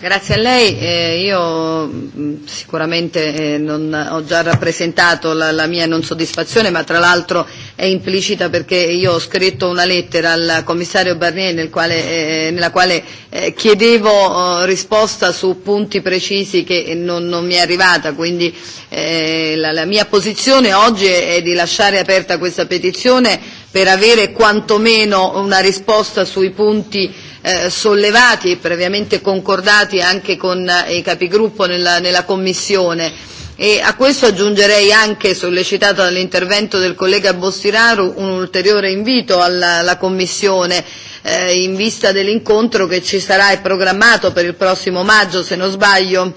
Grazie a lei, eh, io mm, sicuramente eh, non, ho già rappresentato la, la mia non soddisfazione, ma tra l'altro è implicita perché io ho scritto una lettera al commissario Barnier nel quale, eh, nella quale eh, chiedevo eh, risposta su punti precisi che non, non mi è arrivata, quindi eh, la, la mia posizione oggi è di lasciare aperta questa petizione per avere quantomeno una risposta sui punti eh, sollevati e previamente concordati anche con eh, i capigruppo nella, nella Commissione. E a questo aggiungerei anche, sollecitato dall'intervento del collega Bostiraru, un ulteriore invito alla, alla Commissione eh, in vista dell'incontro che ci sarà e programmato per il prossimo maggio, se non sbaglio,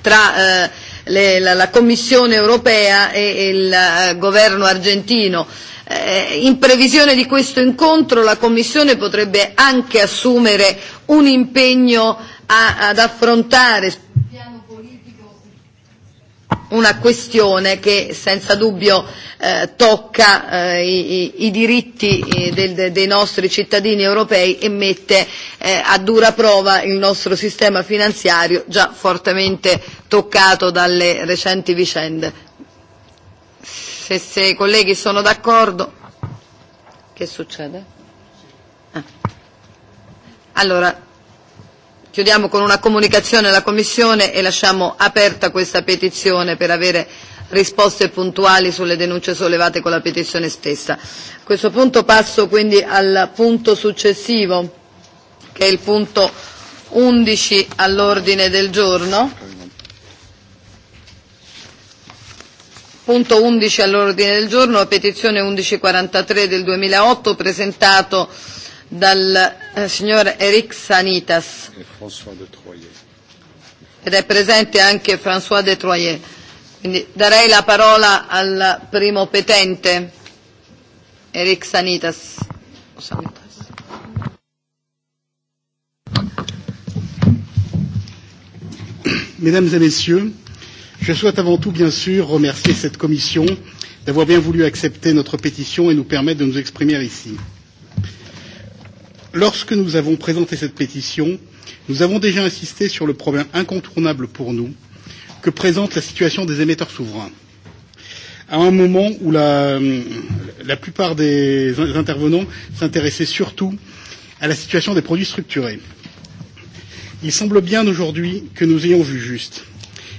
tra eh, le, la, la Commissione europea e il eh, governo argentino Eh, in previsione di questo incontro la Commissione potrebbe anche assumere un impegno a, ad affrontare una questione che senza dubbio eh, tocca eh, i, i diritti eh, del, dei nostri cittadini europei e mette eh, a dura prova il nostro sistema finanziario già fortemente toccato dalle recenti vicende. Se, se i colleghi sono d'accordo. Che succede? Ah. Allora, chiudiamo con una comunicazione alla Commissione e lasciamo aperta questa petizione per avere risposte puntuali sulle denunce sollevate con la petizione stessa. A questo punto passo quindi al punto successivo, che è il punto 11 all'ordine del giorno Punto 11 all'ordine del giorno, petizione 1143 del 2008 presentato dal eh, signor Eric Sanitas. Ed è presente anche François de Troyer. Quindi darei la parola al primo petente, Eric Sanitas. Mesdames et Messieurs, Je souhaite avant tout, bien sûr, remercier cette commission d'avoir bien voulu accepter notre pétition et nous permettre de nous exprimer ici. Lorsque nous avons présenté cette pétition, nous avons déjà insisté sur le problème incontournable pour nous que présente la situation des émetteurs souverains. À un moment où la, la plupart des intervenants s'intéressaient surtout à la situation des produits structurés. Il semble bien aujourd'hui que nous ayons vu juste.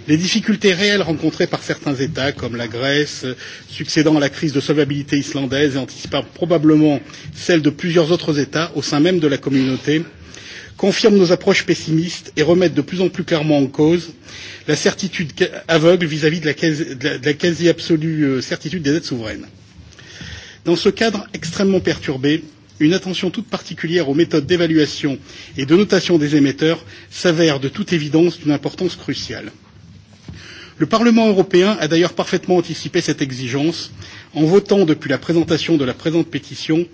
Les difficultés réelles rencontrées par certains États, comme la Grèce, euh, succédant à la crise de solvabilité islandaise et anticipant probablement celle de plusieurs autres États au sein même de la communauté, confirment nos approches pessimistes et remettent de plus en plus clairement en cause la certitude aveugle vis-à-vis de la quasi, de la, de la quasi absolue euh, certitude des dettes souveraines. Dans ce cadre extrêmement perturbé, une attention toute particulière aux méthodes d'évaluation et de notation des émetteurs s'avère de toute évidence d'une importance cruciale. Le Parlement européen a d'ailleurs parfaitement anticipé cette exigence en votant, depuis la présentation de la présente pétition,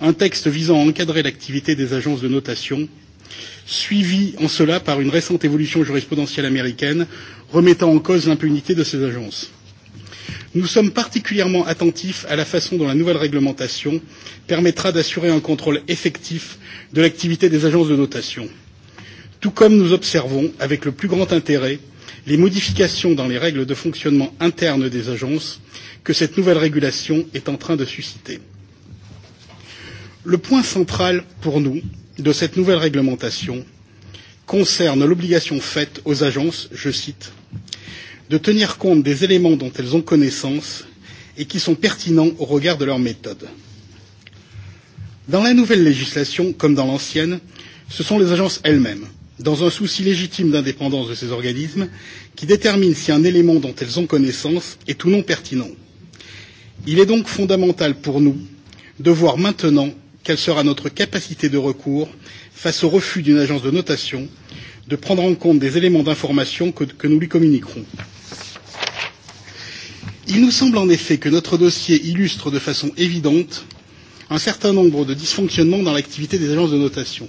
un texte visant à encadrer l'activité des agences de notation, suivi en cela par une récente évolution jurisprudentielle américaine remettant en cause l'impunité de ces agences. Nous sommes particulièrement attentifs à la façon dont la nouvelle réglementation permettra d'assurer un contrôle effectif de l'activité des agences de notation, tout comme nous observons avec le plus grand intérêt les modifications dans les règles de fonctionnement interne des agences que cette nouvelle régulation est en train de susciter. Le point central pour nous de cette nouvelle réglementation concerne l'obligation faite aux agences, je cite, de tenir compte des éléments dont elles ont connaissance et qui sont pertinents au regard de leur méthode. Dans la nouvelle législation, comme dans l'ancienne, ce sont les agences elles-mêmes dans un souci légitime d'indépendance de ces organismes qui détermine si un élément dont elles ont connaissance est ou non pertinent. Il est donc fondamental pour nous de voir maintenant quelle sera notre capacité de recours face au refus d'une agence de notation de prendre en compte des éléments d'information que, que nous lui communiquerons. Il nous semble en effet que notre dossier illustre de façon évidente un certain nombre de dysfonctionnements dans l'activité des agences de notation.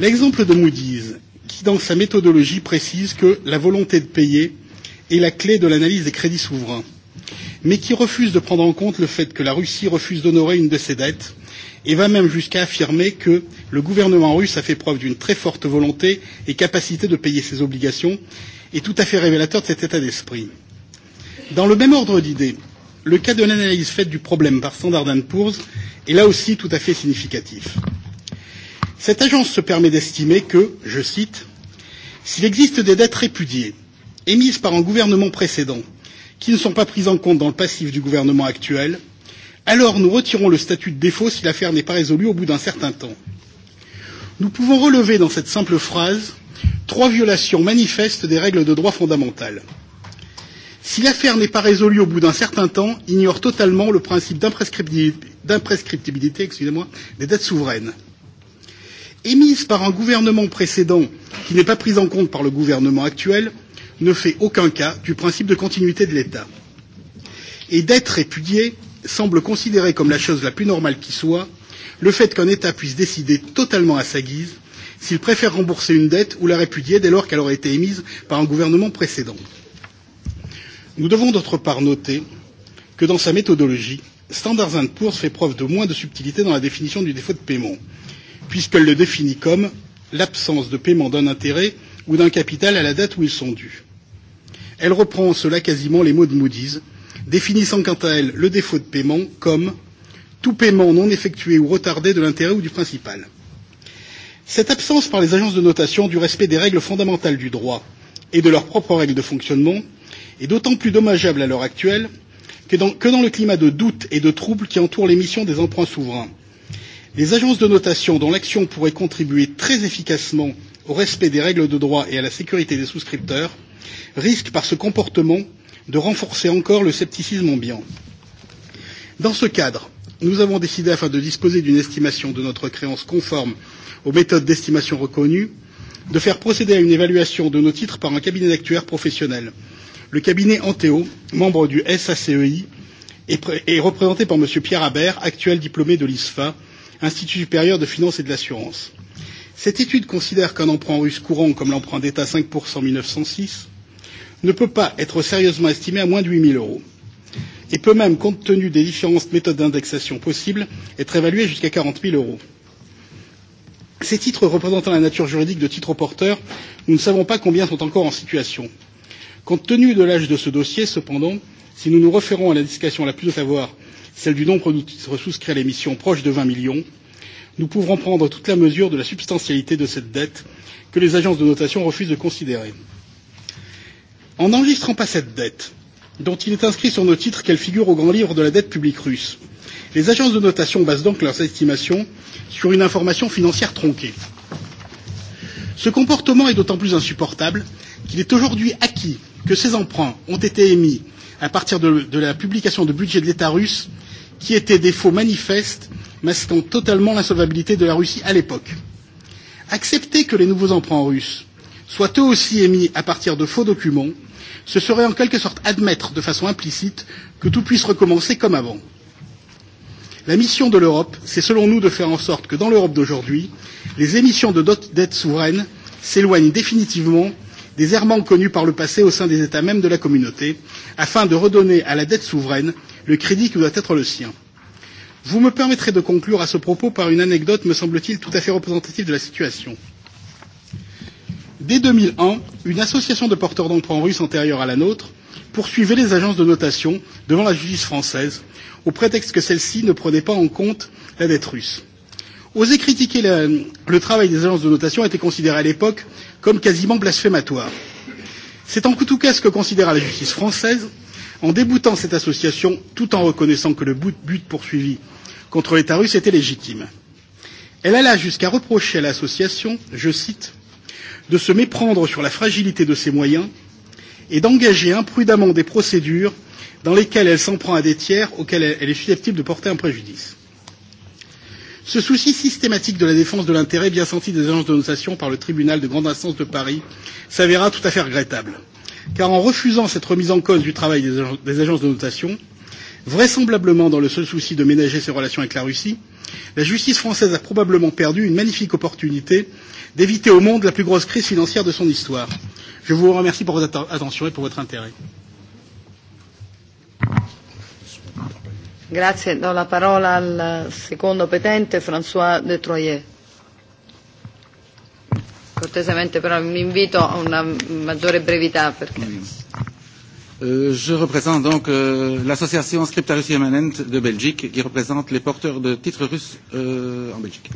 L'exemple de Moody's, qui dans sa méthodologie précise que la volonté de payer est la clé de l'analyse des crédits souverains, mais qui refuse de prendre en compte le fait que la Russie refuse d'honorer une de ses dettes et va même jusqu'à affirmer que le gouvernement russe a fait preuve d'une très forte volonté et capacité de payer ses obligations, est tout à fait révélateur de cet état d'esprit. Dans le même ordre d'idées, le cas de l'analyse faite du problème par Standard Poor's est là aussi tout à fait significatif. Cette agence se permet d'estimer que, je cite, s'il existe des dettes répudiées, émises par un gouvernement précédent, qui ne sont pas prises en compte dans le passif du gouvernement actuel, alors nous retirons le statut de défaut si l'affaire n'est pas résolue au bout d'un certain temps. Nous pouvons relever dans cette simple phrase trois violations manifestes des règles de droit fondamental. Si l'affaire n'est pas résolue au bout d'un certain temps, ignore totalement le principe d'imprescriptibilité des dettes souveraines émise par un gouvernement précédent qui n'est pas prise en compte par le gouvernement actuel ne fait aucun cas du principe de continuité de l'État et d'être répudié semble considérer comme la chose la plus normale qui soit le fait qu'un État puisse décider totalement à sa guise s'il préfère rembourser une dette ou la répudier dès lors qu'elle aurait été émise par un gouvernement précédent. Nous devons d'autre part noter que dans sa méthodologie, Standards Poor's fait preuve de moins de subtilité dans la définition du défaut de paiement puisqu'elle le définit comme l'absence de paiement d'un intérêt ou d'un capital à la date où ils sont dus. Elle reprend en cela quasiment les mots de Moody's, définissant quant à elle le défaut de paiement comme tout paiement non effectué ou retardé de l'intérêt ou du principal. Cette absence par les agences de notation du respect des règles fondamentales du droit et de leurs propres règles de fonctionnement est d'autant plus dommageable à l'heure actuelle que dans, que dans le climat de doute et de trouble qui entoure l'émission des emprunts souverains, Les agences de notation dont l'action pourrait contribuer très efficacement au respect des règles de droit et à la sécurité des souscripteurs risquent par ce comportement de renforcer encore le scepticisme ambiant. Dans ce cadre, nous avons décidé, afin de disposer d'une estimation de notre créance conforme aux méthodes d'estimation reconnues, de faire procéder à une évaluation de nos titres par un cabinet d'actuaires professionnel. Le cabinet Anteo, membre du SACEI, est, est représenté par M. Pierre Habert, actuel diplômé de l'ISFA, Institut supérieur de finance et de l'assurance. Cette étude considère qu'un emprunt russe courant, comme l'emprunt d'État 5% en 1906, ne peut pas être sérieusement estimé à moins de 8 000 euros et peut même, compte tenu des différentes méthodes d'indexation possibles, être évalué jusqu'à 40 000 euros. Ces titres représentant la nature juridique de titres porteurs, nous ne savons pas combien sont encore en situation. Compte tenu de l'âge de ce dossier, cependant, si nous nous référons à l'indication la plus à savoir celle du nombre de souscrits à l'émission proche de 20 millions, nous pouvons prendre toute la mesure de la substantialité de cette dette que les agences de notation refusent de considérer. En n'enregistrant pas cette dette, dont il est inscrit sur nos titres qu'elle figure au grand livre de la dette publique russe, les agences de notation basent donc leurs estimations sur une information financière tronquée. Ce comportement est d'autant plus insupportable qu'il est aujourd'hui acquis que ces emprunts ont été émis à partir de, de la publication de budget de l'État russe, qui étaient des faux manifestes, masquant totalement l'insolvabilité de la Russie à l'époque. Accepter que les nouveaux emprunts russes soient eux aussi émis à partir de faux documents, ce serait en quelque sorte admettre de façon implicite que tout puisse recommencer comme avant. La mission de l'Europe, c'est selon nous de faire en sorte que dans l'Europe d'aujourd'hui, les émissions de dettes souveraines s'éloignent définitivement des errements connus par le passé au sein des États mêmes de la communauté, afin de redonner à la dette souveraine le crédit qui doit être le sien. Vous me permettrez de conclure à ce propos par une anecdote, me semble-t-il, tout à fait représentative de la situation. Dès 2001, une association de porteurs d'emprunt russes antérieure à la nôtre poursuivait les agences de notation devant la justice française, au prétexte que celle-ci ne prenait pas en compte la dette russe. Oser critiquer la, le travail des agences de notation était considéré à l'époque comme quasiment blasphématoire. C'est en tout cas ce que considéra la justice française en déboutant cette association tout en reconnaissant que le but, but poursuivi contre l'État russe était légitime. Elle alla jusqu'à reprocher à l'association, je cite, de se méprendre sur la fragilité de ses moyens et d'engager imprudemment des procédures dans lesquelles elle s'en prend à des tiers auxquels elle est susceptible de porter un préjudice. Ce souci systématique de la défense de l'intérêt bien senti des agences de notation par le tribunal de grande instance de Paris s'avéra tout à fait regrettable, car en refusant cette remise en cause du travail des agences de notation, vraisemblablement dans le seul souci de ménager ses relations avec la Russie, la justice française a probablement perdu une magnifique opportunité d'éviter au monde la plus grosse crise financière de son histoire. Je vous remercie pour votre attention et pour votre intérêt. Grazie, do la parola al secondo petente François de Troyer. Cortesemente però mi invito a una maggiore brevità perché... Euh, je représente donc euh, l'association Scriptarius Humanent de Belgique qui représente les porteurs de titres russes euh, en Belgique.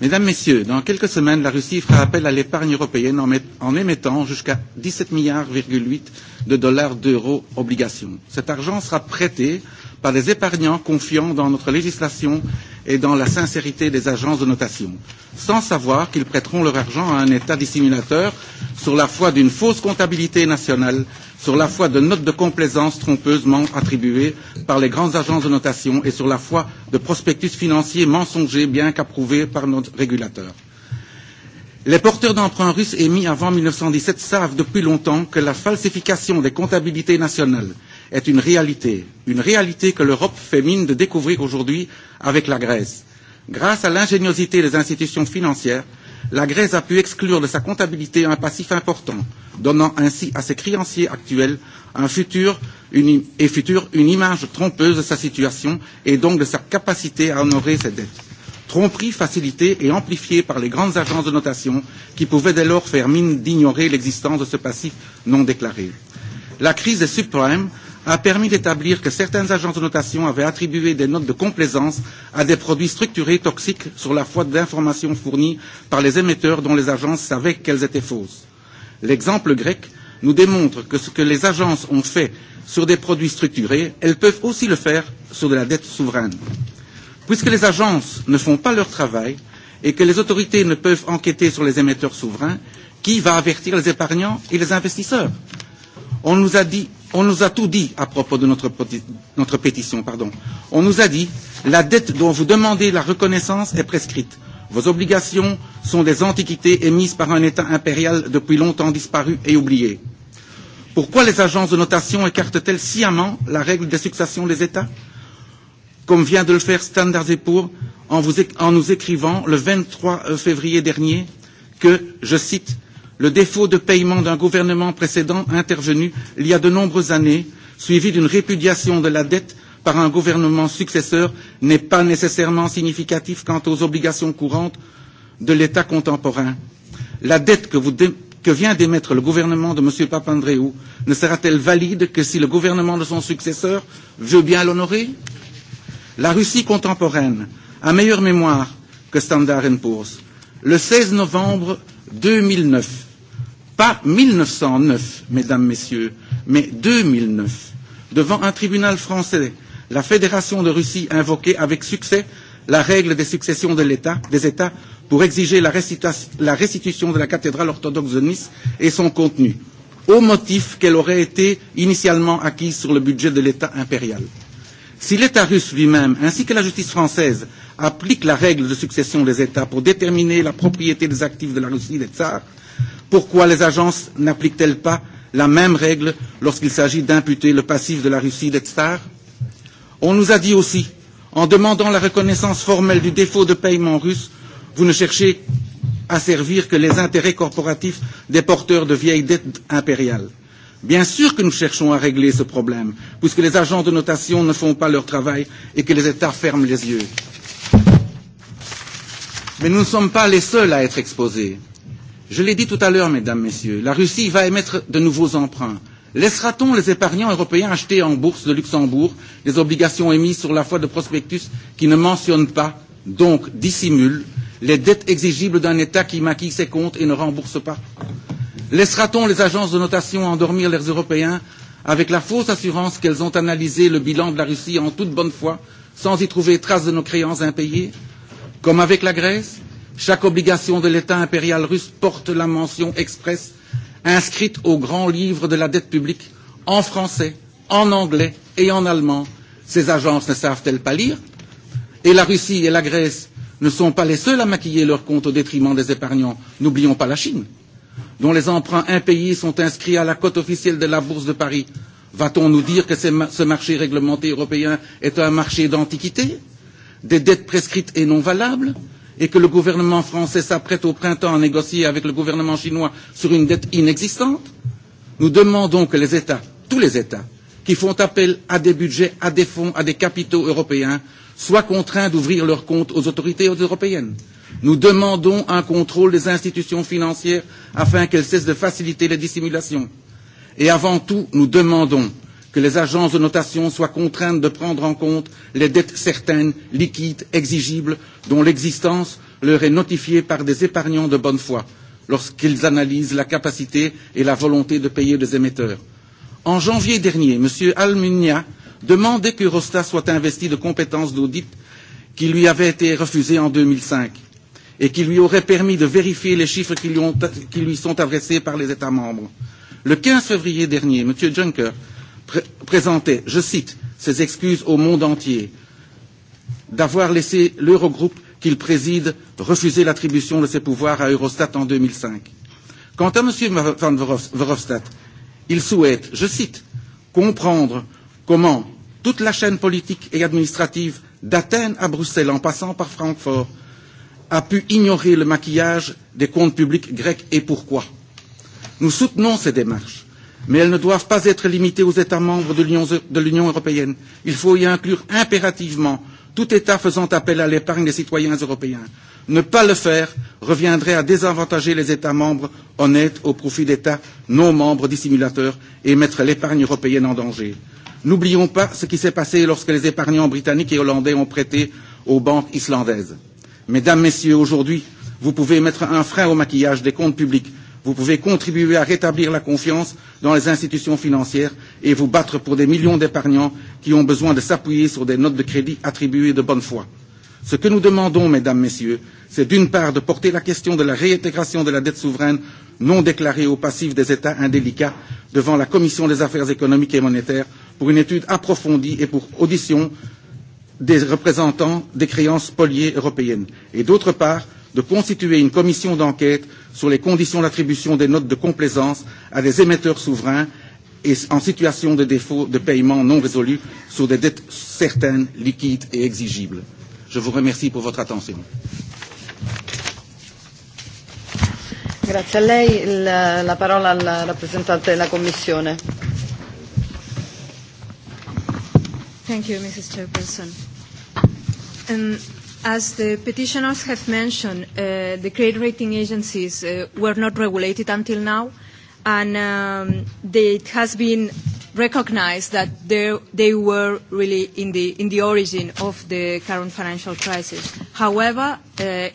Mesdames, Messieurs, dans quelques semaines, la Russie fera appel à l'épargne européenne en, en émettant jusqu'à 17,8 milliards de dollars d'euros obligations. Cet argent sera prêté par des épargnants confiants dans notre législation et dans la sincérité des agences de notation, sans savoir qu'ils prêteront leur argent à un État dissimulateur sur la foi d'une fausse comptabilité nationale, sur la foi de notes de complaisance trompeusement attribuées par les grandes agences de notation et sur la foi de prospectus financiers mensongers bien qu'approuvés par notre régulateur. Les porteurs d'emprunts russes émis avant 1917 savent depuis longtemps que la falsification des comptabilités nationales est une réalité, une réalité que l'Europe fait mine de découvrir aujourd'hui avec la Grèce. Grâce à l'ingéniosité des institutions financières, la Grèce a pu exclure de sa comptabilité un passif important, donnant ainsi à ses créanciers actuels un futur, une, et futur une image trompeuse de sa situation et donc de sa capacité à honorer ses dettes. Tromperie facilitée et amplifiée par les grandes agences de notation qui pouvaient dès lors faire mine d'ignorer l'existence de ce passif non déclaré. La crise des subprimes a permis d'établir que certaines agences de notation avaient attribué des notes de complaisance à des produits structurés toxiques sur la foi d'informations fournies par les émetteurs dont les agences savaient qu'elles étaient fausses. L'exemple grec nous démontre que ce que les agences ont fait sur des produits structurés, elles peuvent aussi le faire sur de la dette souveraine. Puisque les agences ne font pas leur travail et que les autorités ne peuvent enquêter sur les émetteurs souverains, qui va avertir les épargnants et les investisseurs On nous a dit on nous a tout dit à propos de notre, notre pétition. Pardon. On nous a dit la dette dont vous demandez la reconnaissance est prescrite. Vos obligations sont des antiquités émises par un État impérial depuis longtemps disparu et oublié. Pourquoi les agences de notation écartent-elles sciemment la règle des successions des États comme vient de le faire Standard Poor's en, en nous écrivant le 23 euh, février dernier que, je cite, le défaut de paiement d'un gouvernement précédent intervenu il y a de nombreuses années, suivi d'une répudiation de la dette par un gouvernement successeur, n'est pas nécessairement significatif quant aux obligations courantes de l'État contemporain. La dette que, vous dé... que vient d'émettre le gouvernement de M. Papandreou ne sera-t-elle valide que si le gouvernement de son successeur veut bien l'honorer La Russie contemporaine a meilleure mémoire que Standard Poor's. Le 16 novembre 2009, Pas 1909, mesdames, messieurs, mais 2009. Devant un tribunal français, la Fédération de Russie invoquait avec succès la règle des successions de l'État, des États pour exiger la, la restitution de la cathédrale orthodoxe de Nice et son contenu, au motif qu'elle aurait été initialement acquise sur le budget de l'État impérial. Si l'État russe lui-même, ainsi que la justice française, applique la règle de succession des États pour déterminer la propriété des actifs de la Russie des tsars, Pourquoi les agences n'appliquent-elles pas la même règle lorsqu'il s'agit d'imputer le passif de la Russie Tsars On nous a dit aussi, en demandant la reconnaissance formelle du défaut de paiement russe, vous ne cherchez à servir que les intérêts corporatifs des porteurs de vieilles dettes impériales. Bien sûr que nous cherchons à régler ce problème, puisque les agents de notation ne font pas leur travail et que les États ferment les yeux. Mais nous ne sommes pas les seuls à être exposés. Je l'ai dit tout à l'heure, mesdames, messieurs, la Russie va émettre de nouveaux emprunts. Laissera-t-on les épargnants européens acheter en bourse de Luxembourg des obligations émises sur la foi de prospectus qui ne mentionnent pas, donc dissimulent, les dettes exigibles d'un État qui maquille ses comptes et ne rembourse pas Laissera-t-on les agences de notation endormir les Européens avec la fausse assurance qu'elles ont analysé le bilan de la Russie en toute bonne foi sans y trouver trace de nos créances impayées Comme avec la Grèce, Chaque obligation de l'État impérial russe porte la mention expresse inscrite au grand livre de la dette publique en français, en anglais et en allemand. Ces agences ne savent-elles pas lire Et la Russie et la Grèce ne sont pas les seuls à maquiller leurs comptes au détriment des épargnants. N'oublions pas la Chine, dont les emprunts impayés sont inscrits à la cote officielle de la Bourse de Paris. Va-t-on nous dire que ce marché réglementé européen est un marché d'antiquité Des dettes prescrites et non valables et que le gouvernement français s'apprête au printemps à négocier avec le gouvernement chinois sur une dette inexistante Nous demandons que les États, tous les États, qui font appel à des budgets, à des fonds, à des capitaux européens, soient contraints d'ouvrir leurs comptes aux autorités européennes. Nous demandons un contrôle des institutions financières afin qu'elles cessent de faciliter les dissimulations. Et avant tout, nous demandons que les agences de notation soient contraintes de prendre en compte les dettes certaines, liquides, exigibles, dont l'existence leur est notifiée par des épargnants de bonne foi lorsqu'ils analysent la capacité et la volonté de payer des émetteurs. En janvier dernier, M. Almunia demandait qu'Eurostat soit investi de compétences d'audit qui lui avaient été refusées en 2005 et qui lui auraient permis de vérifier les chiffres qui lui, ont, qui lui sont adressés par les États membres. Le 15 février dernier, M. Juncker pr présentait, je cite, ses excuses au monde entier d'avoir laissé l'Eurogroupe qu'il préside refuser l'attribution de ses pouvoirs à Eurostat en 2005. Quant à M. Van Verhofstadt, il souhaite, je cite, comprendre comment toute la chaîne politique et administrative d'Athènes à Bruxelles en passant par Francfort a pu ignorer le maquillage des comptes publics grecs et pourquoi. Nous soutenons ces démarches mais elles ne doivent pas être limitées aux États membres de l'Union européenne. Il faut y inclure impérativement tout État faisant appel à l'épargne des citoyens européens. Ne pas le faire reviendrait à désavantager les États membres honnêtes au profit d'États non membres dissimulateurs et mettre l'épargne européenne en danger. N'oublions pas ce qui s'est passé lorsque les épargnants britanniques et hollandais ont prêté aux banques islandaises. Mesdames, Messieurs, aujourd'hui, vous pouvez mettre un frein au maquillage des comptes publics Vous pouvez contribuer à rétablir la confiance dans les institutions financières et vous battre pour des millions d'épargnants qui ont besoin de s'appuyer sur des notes de crédit attribuées de bonne foi. Ce que nous demandons, mesdames, messieurs, c'est d'une part de porter la question de la réintégration de la dette souveraine non déclarée au passif des États indélicats devant la Commission des affaires économiques et monétaires pour une étude approfondie et pour audition des représentants des créances spoliées européennes et d'autre part de constituer une commission d'enquête sur les conditions d'attribution des notes de complaisance à des émetteurs souverains et en situation de défaut de paiement non résolu sur des dettes certaines, liquides et exigibles. Je vous remercie pour votre attention. Grazie a lei. La, la parola al rappresentante della Commissione. Thank you, Mrs. Chairperson. Um, As the petitioners have mentioned, uh, the credit rating agencies uh, were not regulated until now, and um, they, it has been recognized that they were really in the, in the origin of the current financial crisis. However, uh,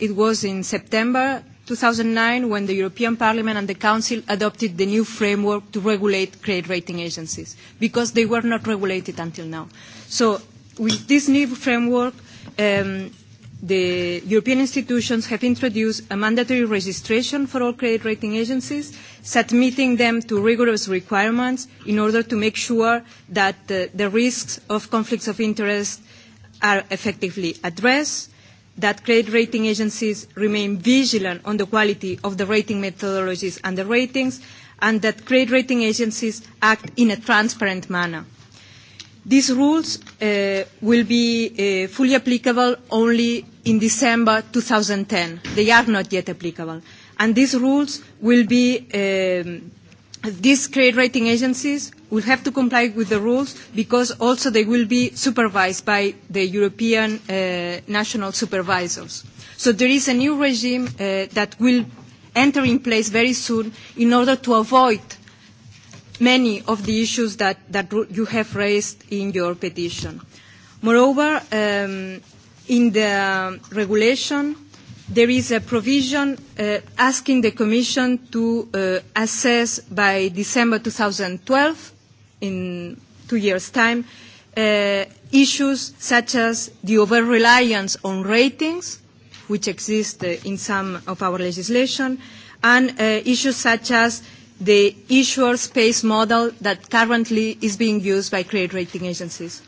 it was in September 2009 when the European Parliament and the Council adopted the new framework to regulate credit rating agencies because they were not regulated until now. So with this new framework, um, The European institutions have introduced a mandatory registration for all credit rating agencies, submitting them to rigorous requirements in order to make sure that uh, the risks of conflicts of interest are effectively addressed, that credit rating agencies remain vigilant on the quality of the rating methodologies and the ratings, and that credit rating agencies act in a transparent manner. These rules uh, will be uh, fully applicable only in December 2010. They are not yet applicable. And these rules will be, um, these credit rating agencies will have to comply with the rules because also they will be supervised by the European uh, national supervisors. So there is a new regime uh, that will enter in place very soon in order to avoid many of the issues that, that you have raised in your petition. Moreover, um, in the um, regulation, there is a provision uh, asking the Commission to uh, assess by December 2012, in two years' time, uh, issues such as the over-reliance on ratings, which exist uh, in some of our legislation, and uh, issues such as the issuer space model that currently is being used by credit rating agencies.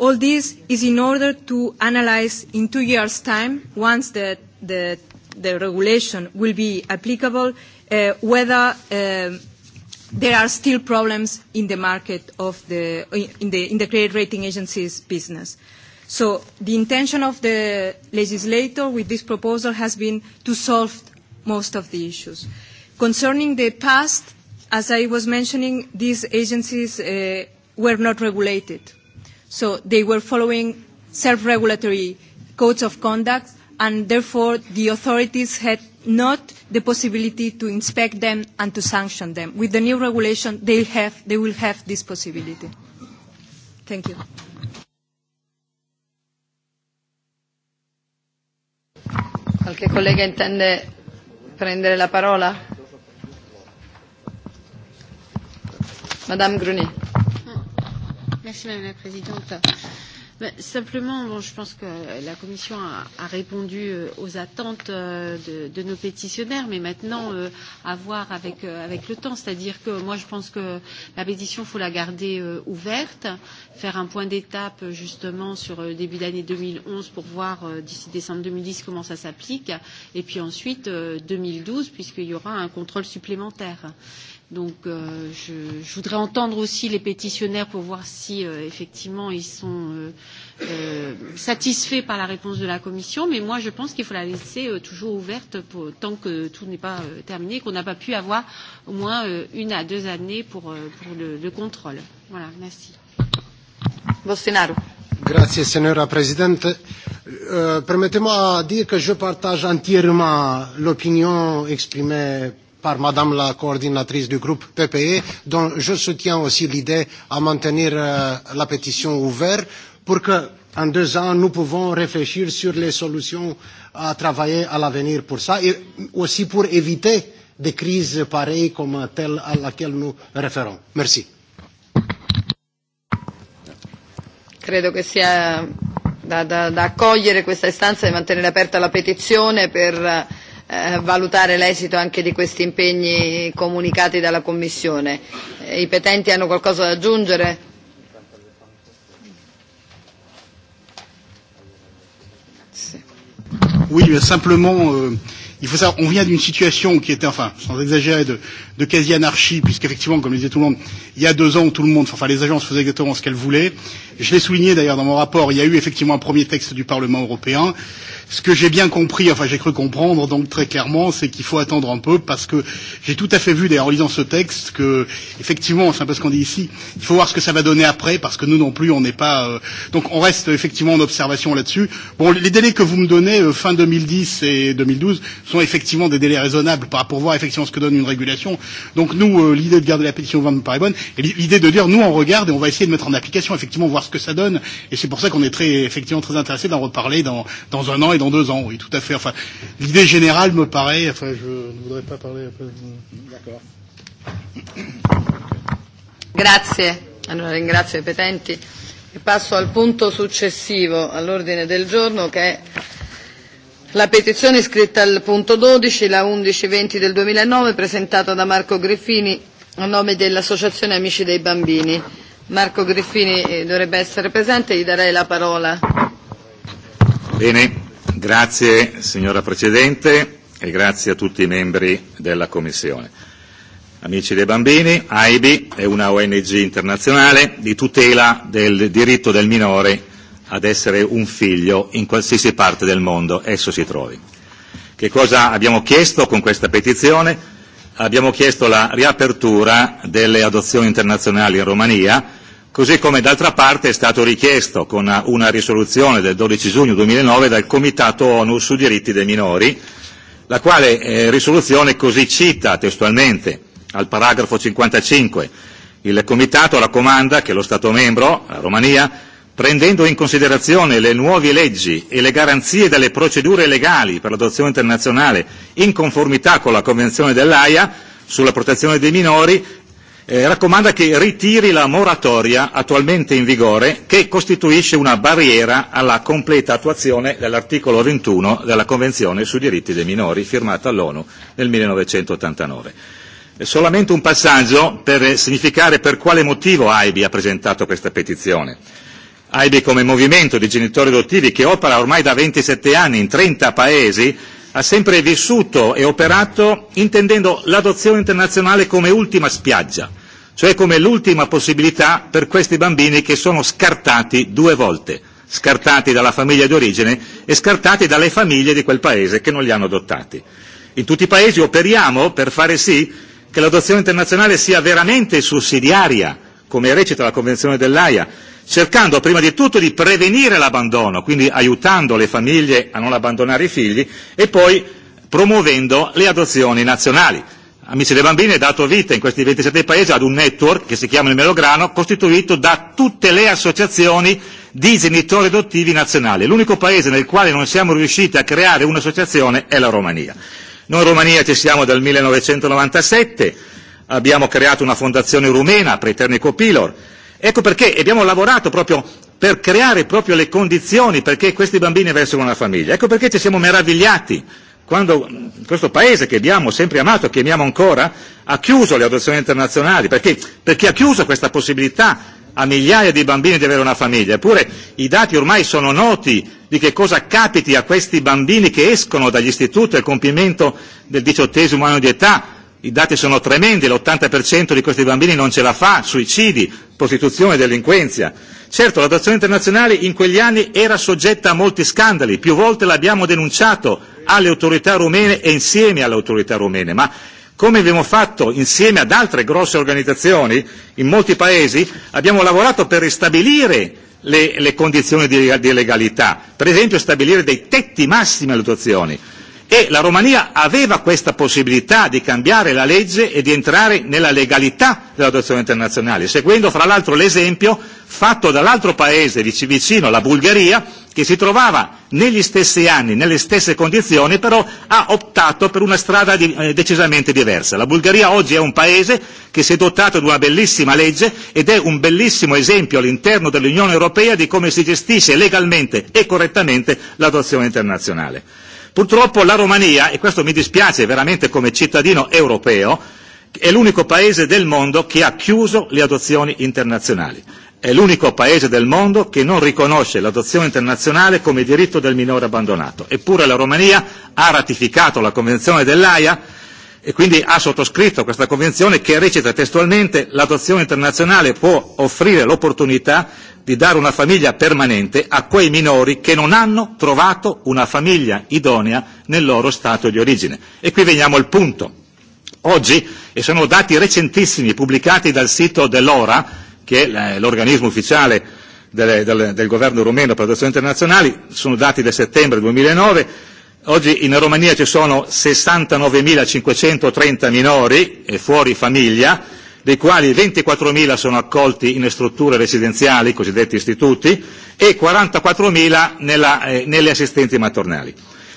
All this is in order to analyze in two years' time, once the, the, the regulation will be applicable, uh, whether uh, there are still problems in the market of the, in the, in the credit rating agencies business. So the intention of the legislator with this proposal has been to solve most of the issues. Concerning the past, as I was mentioning, these agencies uh, were not regulated So they were following self-regulatory codes of conduct and therefore the authorities had not the possibility to inspect them and to sanction them. With the new regulation, they, have, they will have this possibility. Thank you. Qualche collega intende prendere la parola? Madame Grunier. Merci Madame la Présidente. Ben, simplement, bon, je pense que la Commission a, a répondu euh, aux attentes euh, de, de nos pétitionnaires, mais maintenant, euh, à voir avec, euh, avec le temps. C'est-à-dire que moi, je pense que la pétition, il faut la garder euh, ouverte, faire un point d'étape justement sur le début d'année 2011 pour voir euh, d'ici décembre 2010 comment ça s'applique, et puis ensuite euh, 2012, puisqu'il y aura un contrôle supplémentaire. Donc euh, je, je voudrais entendre aussi les pétitionnaires pour voir si euh, effectivement ils sont euh, euh, satisfaits par la réponse de la Commission, mais moi je pense qu'il faut la laisser euh, toujours ouverte pour, tant que tout n'est pas euh, terminé, qu'on n'a pas pu avoir au moins euh, une à deux années pour, euh, pour le, le contrôle. Voilà, merci. Bolsonaro. Grazie, signora Presidente. Euh, Permettez-moi de dire que je partage entièrement l'opinion exprimée par Madame la coordinatrice du groupe PPE, dont je soutiens aussi l'idée à maintenir euh, la pétition ouverte pour que en deux ans, nous pouvons réfléchir sur les solutions à travailler à l'avenir pour ça et aussi pour éviter des crises pareilles comme telle à laquelle nous référons. Merci. Credo che sia da, da, da accogliere questa istanza di mantenere aperta la petizione per Eh, valutare l'esito anche di questi impegni comunicati dalla Commissione. Eh, I petenti hanno qualcosa da aggiungere? Oui, simplement, euh, il faut savoir, on vient d'une situation qui était, enfin, sans exagérer, de, de quasi-anarchie, puisqu'effectivement, comme le disait tout le monde, il y a deux ans, tout le monde, enfin les agences faisaient exactement ce qu'elles voulaient. Je l'ai souligné d'ailleurs dans mon rapport, il y a eu effectivement un premier texte du Parlement européen. Ce que j'ai bien compris, enfin j'ai cru comprendre, donc très clairement, c'est qu'il faut attendre un peu, parce que j'ai tout à fait vu d'ailleurs en lisant ce texte que, effectivement, c'est un peu ce qu'on dit ici, il faut voir ce que ça va donner après, parce que nous non plus, on n'est pas... Euh, donc on reste effectivement en observation là-dessus. Bon, les délais que vous me donnez, euh, fin 2010 et 2012, sont effectivement des délais raisonnables pour voir effectivement ce que donne une régulation Donc nous, euh, l'idée de garder la pétition ouverte nous paraît bonne, et l'idée de dire nous on regarde et on va essayer de mettre en application, effectivement, voir ce que ça donne, et c'est pour ça qu'on est très, effectivement, très intéressé d'en reparler dans, dans un an et dans deux ans, oui, tout à fait. Enfin, l'idée générale me paraît, enfin, je ne voudrais pas parler après. D'accord. Grazie, allora ringrazio i petenti. e Passo al punto successivo all'ordine del giorno che è la petizione scritta al punto 12, la 1120 del 2009, presentata da Marco Griffini a nome dell'Associazione Amici dei Bambini. Marco Griffini eh, dovrebbe essere presente, gli darei la parola. Bene, grazie signora Presidente e grazie a tutti i membri della Commissione. Amici dei Bambini, AIBI è una ONG internazionale di tutela del diritto del minore ad essere un figlio in qualsiasi parte del mondo esso si trovi. Che cosa abbiamo chiesto con questa petizione? Abbiamo chiesto la riapertura delle adozioni internazionali in Romania, così come d'altra parte è stato richiesto con una, risoluzione del 12 giugno 2009 dal Comitato ONU sui diritti dei minori, la quale eh, risoluzione così cita testualmente al paragrafo 55 il Comitato raccomanda che lo Stato membro, la Romania, prendendo in considerazione le nuove leggi e le garanzie delle procedure legali per l'adozione internazionale in conformità con la Convenzione dell'AIA sulla protezione dei minori, eh, raccomanda che ritiri la moratoria attualmente in vigore che costituisce una barriera alla completa attuazione dell'articolo 21 della Convenzione sui diritti dei minori firmata all'ONU nel 1989. È solamente un passaggio per significare per quale motivo AIBI ha presentato questa petizione. AIB come movimento di genitori adottivi che opera ormai da 27 anni in 30 paesi, ha sempre vissuto e operato intendendo l'adozione internazionale come ultima spiaggia, cioè come l'ultima possibilità per questi bambini che sono scartati due volte, scartati dalla famiglia di origine e scartati dalle famiglie di quel paese che non li hanno adottati. In tutti i paesi operiamo per fare sì che l'adozione internazionale sia veramente sussidiaria, come recita la Convenzione dell'AIA, cercando prima di tutto di prevenire l'abbandono, quindi aiutando le famiglie a non abbandonare i figli e poi promuovendo le adozioni nazionali. Amici dei bambini è dato vita in questi 27 paesi ad un network che si chiama il Melograno, costituito da tutte le associazioni di genitori adottivi nazionali. L'unico paese nel quale non siamo riusciti a creare un'associazione è la Romania. Noi in Romania ci siamo dal 1997, abbiamo creato una fondazione rumena, Preternico Pilor, Ecco perché abbiamo lavorato proprio per creare proprio le condizioni perché questi bambini avessero una famiglia. Ecco perché ci siamo meravigliati quando questo paese che abbiamo sempre amato e che amiamo ancora ha chiuso le adozioni internazionali, perché, perché ha chiuso questa possibilità a migliaia di bambini di avere una famiglia. Eppure i dati ormai sono noti di che cosa capiti a questi bambini che escono dagli istituti al compimento del diciottesimo anno di età i dati sono tremendi, l'80% di questi bambini non ce la fa, suicidi, prostituzione, delinquenza. Certo, l'adozione internazionale in quegli anni era soggetta a molti scandali, più volte l'abbiamo denunciato alle autorità rumene e insieme alle autorità rumene, ma come abbiamo fatto insieme ad altre grosse organizzazioni in molti paesi, abbiamo lavorato per ristabilire le, le condizioni di, di legalità, per esempio stabilire dei tetti massimi alle adozioni e la Romania aveva questa possibilità di cambiare la legge e di entrare nella legalità dell'adozione internazionale, seguendo fra l'altro l'esempio fatto dall'altro paese vicino, la Bulgaria, che si trovava negli stessi anni, nelle stesse condizioni, però ha optato per una strada di, eh, decisamente diversa. La Bulgaria oggi è un paese che si è dotato di una bellissima legge ed è un bellissimo esempio all'interno dell'Unione Europea di come si gestisce legalmente e correttamente l'adozione internazionale. Purtroppo la Romania, e questo mi dispiace veramente come cittadino europeo, è l'unico paese del mondo che ha chiuso le adozioni internazionali. È l'unico paese del mondo che non riconosce l'adozione internazionale come diritto del minore abbandonato. Eppure la Romania ha ratificato la Convenzione dell'AIA e quindi ha sottoscritto questa convenzione che recita testualmente l'adozione internazionale può offrire l'opportunità di dare una famiglia permanente a quei minori che non hanno trovato una famiglia idonea nel loro stato di origine. E qui veniamo al punto. Oggi, e sono dati recentissimi pubblicati dal sito dell'ORA, che è l'organismo ufficiale del, del, del governo rumeno per le adozioni internazionali, sono dati del settembre 2009, Oggi in Romania ci sono 69.530 minori e fuori famiglia, dei quali 24.000 sono accolti in strutture residenziali, cosiddetti istituti, e 44.000 nella, eh, nelle assistenti maternali.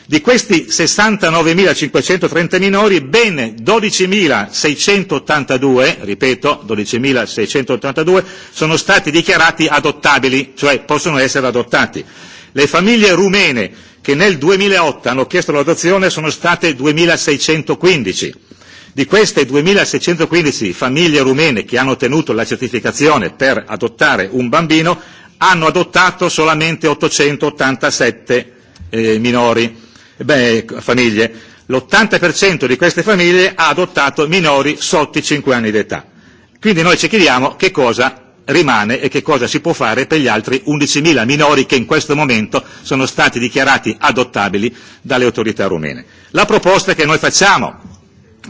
Di questi 69.530 minori, ben 12.682, ripeto, 12.682 sono stati dichiarati adottabili, cioè possono essere adottati le famiglie rumene che nel 2008 hanno chiesto la dotazione sono state 2615. Di queste 2615 famiglie rumene che hanno ottenuto la certificazione per adottare un bambino hanno adottato solamente 887 eh, minori, beh, famiglie. L'80% di queste famiglie ha adottato minori sotto i 5 anni d'età. Quindi noi ci chiediamo che cosa rimane e che cosa si può fare per gli altri 11.000 minori che in questo momento sono stati dichiarati adottabili dalle autorità rumene. La proposta che noi facciamo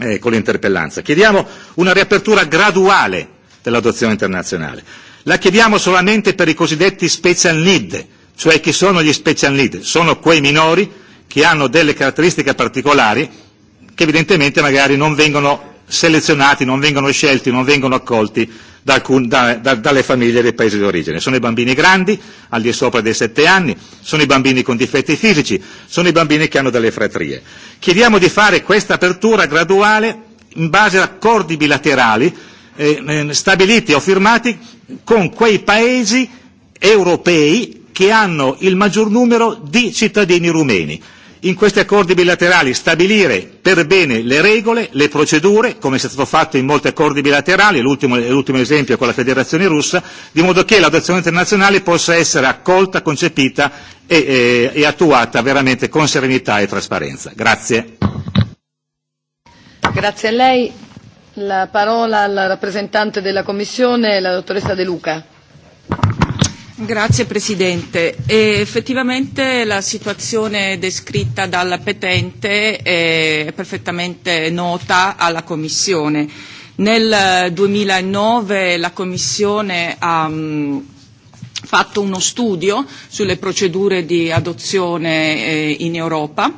eh, con l'interpellanza, chiediamo una riapertura graduale dell'adozione internazionale. La chiediamo solamente per i cosiddetti special need, cioè chi sono gli special need? Sono quei minori che hanno delle caratteristiche particolari che evidentemente magari non vengono selezionati, non vengono scelti, non vengono accolti da, da, da, dalle famiglie dei paesi d'origine. Sono i bambini grandi, al di sopra dei 7 anni, sono i bambini con difetti fisici, sono i bambini che hanno delle fratrie. Chiediamo di fare questa apertura graduale in base ad accordi bilaterali eh, eh, stabiliti o firmati con quei paesi europei che hanno il maggior numero di cittadini rumeni in questi accordi bilaterali stabilire per bene le regole, le procedure, come è stato fatto in molti accordi bilaterali, l'ultimo, l'ultimo esempio è con la Federazione russa, di modo che l'adozione internazionale possa essere accolta, concepita e, e, e attuata veramente con serenità e trasparenza. Grazie. Grazie a lei. La parola al rappresentante della Commissione, la dottoressa De Luca. Grazie Presidente. E effettivamente la situazione descritta dal petente è perfettamente nota alla Commissione. Nel 2009 eh, la Commissione ha mm, fatto uno studio sulle procedure di adozione eh, in Europa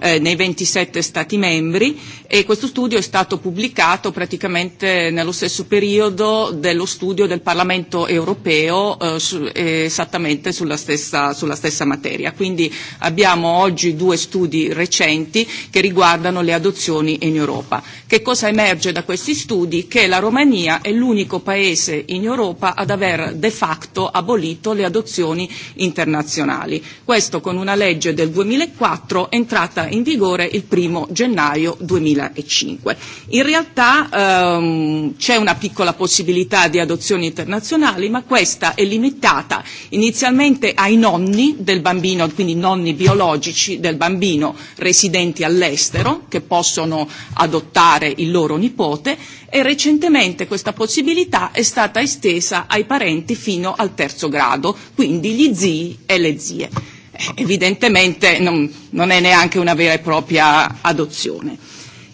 eh, nei 27 Stati membri e questo studio è stato pubblicato praticamente nello stesso periodo dello studio del Parlamento europeo eh, su, eh, esattamente sulla stessa, sulla stessa materia. Quindi abbiamo oggi due studi recenti che riguardano le adozioni in Europa. Che cosa emerge da questi studi? Che la Romania è l'unico paese in Europa ad aver de facto abolito le adozioni internazionali. Questo con una legge del 2004 entrata in vigore il primo gennaio 2000. 2005. In realtà ehm, c'è una piccola possibilità di adozioni internazionali, ma questa è limitata inizialmente ai nonni del bambino, quindi nonni biologici del bambino residenti all'estero, che possono adottare il loro nipote, e recentemente questa possibilità è stata estesa ai parenti fino al terzo grado, quindi gli zii e le zie. Eh, evidentemente non, non è neanche una vera e propria adozione.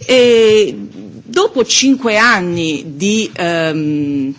E dopo cinque anni di, ehm,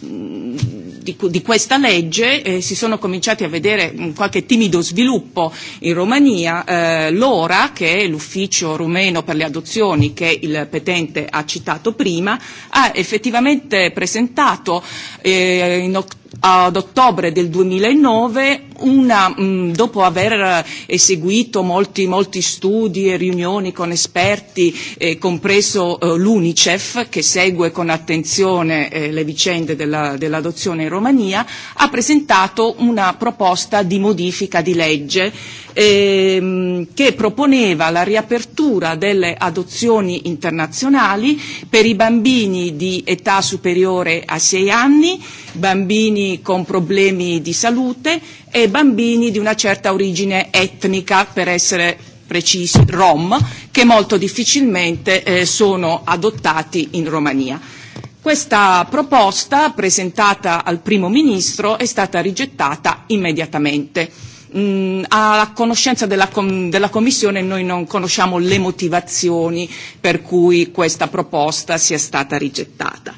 di, di questa legge eh, si sono cominciati a vedere mh, qualche timido sviluppo in Romania. Eh, L'ORA, che è l'ufficio rumeno per le adozioni che il petente ha citato prima, ha effettivamente presentato eh, in, ad ottobre del 2009 una, mm, dopo aver eh, eseguito molti, molti studi e riunioni con esperti, eh, compreso eh, l'UNICEF, che segue con attenzione eh, le vicende della, dell'adozione in Romania, ha presentato una proposta di modifica di legge ehm, che proponeva la riapertura delle adozioni internazionali per i bambini di età superiore a 6 anni, bambini con problemi di salute, e bambini di una certa origine etnica, per essere precisi, rom, che molto difficilmente eh, sono adottati in Romania. Questa proposta, presentata al primo ministro, è stata rigettata immediatamente. Mm, a conoscenza della, com- della Commissione noi non conosciamo le motivazioni per cui questa proposta sia stata rigettata.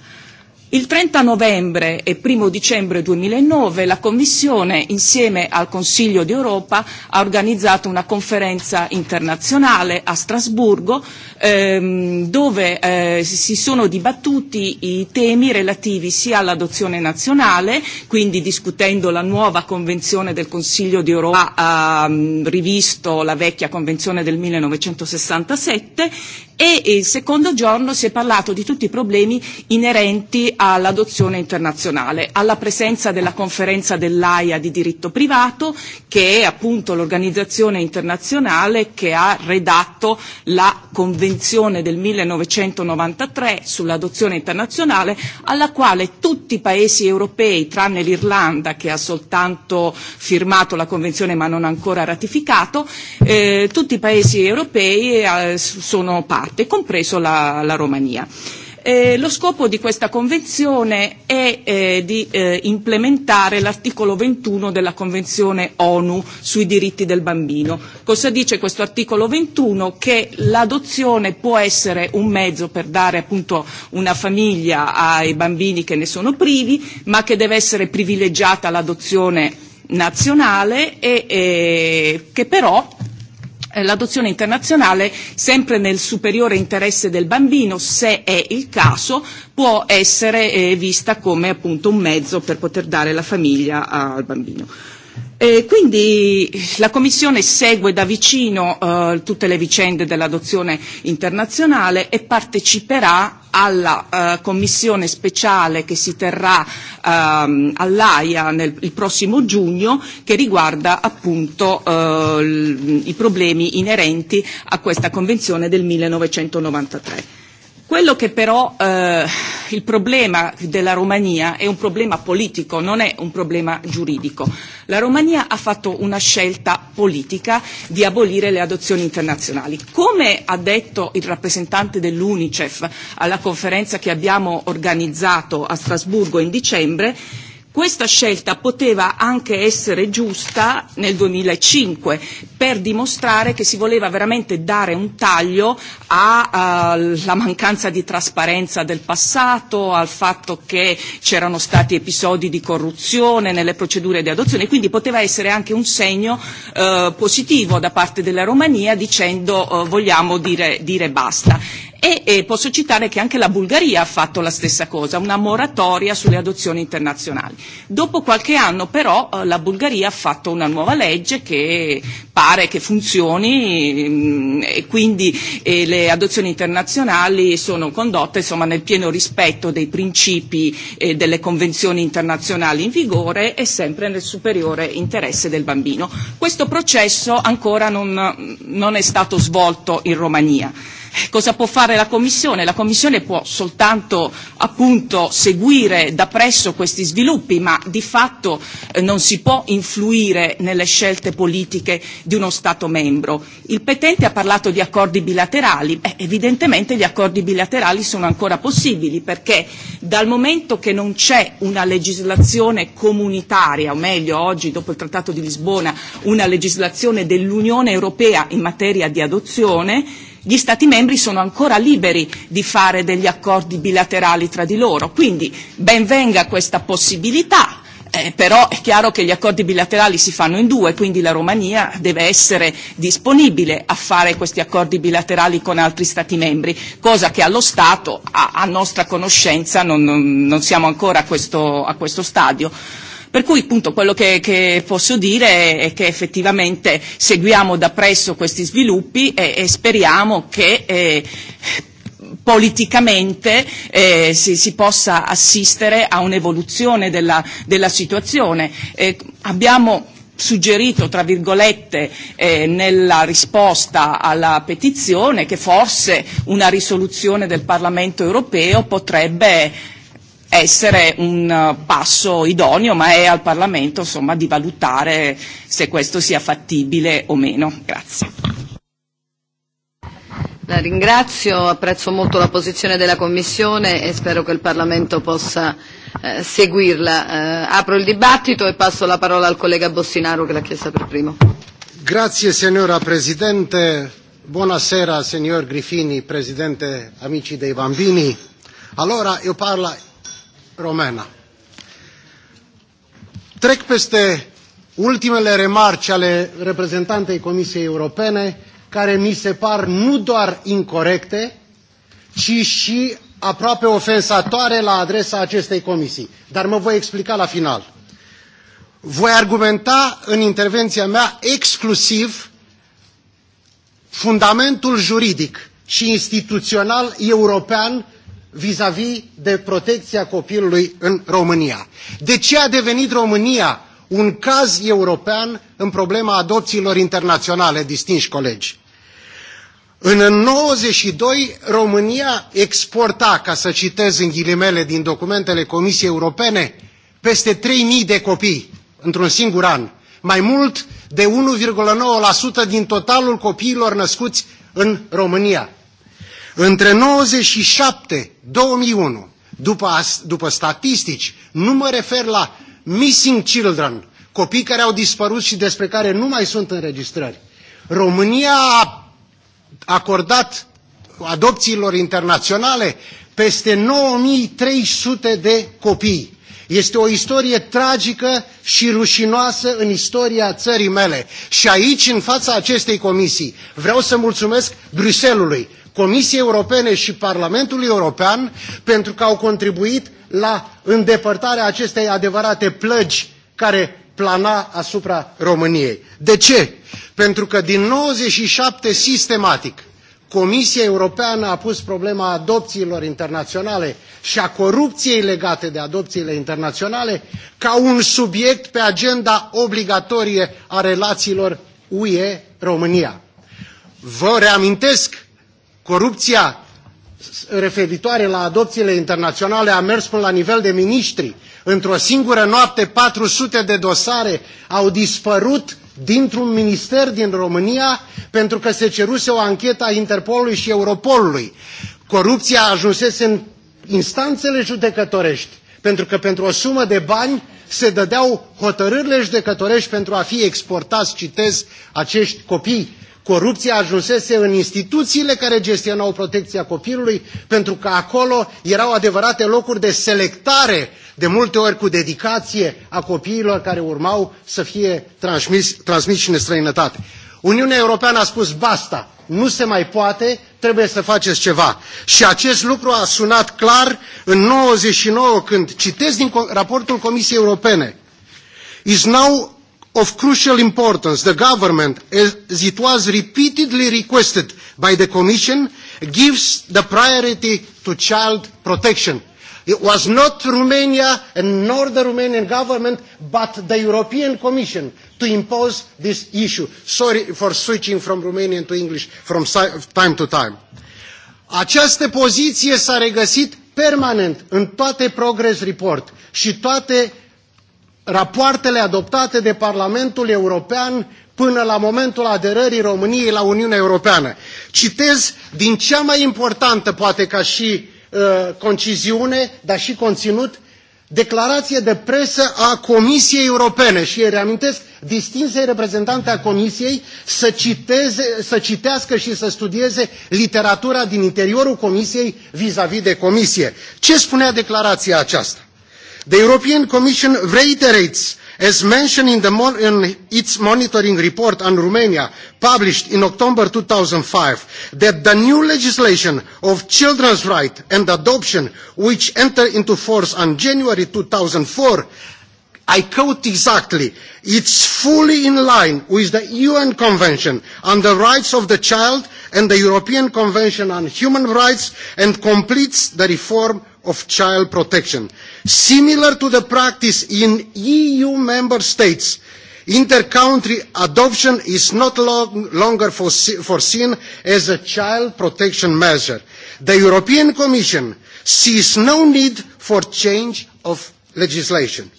Il 30 novembre e 1 dicembre 2009 la Commissione, insieme al Consiglio d'Europa, ha organizzato una conferenza internazionale a Strasburgo ehm, dove eh, si sono dibattuti i temi relativi sia all'adozione nazionale, quindi discutendo la nuova Convenzione del Consiglio d'Europa, ha ehm, rivisto la vecchia Convenzione del 1967, e il secondo giorno si è parlato di tutti i problemi inerenti all'adozione internazionale, alla presenza della conferenza dell'AIA di diritto privato, che è appunto l'organizzazione internazionale che ha redatto la Convenzione del 1993 sull'adozione internazionale, alla quale tutti i paesi europei, tranne l'Irlanda che ha soltanto firmato la Convenzione ma non ancora ratificato, eh, tutti i paesi europei eh, sono parte, compreso la, la Romania. Eh, lo scopo di questa Convenzione è eh, di eh, implementare l'articolo 21 della Convenzione ONU sui diritti del bambino. Cosa dice questo articolo 21? Che l'adozione può essere un mezzo per dare appunto una famiglia ai bambini che ne sono privi, ma che deve essere privilegiata l'adozione nazionale e eh, che però Eh, l'adozione internazionale, sempre nel superiore interesse del bambino, se è il caso, può essere eh, vista come appunto un mezzo per poter dare la famiglia al bambino. E quindi la Commissione segue da vicino eh, tutte le vicende dell'adozione internazionale e parteciperà alla eh, commissione speciale che si terrà ehm, all'AIA il prossimo giugno che riguarda appunto eh, l, i problemi inerenti a questa convenzione del 1993. Quello che però eh, il problema della Romania è un problema politico, non è un problema giuridico. La Romania ha fatto una scelta politica di abolire le adozioni internazionali. Come ha detto il rappresentante dell'UNICEF alla conferenza che abbiamo organizzato a Strasburgo in dicembre, Questa scelta poteva anche essere giusta nel 2005 per dimostrare che si voleva veramente dare un taglio alla mancanza di trasparenza del passato, al fatto che c'erano stati episodi di corruzione nelle procedure di adozione, quindi poteva essere anche un segno eh, positivo da parte della Romania dicendo eh, vogliamo dire, dire basta E, e posso citare che anche la Bulgaria ha fatto la stessa cosa, una moratoria sulle adozioni internazionali. Dopo qualche anno però eh, la Bulgaria ha fatto una nuova legge che pare che funzioni mm, e quindi e eh, le adozioni internazionali sono condotte insomma, nel pieno rispetto dei principi e eh, delle convenzioni internazionali in vigore e sempre nel superiore interesse del bambino. Questo processo ancora non, non è stato svolto in Romania. Cosa può fare la Commissione? La Commissione può soltanto appunto seguire da presso questi sviluppi, ma di fatto eh, non si può influire nelle scelte politiche di uno Stato membro. Il petente ha parlato di accordi bilaterali, Beh, evidentemente gli accordi bilaterali sono ancora possibili perché dal momento che non c'è una legislazione comunitaria, o meglio oggi dopo il Trattato di Lisbona, una legislazione dell'Unione Europea in materia di adozione, gli Stati membri sono ancora liberi di fare degli accordi bilaterali tra di loro. Quindi ben venga questa possibilità. Eh, però è chiaro che gli accordi bilaterali si fanno in due, quindi la Romania deve essere disponibile a fare questi accordi bilaterali con altri Stati membri, cosa che allo Stato, a, a nostra conoscenza, non, non, non siamo ancora a questo, a questo stadio. Per cui appunto quello che, che posso dire è che effettivamente seguiamo da presso questi sviluppi e, e speriamo che eh, politicamente eh, si, si possa assistere a un'evoluzione della, della situazione. Eh, abbiamo suggerito, tra virgolette, eh, nella risposta alla petizione che forse una risoluzione del Parlamento europeo potrebbe essere un eh, passo idoneo, ma è al Parlamento insomma, di valutare se questo sia fattibile o meno. Grazie. La ringrazio, apprezzo molto la posizione della Commissione e spero che il Parlamento possa eh, seguirla. Eh, apro il dibattito e passo la parola al collega Bossinaro che l'ha chiesta per primo. Grazie signora Presidente, buonasera signor Grifini, Presidente, amici dei bambini. Allora io parlo romena. Trec peste ultimele remarci ale reprezentantei Comisiei Europene, care mi se par nu doar incorrecte, ci și aproape ofensatoare la adresa acestei comisii. Dar mă voi explica la final. Voi argumenta în intervenția mea exclusiv fundamentul juridic și instituțional european vis-a-vis de protecția copilului în România. De ce a devenit România un caz european în problema adopțiilor internaționale, distinși colegi? În 92, România exporta, ca să citez în ghilimele din documentele Comisiei Europene, peste 3.000 de copii într-un singur an, mai mult de 1,9% din totalul copiilor născuți în România. Între 97-2001, după, după statistici, nu mă refer la missing children, copii care au dispărut și despre care nu mai sunt înregistrări. România a acordat adopțiilor internaționale peste 9300 de copii. Este o istorie tragică și rușinoasă în istoria țării mele. Și aici, în fața acestei comisii, vreau să mulțumesc Bruselului, Comisiei Europene și Parlamentului European pentru că au contribuit la îndepărtarea acestei adevărate plăgi care plana asupra României. De ce? Pentru că din 97 sistematic Comisia Europeană a pus problema adopțiilor internaționale și a corupției legate de adopțiile internaționale ca un subiect pe agenda obligatorie a relațiilor UE-România. Vă reamintesc Corupția referitoare la adopțiile internaționale a mers până la nivel de miniștri. Într-o singură noapte, 400 de dosare au dispărut dintr-un minister din România pentru că se ceruse o anchetă a Interpolului și Europolului. Corupția ajunsese în instanțele judecătorești, pentru că pentru o sumă de bani se dădeau hotărârile judecătorești pentru a fi exportați, citez, acești copii corupția ajunsese în instituțiile care gestionau protecția copilului, pentru că acolo erau adevărate locuri de selectare, de multe ori cu dedicație, a copiilor care urmau să fie transmiși transmis în străinătate. Uniunea Europeană a spus basta, nu se mai poate, trebuie să faceți ceva. Și acest lucru a sunat clar în 99 când citesc din raportul Comisiei Europene. Is now of crucial importance, the government, as it was repeatedly requested by the Commission, gives the priority to child protection. It was not Romania and nor the Romanian government, but the European Commission to impose this issue. Sorry for switching from Romanian to English from time to time. Această poziție s-a regăsit permanent în toate progress report și toate rapoartele adoptate de Parlamentul European până la momentul aderării României la Uniunea Europeană. Citez din cea mai importantă, poate ca și uh, conciziune, dar și conținut, declarație de presă a Comisiei Europene și îi reamintesc distinsei reprezentante a Comisiei să, citeze, să citească și să studieze literatura din interiorul Comisiei vis-a-vis -vis de Comisie. Ce spunea declarația aceasta? The European Commission reiterates, as mentioned in, in, its monitoring report on Romania, published in October 2005, that the new legislation of children's rights and adoption, which entered into force on January 2004, I quote exactly, it's fully in line with the UN Convention on the Rights of the Child and the European Convention on Human Rights and completes the reform of child protection. Similar to the practice in EU member states, inter-country adoption is not long, longer foreseen as a child protection measure. The European Commission sees no need for change of legislation.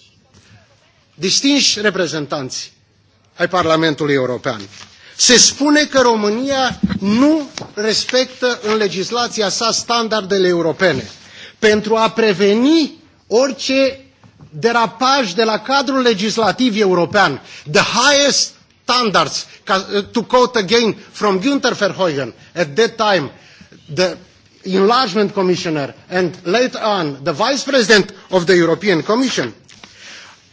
Distinși reprezentanți ai Parlamentului European, se spune că România nu respectă în legislația sa standardele europene pentru a preveni orice derapaj de la cadrul legislativ european. The highest standards, uh, to quote again from Günther Verheugen, at that time the enlargement commissioner and later on the vice president of the European Commission.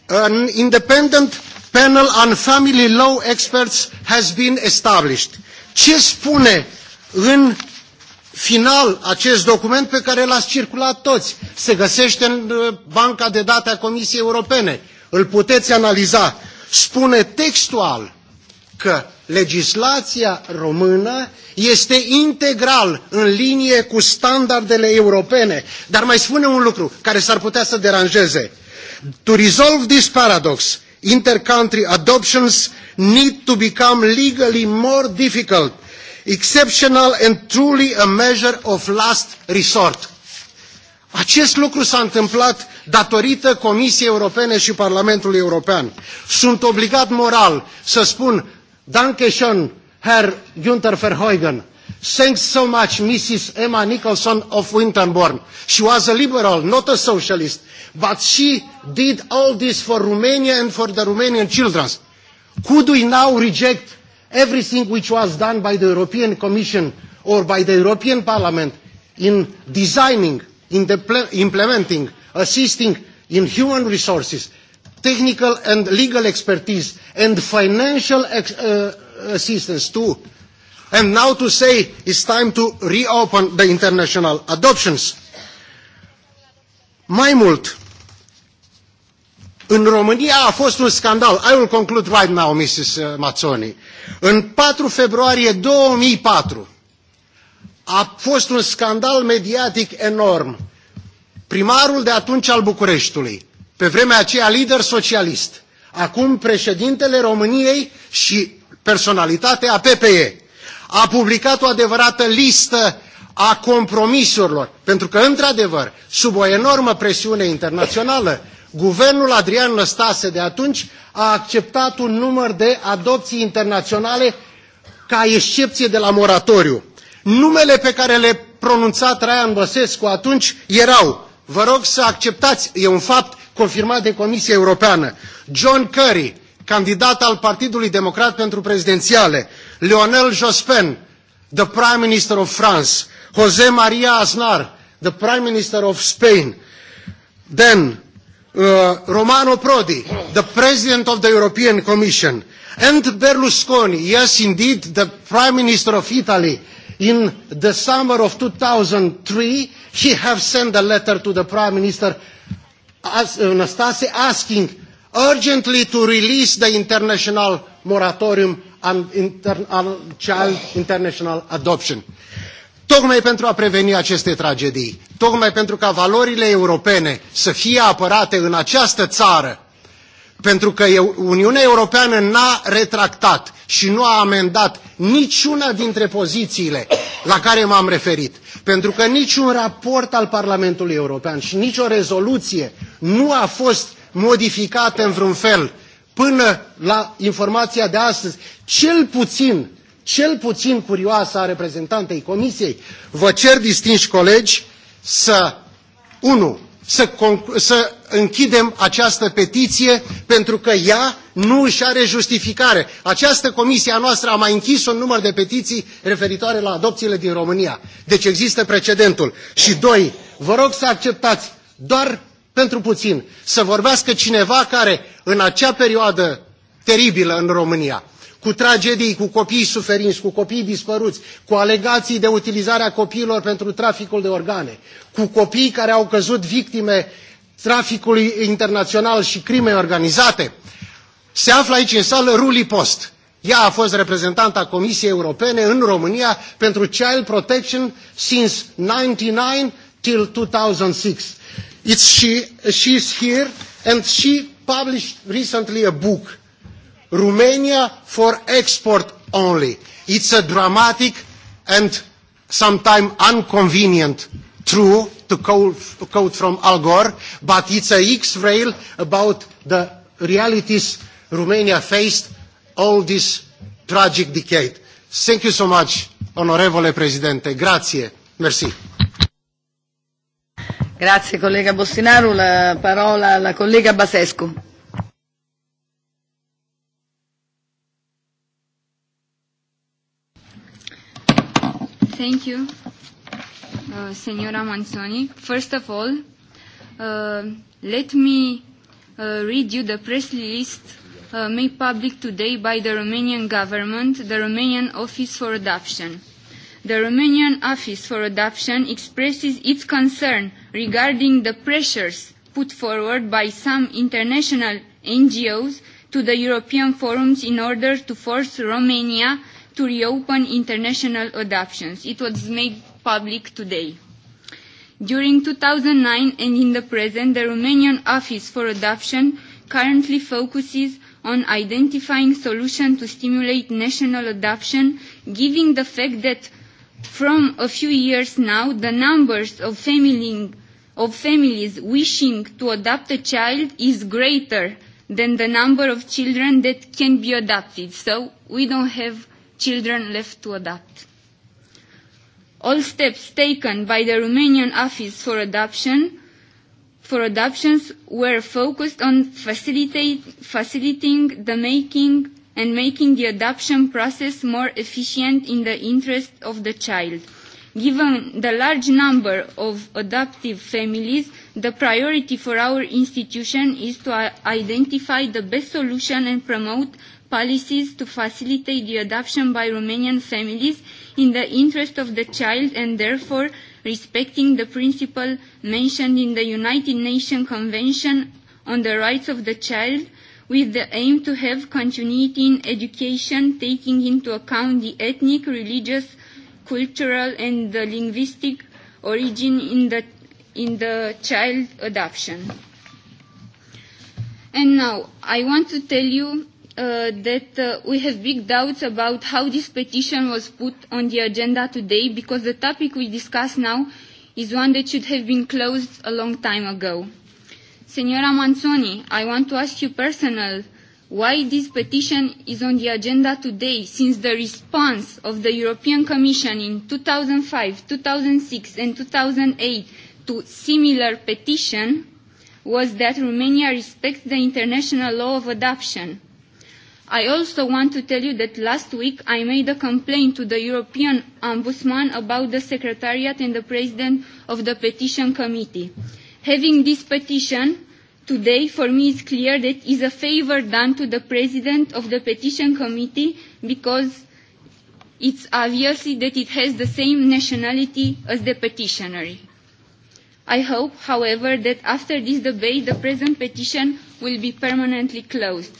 An independent panel on family law experts has been established. Ce spune în final acest document pe care l-ați circulat toți. Se găsește în uh, banca de date a Comisiei Europene. Îl puteți analiza. Spune textual că legislația română este integral în linie cu standardele europene. Dar mai spune un lucru care s-ar putea să deranjeze. To resolve this paradox, inter-country adoptions need to become legally more difficult exceptional and truly a measure of last resort. Acest lucru s-a întâmplat datorită Comisiei Europene și Parlamentului European. Sunt obligat moral să spun Danke schön, Herr Günther Verheugen. Thanks so much, Mrs. Emma Nicholson of Winterborn. She was a liberal, not a socialist, but she did all this for Romania and for the Romanian children. Could we now reject everything which was done by the European Commission or by the European Parliament in designing, in implementing, assisting in human resources, technical and legal expertise, and financial ex uh, assistance too. And now to say it's time to reopen the international adoptions. Mai mult, în România a fost un scandal. I will conclude right now, Mrs. Uh, Mazzoni. În 4 februarie 2004 a fost un scandal mediatic enorm. Primarul de atunci al Bucureștiului, pe vremea aceea lider socialist, acum președintele României și a PPE, a publicat o adevărată listă a compromisurilor, pentru că, într-adevăr, sub o enormă presiune internațională, Guvernul Adrian Năstase de atunci a acceptat un număr de adopții internaționale ca excepție de la moratoriu. Numele pe care le pronunța Traian Băsescu atunci erau, vă rog să acceptați, e un fapt confirmat de Comisia Europeană, John Kerry, candidat al Partidului Democrat pentru prezidențiale, Lionel Jospin, the Prime Minister of France, José María Aznar, the Prime Minister of Spain, then Uh, Romano Prodi, the President of the European Commission, and Berlusconi, yes, indeed, the Prime Minister of Italy, in the summer of 2003, he have sent a letter to the Prime Minister Anastasi, Nastase asking urgently to release the international moratorium on, inter on child international adoption tocmai pentru a preveni aceste tragedii, tocmai pentru ca valorile europene să fie apărate în această țară, pentru că Uniunea Europeană n-a retractat și nu a amendat niciuna dintre pozițiile la care m-am referit. Pentru că niciun raport al Parlamentului European și nicio rezoluție nu a fost modificată în vreun fel până la informația de astăzi, cel puțin cel puțin curioasă a reprezentantei Comisiei, vă cer, distinși colegi, să, unu, să, să închidem această petiție pentru că ea nu își are justificare. Această comisie a noastră a mai închis un număr de petiții referitoare la adopțiile din România. Deci există precedentul. Și doi, vă rog să acceptați doar pentru puțin să vorbească cineva care în acea perioadă teribilă în România cu tragedii, cu copii suferinți, cu copii dispăruți, cu alegații de utilizarea copiilor pentru traficul de organe, cu copii care au căzut victime traficului internațional și crimei organizate. Se află aici în sală Ruli Post. Ea a fost reprezentanta Comisiei Europene în România pentru Child Protection since 1999 till 2006. It's she, she's here and she published recently a book Romania for export only. It's a dramatic and sometimes inconvenient true to quote, quote from Al Gore, but it's a X-ray about the realities Romania faced all this tragic decade. Thank you so much, onorevole Presidente. Grazie. Merci. Grazie collega Bostinaru, la parola alla collega Basescu. Thank you, uh, Senora Manzoni. First of all, uh, let me uh, read you the press list uh, made public today by the Romanian government, the Romanian Office for Adoption. The Romanian Office for Adoption expresses its concern regarding the pressures put forward by some international NGOs to the European forums in order to force Romania to reopen international adoptions. It was made public today. During 2009 and in the present, the Romanian Office for Adoption currently focuses on identifying solutions to stimulate national adoption, given the fact that from a few years now, the numbers of, family, of families wishing to adopt a child is greater than the number of children that can be adopted. So we don't have children left to adopt. All steps taken by the Romanian Office for Adoption for adoptions were focused on facilitating the making and making the adoption process more efficient in the interest of the child. Given the large number of adoptive families, the priority for our institution is to identify the best solution and promote policies to facilitate the adoption by Romanian families in the interest of the child and therefore respecting the principle mentioned in the United Nations Convention on the Rights of the Child with the aim to have continuity in education taking into account the ethnic, religious, cultural and the linguistic origin in the, in the child adoption. And now I want to tell you uh, that uh, we have big doubts about how this petition was put on the agenda today because the topic we discuss now is one that should have been closed a long time ago. Senora Manzoni, I want to ask you personal why this petition is on the agenda today since the response of the European Commission in 2005, 2006 and 2008 to similar petition was that Romania respects the international law of adoption. I also want to tell you that last week I made a complaint to the European Ombudsman about the Secretariat and the President of the Petition Committee. Having this petition today for me is clear that is a favor done to the President of the Petition Committee because it's obviously that it has the same nationality as the petitioner. I hope, however, that after this debate the present petition will be permanently closed.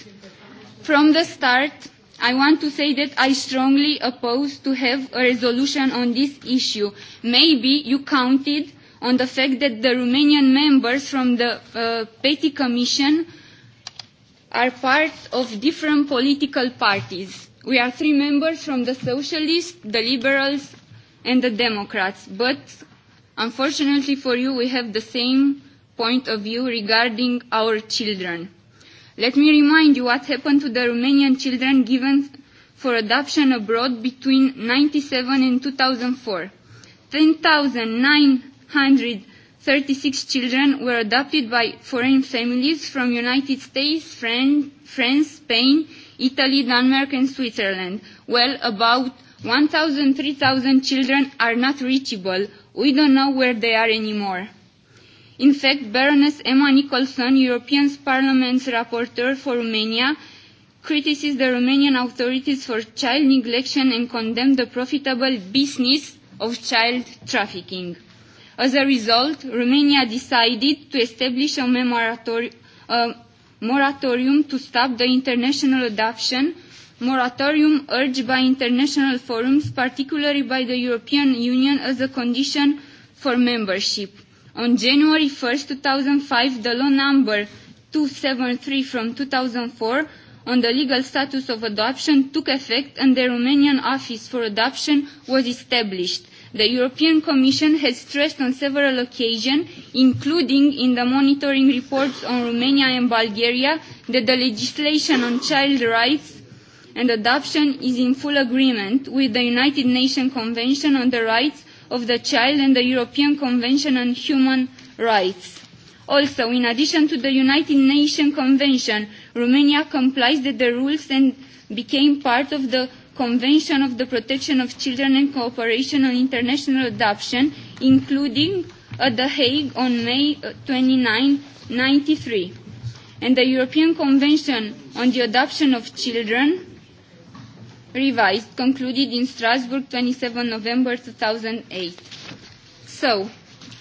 From the start, I want to say that I strongly oppose to have a resolution on this issue. Maybe you counted on the fact that the Romanian members from the uh, Petty Commission are part of different political parties. We are three members from the Socialists, the Liberals and the Democrats, but unfortunately for you we have the same point of view regarding our children. Let me remind you what happened to the Romanian children given for adoption abroad between 1997 and 2004. 10,936 children were adopted by foreign families from United States, France, Spain, Italy, Denmark and Switzerland. Well, about 1,000-3,000 children are not reachable. We don't know where they are anymore. In fact, Baroness Emma Nicholson, European Parliament's rapporteur for Romania, criticized the Romanian authorities for child neglection and condemned the profitable business of child trafficking. As a result, Romania decided to establish a, a moratorium to stop the international adoption, moratorium urged by international forums, particularly by the European Union, as a condition for membership. On January 1st, 2005, the law number 273 from 2004 on the legal status of adoption took effect and the Romanian Office for Adoption was established. The European Commission has stressed on several occasions, including in the monitoring reports on Romania and Bulgaria, that the legislation on child rights and adoption is in full agreement with the United Nations Convention on the Rights of the Child and the European Convention on Human Rights. Also, in addition to the United Nations Convention, Romania complies with the rules and became part of the Convention of the Protection of Children and Cooperation on International Adoption, including at uh, The Hague on May 29, uh, 1993, and the European Convention on the Adoption of Children revised, concluded in Strasbourg 27 November 2008. So,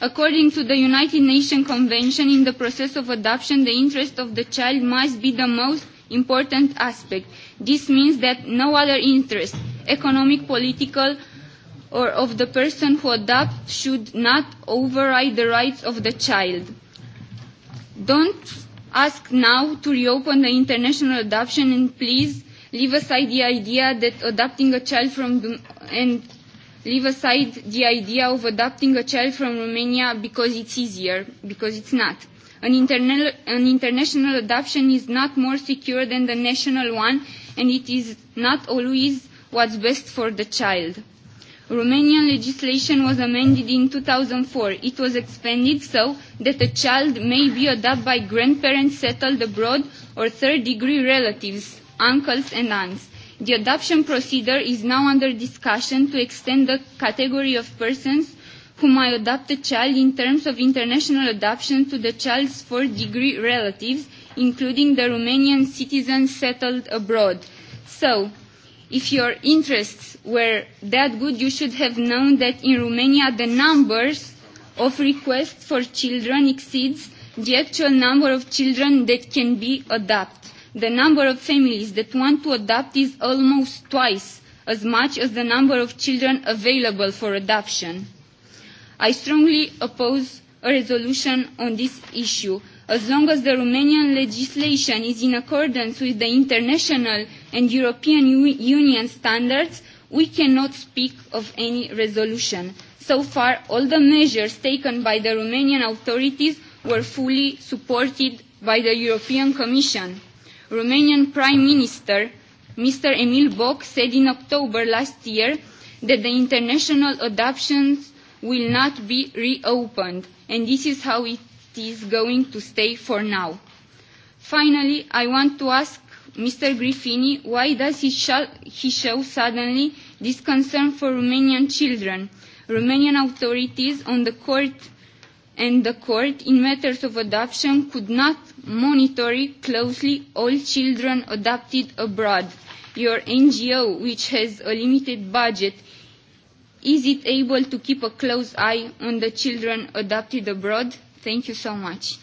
according to the United Nations Convention, in the process of adoption, the interest of the child must be the most important aspect. This means that no other interest, economic, political, or of the person who adopts should not override the rights of the child. Don't ask now to reopen the international adoption and please leave aside the idea that adopting a child from and leave aside the idea of adopting a child from Romania because it's easier, because it's not. An, interna- an international adoption is not more secure than the national one, and it is not always what's best for the child. Romanian legislation was amended in 2004. It was expanded so that a child may be adopted by grandparents settled abroad or third degree relatives uncles and aunts. The adoption procedure is now under discussion to extend the category of persons who might adopt a child in terms of international adoption to the child's fourth degree relatives, including the Romanian citizens settled abroad. So, if your interests were that good, you should have known that in Romania the numbers of requests for children exceeds the actual number of children that can be adopted. The number of families that want to adopt is almost twice as much as the number of children available for adoption. I strongly oppose a resolution on this issue. As long as the Romanian legislation is in accordance with the international and European U Union standards, we cannot speak of any resolution. So far, all the measures taken by the Romanian authorities were fully supported by the European Commission. Romanian Prime Minister Mr. Emil Boc said in October last year that the international adoptions will not be reopened, and this is how it is going to stay for now. Finally, I want to ask Mr. Griffini why does he, sh he show suddenly this concern for Romanian children? Romanian authorities on the court and the court in matters of adoption could not monitoring closely all children adopted abroad. Your NGO, which has a limited budget, is it able to keep a close eye on the children adopted abroad? Thank you so much.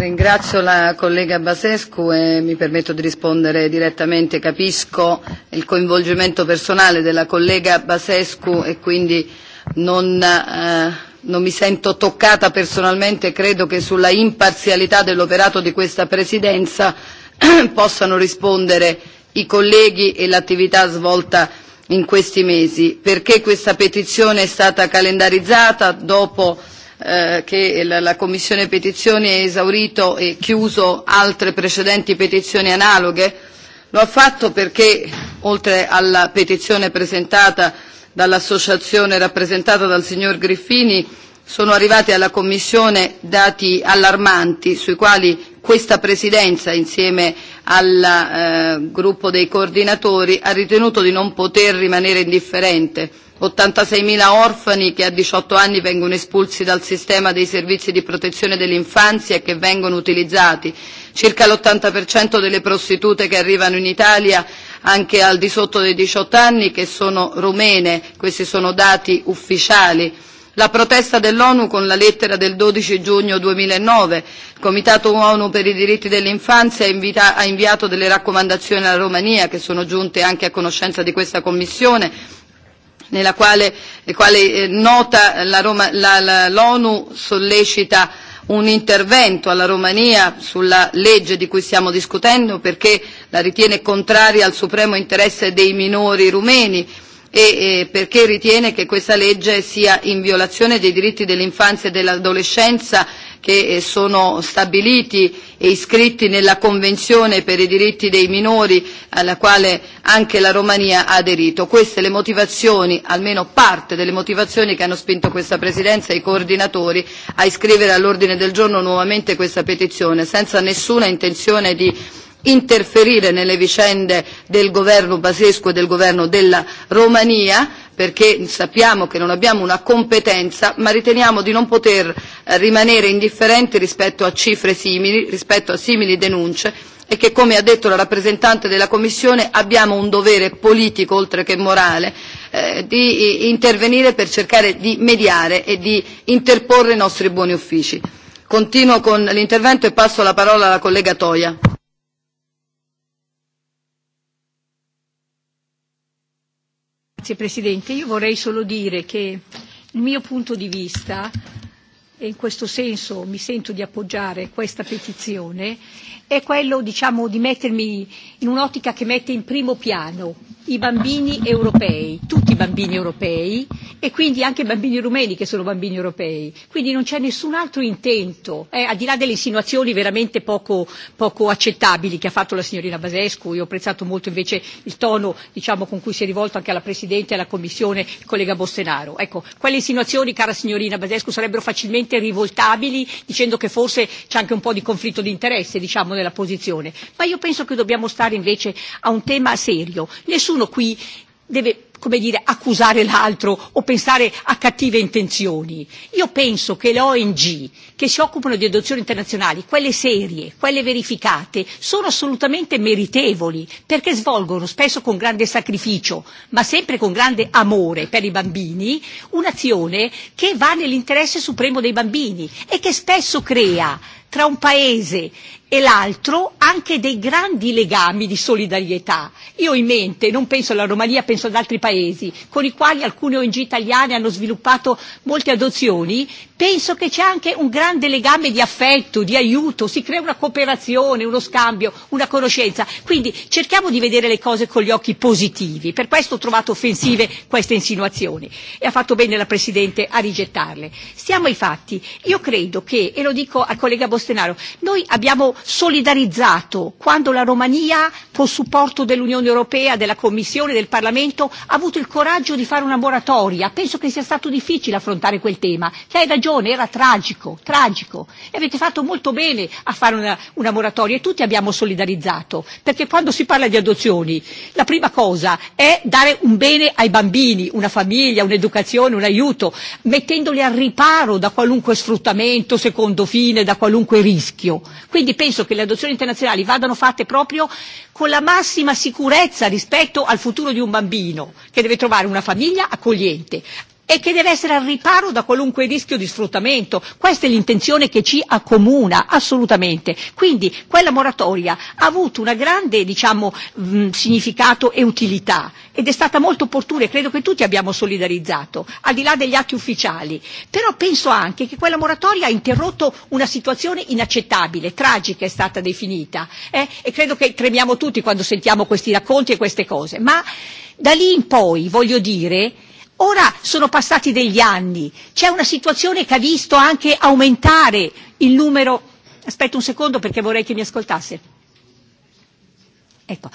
Ringrazio la collega Basescu e mi permetto di rispondere direttamente. Capisco il coinvolgimento personale della collega Basescu e quindi non eh, non mi sento toccata personalmente, credo che sulla imparzialità dell'operato di questa Presidenza possano rispondere i colleghi e l'attività svolta in questi mesi. Perché questa petizione è stata calendarizzata dopo eh, che la, la Commissione Petizioni ha esaurito e chiuso altre precedenti petizioni analoghe? Lo ha fatto perché, oltre alla petizione presentata dall'associazione rappresentata dal signor Griffini, sono arrivati alla Commissione dati allarmanti sui quali questa Presidenza, insieme al eh, gruppo dei coordinatori, ha ritenuto di non poter rimanere indifferente. 86.000 orfani che a 18 anni vengono espulsi dal sistema dei servizi di protezione dell'infanzia e che vengono utilizzati, circa l'80% delle prostitute che arrivano in Italia anche al di sotto dei 18 anni che sono rumene, questi sono dati ufficiali. La protesta dell'ONU con la lettera del 12 giugno 2009, il Comitato ONU per i diritti dell'infanzia ha inviato delle raccomandazioni alla Romania che sono giunte anche a conoscenza di questa Commissione nella quale, quale eh, nota l'ONU la la, la, sollecita un intervento alla Romania sulla legge di cui stiamo discutendo perché la ritiene contraria al supremo interesse dei minori rumeni e perché ritiene che questa legge sia in violazione dei diritti dell'infanzia e dell'adolescenza che eh, sono stabiliti e iscritti nella Convenzione per i diritti dei minori alla quale anche la Romania ha aderito. Queste le motivazioni, almeno parte delle motivazioni che hanno spinto questa Presidenza e i coordinatori a iscrivere all'ordine del giorno nuovamente questa petizione, senza nessuna intenzione di interferire nelle vicende del governo basesco e del governo della Romania perché sappiamo che non abbiamo una competenza ma riteniamo di non poter eh, rimanere indifferenti rispetto a cifre simili, rispetto a simili denunce e che come ha detto la rappresentante della Commissione abbiamo un dovere politico oltre che morale eh, di intervenire per cercare di mediare e di interporre i nostri buoni uffici. Continuo con l'intervento e passo la parola alla collega Toia. Grazie Presidente, io vorrei solo dire che il mio punto di vista e in questo senso mi sento di appoggiare questa petizione, è quello diciamo, di mettermi in un'ottica che mette in primo piano i bambini europei, tutti i bambini europei e quindi anche i bambini rumeni che sono bambini europei. Quindi non c'è nessun altro intento, eh, al di là delle insinuazioni veramente poco, poco accettabili che ha fatto la signorina Basescu, io ho apprezzato molto invece il tono diciamo, con cui si è rivolto anche alla Presidente e alla Commissione il collega Bostenaro. Ecco, quelle insinuazioni, cara signorina Basescu, sarebbero facilmente assolutamente rivoltabili dicendo che forse c'è anche un po' di conflitto di interesse diciamo nella posizione ma io penso che dobbiamo stare invece a un tema serio nessuno qui deve come dire, accusare l'altro o pensare a cattive intenzioni. Io penso che le ONG che si occupano di adozioni internazionali, quelle serie, quelle verificate, sono assolutamente meritevoli perché svolgono spesso con grande sacrificio, ma sempre con grande amore per i bambini, un'azione che va nell'interesse supremo dei bambini e che spesso crea tra un paese e l'altro anche dei grandi legami di solidarietà. Io ho in mente, non penso alla Romania, penso ad altri paesi, con i quali alcune ONG italiane hanno sviluppato molte adozioni, penso che c'è anche un grande legame di affetto, di aiuto, si crea una cooperazione, uno scambio, una conoscenza. Quindi cerchiamo di vedere le cose con gli occhi positivi, per questo ho trovato offensive queste insinuazioni e ha fatto bene la Presidente a rigettarle. Stiamo ai fatti. Io credo che, e lo dico al collega Bostenaro, noi abbiamo solidarizzato quando la Romania, con supporto dell'Unione Europea, della Commissione, del Parlamento, ha avuto il coraggio di fare una moratoria. Penso che sia stato difficile affrontare quel tema. Lei ha ragione, era tragico, tragico. E avete fatto molto bene a fare una, una moratoria e tutti abbiamo solidarizzato, perché quando si parla di adozioni la prima cosa è dare un bene ai bambini, una famiglia, un'educazione, un aiuto, mettendoli al riparo da qualunque sfruttamento, secondo fine, da qualunque rischio. Quindi penso penso che le adozioni internazionali vadano fatte proprio con la massima sicurezza rispetto al futuro di un bambino che deve trovare una famiglia accogliente, e che deve essere al riparo da qualunque rischio di sfruttamento. Questa è l'intenzione che ci accomuna, assolutamente. Quindi quella moratoria ha avuto un grande diciamo, mh, mm, significato e utilità ed è stata molto opportuna e credo che tutti abbiamo solidarizzato, al di là degli atti ufficiali. Però penso anche che quella moratoria ha interrotto una situazione inaccettabile, tragica è stata definita eh? e credo che tremiamo tutti quando sentiamo questi racconti e queste cose. Ma da lì in poi, voglio dire, Ora sono passati degli anni, c'è una situazione che ha visto anche aumentare il numero. Aspetta un secondo perché vorrei che mi ascoltasse. Ecco,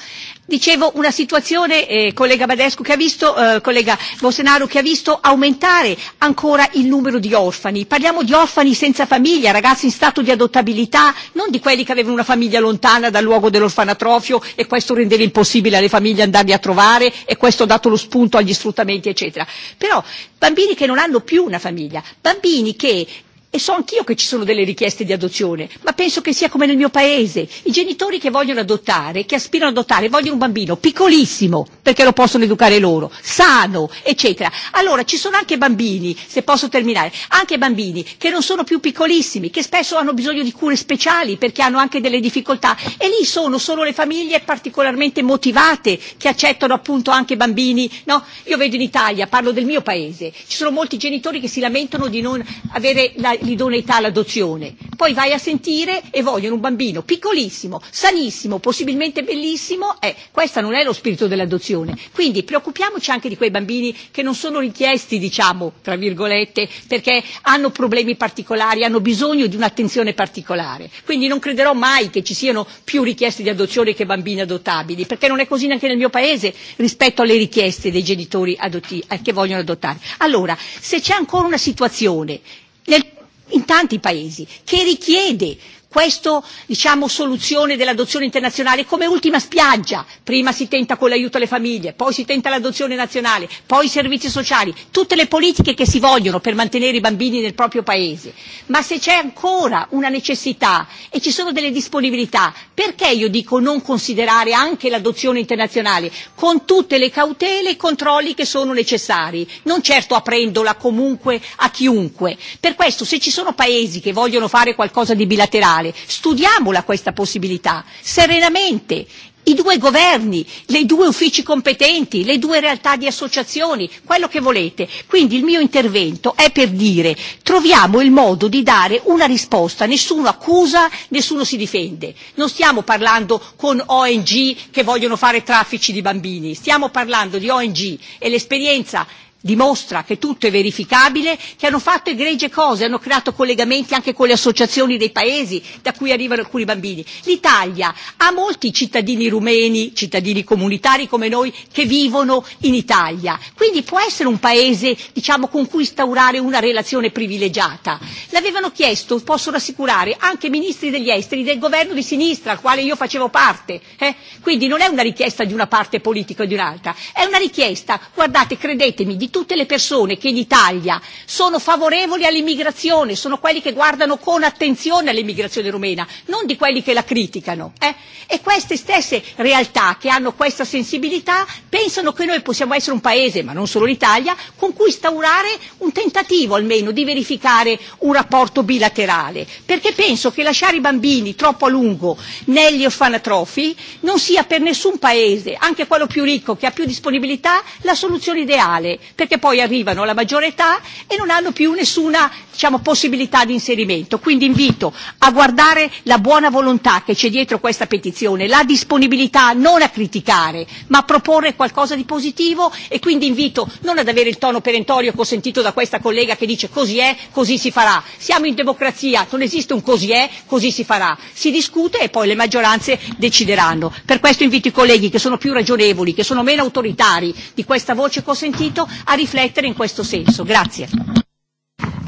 dicevo una situazione, eh, collega Badescu che ha visto, eh, collega Bolsonaro che ha visto aumentare ancora il numero di orfani. Parliamo di orfani senza famiglia, ragazzi in stato di adottabilità, non di quelli che avevano una famiglia lontana dal luogo dell'orfanatrofio e questo rendeva impossibile alle famiglie andarli a trovare e questo ha dato lo spunto agli sfruttamenti eccetera. Però bambini che non hanno più una famiglia, bambini che e so anch'io che ci sono delle richieste di adozione, ma penso che sia come nel mio paese. I genitori che vogliono adottare, che aspirano ad adottare, vogliono un bambino piccolissimo, perché lo possono educare loro, sano, eccetera. Allora ci sono anche bambini, se posso terminare, anche bambini che non sono più piccolissimi, che spesso hanno bisogno di cure speciali perché hanno anche delle difficoltà e lì sono solo le famiglie particolarmente motivate che accettano appunto anche bambini. No? Io vedo in Italia, parlo del mio paese, ci sono molti genitori che si lamentano di non avere la, l'idoneità all'adozione. Poi vai a sentire e vogliono un bambino piccolissimo, sanissimo, possibilmente bellissimo. Eh, questo non è lo spirito dell'adozione. Quindi preoccupiamoci anche di quei bambini che non sono richiesti, diciamo, tra virgolette, perché hanno problemi particolari, hanno bisogno di un'attenzione particolare. Quindi non crederò mai che ci siano più richieste di adozione che bambini adottabili, perché non è così neanche nel mio paese rispetto alle richieste dei genitori adotti, eh, che vogliono adottare. Allora, se c'è ancora una situazione nel in tanti paesi, che richiede questa diciamo, soluzione dell'adozione internazionale come ultima spiaggia. Prima si tenta con l'aiuto alle famiglie, poi si tenta l'adozione nazionale, poi i servizi sociali, tutte le politiche che si vogliono per mantenere i bambini nel proprio paese. Ma se c'è ancora una necessità e ci sono delle disponibilità, perché io dico non considerare anche l'adozione internazionale con tutte le cautele e i controlli che sono necessari, non certo aprendola comunque a chiunque. Per questo se ci sono paesi che vogliono fare qualcosa di bilaterale, sociale. Studiamola questa possibilità serenamente. I due governi, i due uffici competenti, le due realtà di associazioni, quello che volete. Quindi il mio intervento è per dire troviamo il modo di dare una risposta, nessuno accusa, nessuno si difende. Non stiamo parlando con ONG che vogliono fare traffici di bambini, stiamo parlando di ONG e l'esperienza dimostra che tutto è verificabile, che hanno fatto egregie cose, hanno creato collegamenti anche con le associazioni dei paesi da cui arrivano alcuni bambini. L'Italia ha molti cittadini rumeni, cittadini comunitari come noi, che vivono in Italia, quindi può essere un paese diciamo, con cui instaurare una relazione privilegiata. L'avevano chiesto, posso rassicurare, anche ministri degli esteri del governo di sinistra, al quale io facevo parte. Eh? Quindi non è una richiesta di una parte politica o di un'altra, è una richiesta, guardate, credetemi, di tutte le persone che in Italia sono favorevoli all'immigrazione, sono quelli che guardano con attenzione all'immigrazione rumena, non di quelli che la criticano. Eh? E queste stesse realtà che hanno questa sensibilità pensano che noi possiamo essere un paese, ma non solo l'Italia, con cui instaurare un tentativo almeno di verificare un rapporto bilaterale, perché penso che lasciare i bambini troppo a lungo negli orfanatrofi non sia per nessun paese, anche quello più ricco che ha più disponibilità, la soluzione ideale, perché poi arrivano alla maggiore età e non hanno più nessuna diciamo, possibilità di inserimento. Quindi invito a guardare la buona volontà che c'è dietro questa petizione, la disponibilità non a criticare ma a proporre qualcosa di positivo e quindi invito non ad avere il tono perentorio consentito da questa collega che dice così è, così si farà. Siamo in democrazia, non esiste un così è, così si farà. Si discute e poi le maggioranze decideranno. Per questo invito i colleghi che sono più ragionevoli, che sono meno autoritari di questa voce consentito a riflettere in questo senso. Grazie.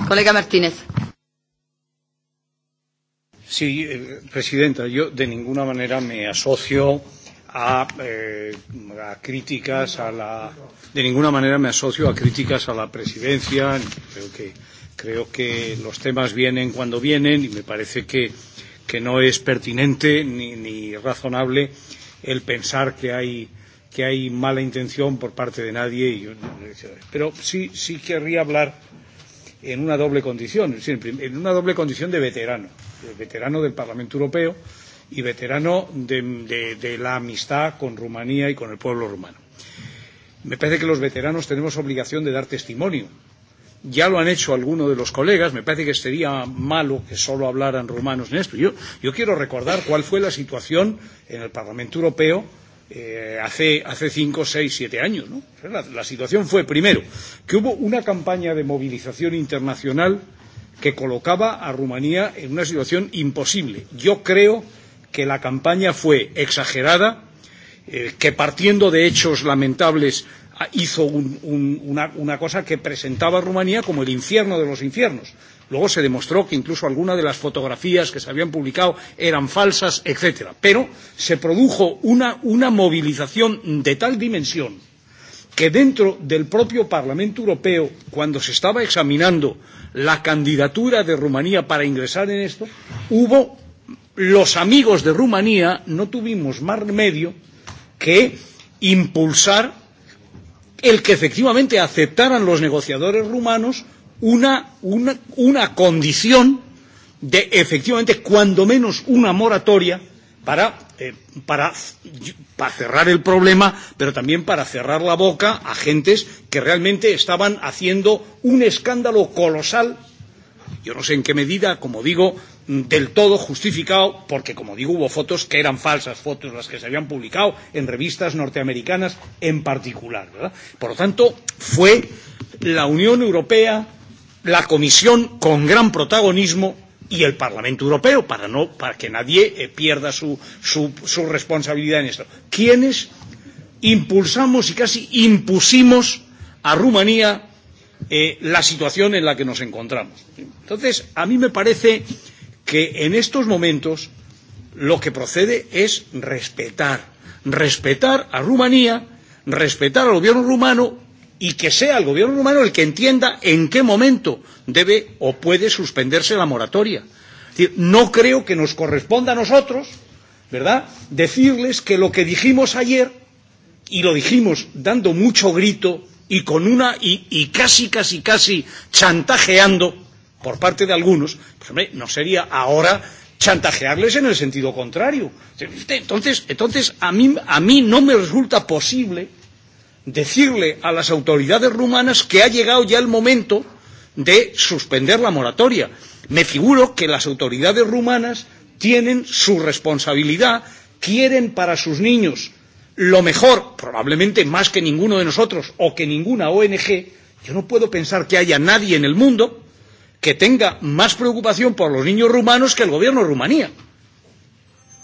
Collega Martinez. Sí, eh, Presidenta, de ninguna manera me asocio a, eh, a críticas a la de ninguna manera me asocio a críticas a la presidencia creo que creo que los temas vienen cuando vienen y me parece que que no es pertinente ni, ni razonable el pensar que hay que hay mala intención por parte de nadie. Y, pero sí, sí querría hablar en una doble condición, es decir, en una doble condición de veterano, de veterano del Parlamento Europeo y veterano de, de, de la amistad con Rumanía y con el pueblo rumano. Me parece que los veteranos tenemos obligación de dar testimonio. Ya lo han hecho algunos de los colegas, me parece que sería malo que solo hablaran rumanos en esto. Yo, yo quiero recordar cuál fue la situación en el Parlamento Europeo eh, hace, hace cinco, seis, siete años. ¿no? La, la situación fue, primero, que hubo una campaña de movilización internacional que colocaba a Rumanía en una situación imposible. Yo creo que la campaña fue exagerada, eh, que partiendo de hechos lamentables ah, hizo un, un, una, una cosa que presentaba a Rumanía como el infierno de los infiernos. Luego se demostró que incluso algunas de las fotografías que se habían publicado eran falsas, etcétera. Pero se produjo una, una movilización de tal dimensión que dentro del propio Parlamento Europeo, cuando se estaba examinando la candidatura de Rumanía para ingresar en esto, hubo los amigos de Rumanía no tuvimos más remedio que impulsar el que efectivamente aceptaran los negociadores rumanos una, una, una condición de efectivamente cuando menos una moratoria para, eh, para, para cerrar el problema, pero también para cerrar la boca a gentes que realmente estaban haciendo un escándalo colosal, yo no sé en qué medida, como digo, del todo justificado, porque como digo, hubo fotos que eran falsas, fotos las que se habían publicado en revistas norteamericanas en particular. ¿verdad? Por lo tanto, fue la Unión Europea la Comisión con gran protagonismo y el Parlamento Europeo, para, no, para que nadie eh, pierda su, su, su responsabilidad en esto. ¿Quiénes impulsamos y casi impusimos a Rumanía eh, la situación en la que nos encontramos? Entonces, a mí me parece que en estos momentos lo que procede es respetar, respetar a Rumanía, respetar al gobierno rumano y que sea el gobierno rumano el que entienda en qué momento debe o puede suspenderse la moratoria. Es decir, no creo que nos corresponda a nosotros, ¿verdad?, decirles que lo que dijimos ayer, y lo dijimos dando mucho grito y con una y, y casi casi casi chantajeando por parte de algunos, pues hombre, no sería ahora chantajearles en el sentido contrario. Entonces, entonces a mí, a mí no me resulta posible decirle a las autoridades rumanas que ha llegado ya el momento de suspender la moratoria. Me figuro que las autoridades rumanas tienen su responsabilidad, quieren para sus niños lo mejor, probablemente más que ninguno de nosotros o que ninguna ONG. Yo no puedo pensar que haya nadie en el mundo que tenga más preocupación por los niños rumanos que el gobierno de Rumanía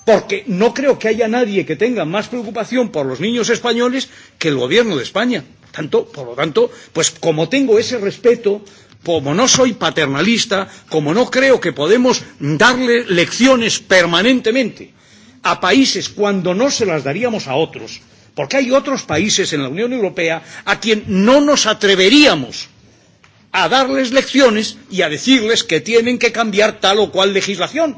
porque no creo que haya nadie que tenga más preocupación por los niños españoles que el gobierno de España. Tanto, por lo tanto, pues como tengo ese respeto, como no soy paternalista, como no creo que podemos darle lecciones permanentemente a países cuando no se las daríamos a otros, porque hay otros países en la Unión Europea a quien no nos atreveríamos a darles lecciones y a decirles que tienen que cambiar tal o cual legislación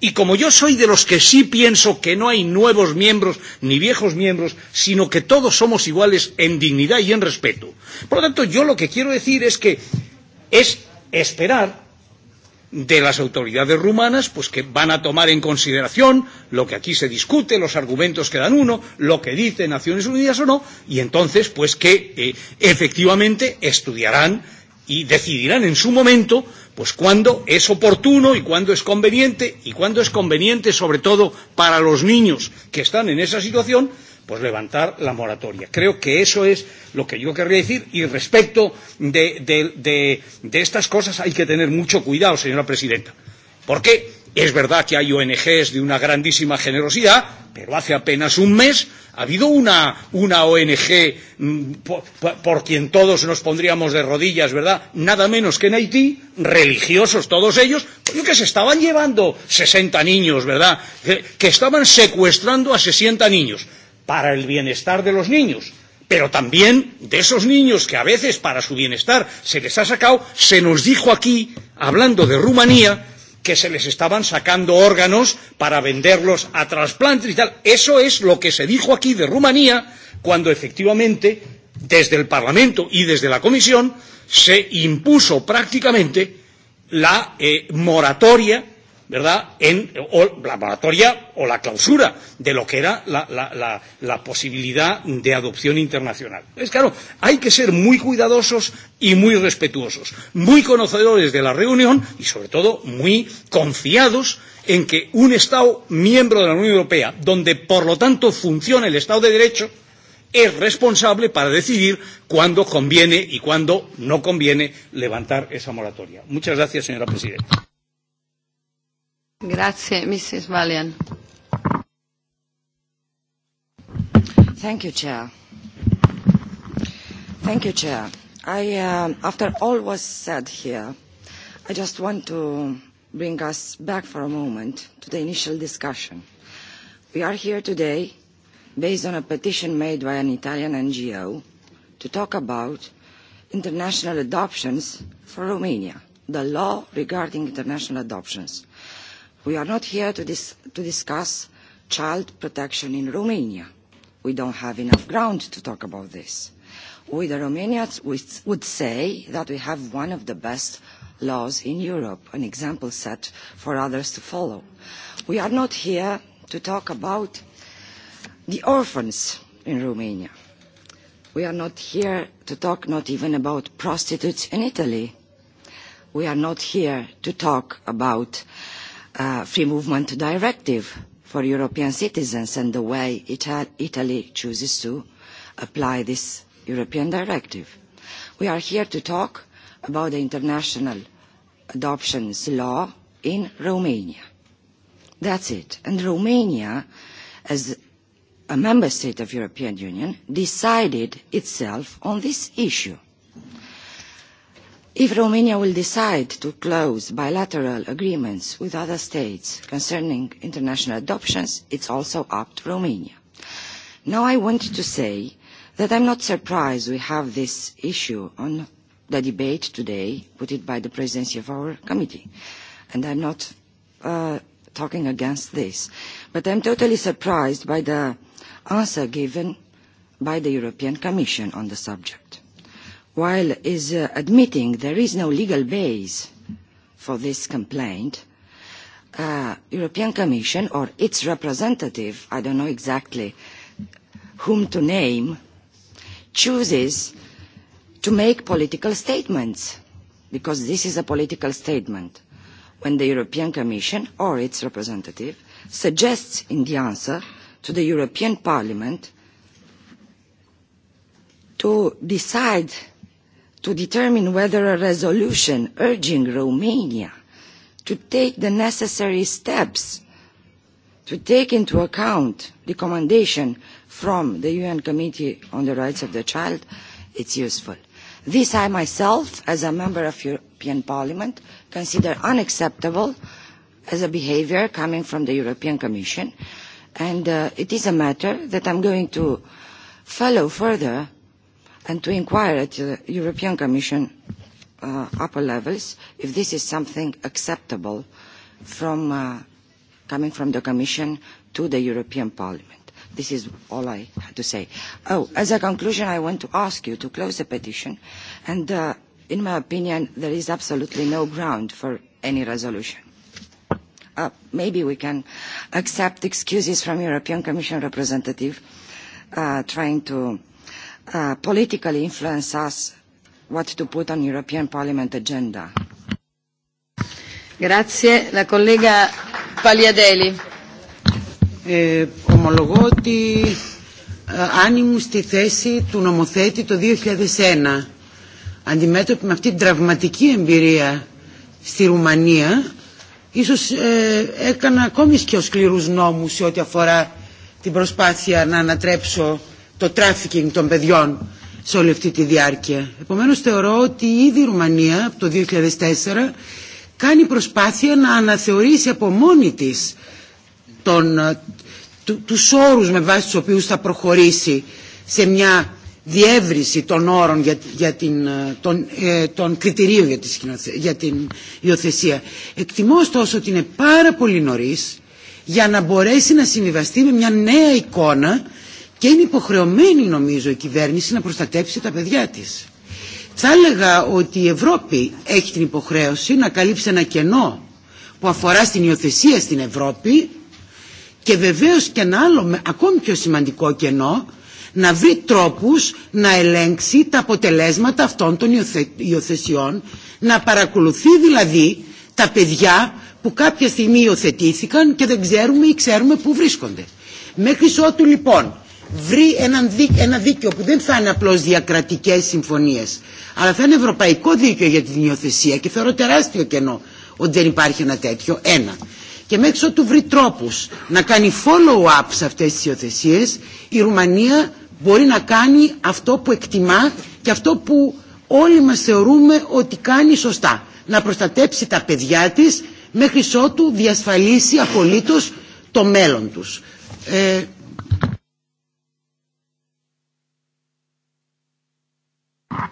Y como yo soy de los que sí pienso que no hay nuevos miembros ni viejos miembros, sino que todos somos iguales en dignidad y en respeto. Por lo tanto, yo lo que quiero decir es que es esperar de las autoridades rumanas, pues que van a tomar en consideración lo que aquí se discute, los argumentos que dan uno, lo que dice Naciones Unidas o no, y entonces, pues que eh, efectivamente estudiarán y decidirán en su momento pues cuándo es oportuno y cuándo es conveniente y cuándo es conveniente sobre todo para los niños que están en esa situación pues levantar la moratoria. Creo que eso es lo que yo querría decir y respecto de, de, de, de estas cosas hay que tener mucho cuidado, señora presidenta. ¿Por qué? Es verdad que hay ONGs de una grandísima generosidad, pero hace apenas un mes ha habido una, una ONG mmm, por, por quien todos nos pondríamos de rodillas, ¿verdad? Nada menos que en Haití, religiosos todos ellos, que se estaban llevando 60 niños, ¿verdad? Que, que estaban secuestrando a 60 niños para el bienestar de los niños pero también de esos niños que a veces para su bienestar se les ha sacado, se nos dijo aquí, hablando de Rumanía, que se les estaban sacando órganos para venderlos a trasplantes y tal. Eso es lo que se dijo aquí de Rumanía cuando efectivamente desde el Parlamento y desde la Comisión se impuso prácticamente la eh, moratoria ¿verdad?, en o la moratoria o la clausura de lo que era la, la, la, la posibilidad de adopción internacional. Es claro, hay que ser muy cuidadosos y muy respetuosos, muy conocedores de la reunión y, sobre todo, muy confiados en que un Estado miembro de la Unión Europea, donde, por lo tanto, funciona el Estado de Derecho, es responsable para decidir cuándo conviene y cuándo no conviene levantar esa moratoria. Muchas gracias, señora presidenta. Grazie, Mrs. Valian. Thank you, Chair. Thank you, Chair. I, uh, after all was said here, I just want to bring us back for a moment to the initial discussion. We are here today based on a petition made by an Italian NGO to talk about international adoptions for Romania, the law regarding international adoptions. We are not here to, dis to discuss child protection in Romania. We don't have enough ground to talk about this. We, the Romanians, would say that we have one of the best laws in Europe, an example set for others to follow. We are not here to talk about the orphans in Romania. We are not here to talk not even about prostitutes in Italy. We are not here to talk about free movement directive for European citizens and the way Ita Italy chooses to apply this European directive. We are here to talk about the international adoptions law in Romania. That's it. And Romania, as a member state of European Union, decided itself on this issue. If Romania will decide to close bilateral agreements with other states concerning international adoptions, it's also up to Romania. Now I want to say that I'm not surprised we have this issue on the debate today, put it by the presidency of our committee. And I'm not uh, talking against this. But I'm totally surprised by the answer given by the European Commission on the subject while is uh, admitting there is no legal base for this complaint, uh, European Commission or its representative, I don't know exactly whom to name, chooses to make political statements, because this is a political statement, when the European Commission or its representative suggests in the answer to the European Parliament to decide to determine whether a resolution urging Romania to take the necessary steps to take into account the commendation from the UN Committee on the Rights of the Child, it's useful. This I myself, as a member of European Parliament, consider unacceptable as a behaviour coming from the European Commission, and uh, it is a matter that I'm going to follow further and to inquire at the European Commission uh, upper levels if this is something acceptable from, uh, coming from the Commission to the European Parliament. This is all I had to say. Oh, as a conclusion, I want to ask you to close the petition. And uh, in my opinion, there is absolutely no ground for any resolution. Uh, maybe we can accept excuses from European Commission representative uh, trying to uh, politically influence us what to put on European Parliament agenda. Grazie. La collega Paliadeli. Ε, ομολογώ ότι ε, αν ήμουν στη θέση του νομοθέτη το 2001 αντιμέτωπη με αυτή την τραυματική εμπειρία στη Ρουμανία ίσως ε, έκανα ακόμη και ο σκληρούς νόμους σε ό,τι αφορά την προσπάθεια να ανατρέψω το τράφικινγκ των παιδιών σε όλη αυτή τη διάρκεια. Επομένως θεωρώ ότι ήδη η Ρουμανία από το 2004 κάνει προσπάθεια να αναθεωρήσει από μόνη της τον, του, τους όρους με βάση τους οποίους θα προχωρήσει σε μια διεύρυνση των όρων για, για την, των, ε, των κριτηρίων για, τις, για την υιοθεσία. Εκτιμώ ωστόσο ότι είναι πάρα πολύ νωρίς για να μπορέσει να συμβιβαστεί με μια νέα εικόνα Και είναι υποχρεωμένη νομίζω η κυβέρνηση να προστατέψει τα παιδιά της. Θα έλεγα ότι η Ευρώπη έχει την υποχρέωση να καλύψει ένα κενό που αφορά στην υιοθεσία στην Ευρώπη και βεβαίως και ένα άλλο ακόμη πιο σημαντικό κενό να βρει τρόπους να ελέγξει τα αποτελέσματα αυτών των υιοθε, υιοθεσιών να παρακολουθεί δηλαδή τα παιδιά που κάποια στιγμή υιοθετήθηκαν και δεν ξέρουμε ή ξέρουμε πού βρίσκονται. Μέχρι ότου λοιπόν βρει έναν δίκ, ένα δίκαιο που δεν θα είναι απλώς διακρατικές συμφωνίες αλλά θα είναι ευρωπαϊκό δίκαιο για την υιοθεσία και θεωρώ τεράστιο κενό ότι δεν υπάρχει ένα τέτοιο, ένα. Και μέχρι ότου βρει τρόπους να κάνει follow-up σε αυτές τις υιοθεσίες η Ρουμανία μπορεί να κάνει αυτό που εκτιμά και αυτό που όλοι μας θεωρούμε ότι κάνει σωστά. Να προστατέψει τα παιδιά της μέχρι ότου διασφαλίσει απολύτως το μέλλον τους. Ε,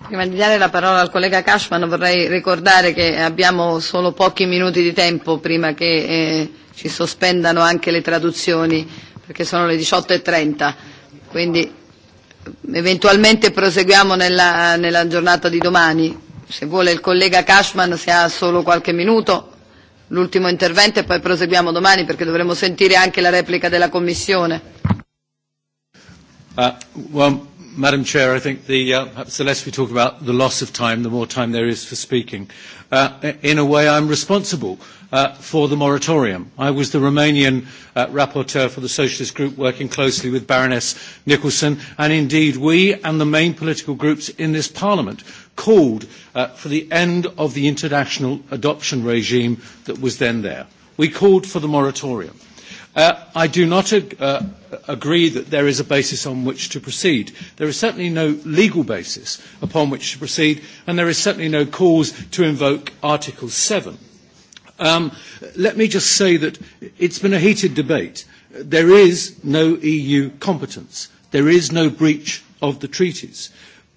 Prima di dare la parola al collega Cashman vorrei ricordare che abbiamo solo pochi minuti di tempo prima che eh, ci sospendano anche le traduzioni perché sono le 18.30, quindi eventualmente proseguiamo nella, nella giornata di domani. Se vuole il collega Cashman se ha solo qualche minuto l'ultimo intervento e poi proseguiamo domani perché dovremo sentire anche la replica della Commissione. Uh, well, Madam Chair, I think the, uh, perhaps the less we talk about the loss of time, the more time there is for speaking. Uh, in a way, I'm responsible uh, for the moratorium. I was the Romanian uh, rapporteur for the Socialist Group, working closely with Baroness Nicholson, and indeed we and the main political groups in this Parliament called uh, for the end of the international adoption regime that was then there. We called for the moratorium. Uh, I do not ag uh, agree that there is a basis on which to proceed. There is certainly no legal basis upon which to proceed, and there is certainly no cause to invoke Article 7. Um, let me just say that it's been a heated debate. There is no EU competence. There is no breach of the treaties.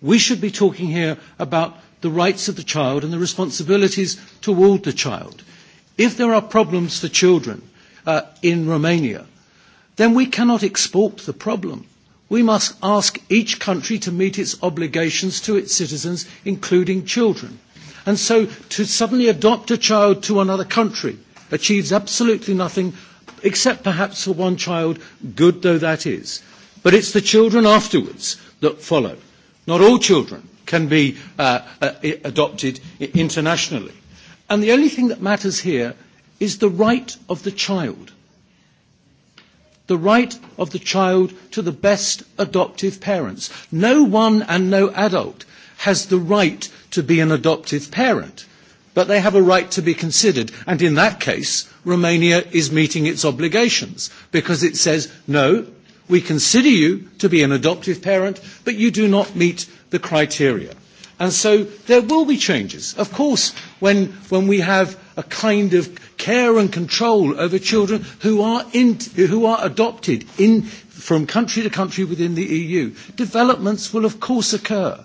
We should be talking here about the rights of the child and the responsibilities toward the child. If there are problems for children, uh, in Romania, then we cannot export the problem. We must ask each country to meet its obligations to its citizens, including children. And so to suddenly adopt a child to another country achieves absolutely nothing except perhaps for one child, good though that is. But it's the children afterwards that follow. Not all children can be uh, uh, adopted internationally. And the only thing that matters here is the right of the child. The right of the child to the best adoptive parents. No one and no adult has the right to be an adoptive parent, but they have a right to be considered. And in that case, Romania is meeting its obligations because it says, no, we consider you to be an adoptive parent, but you do not meet the criteria. And so there will be changes. Of course, when, when we have a kind of care and control over children who are, in, who are adopted in, from country to country within the EU. Developments will, of course, occur.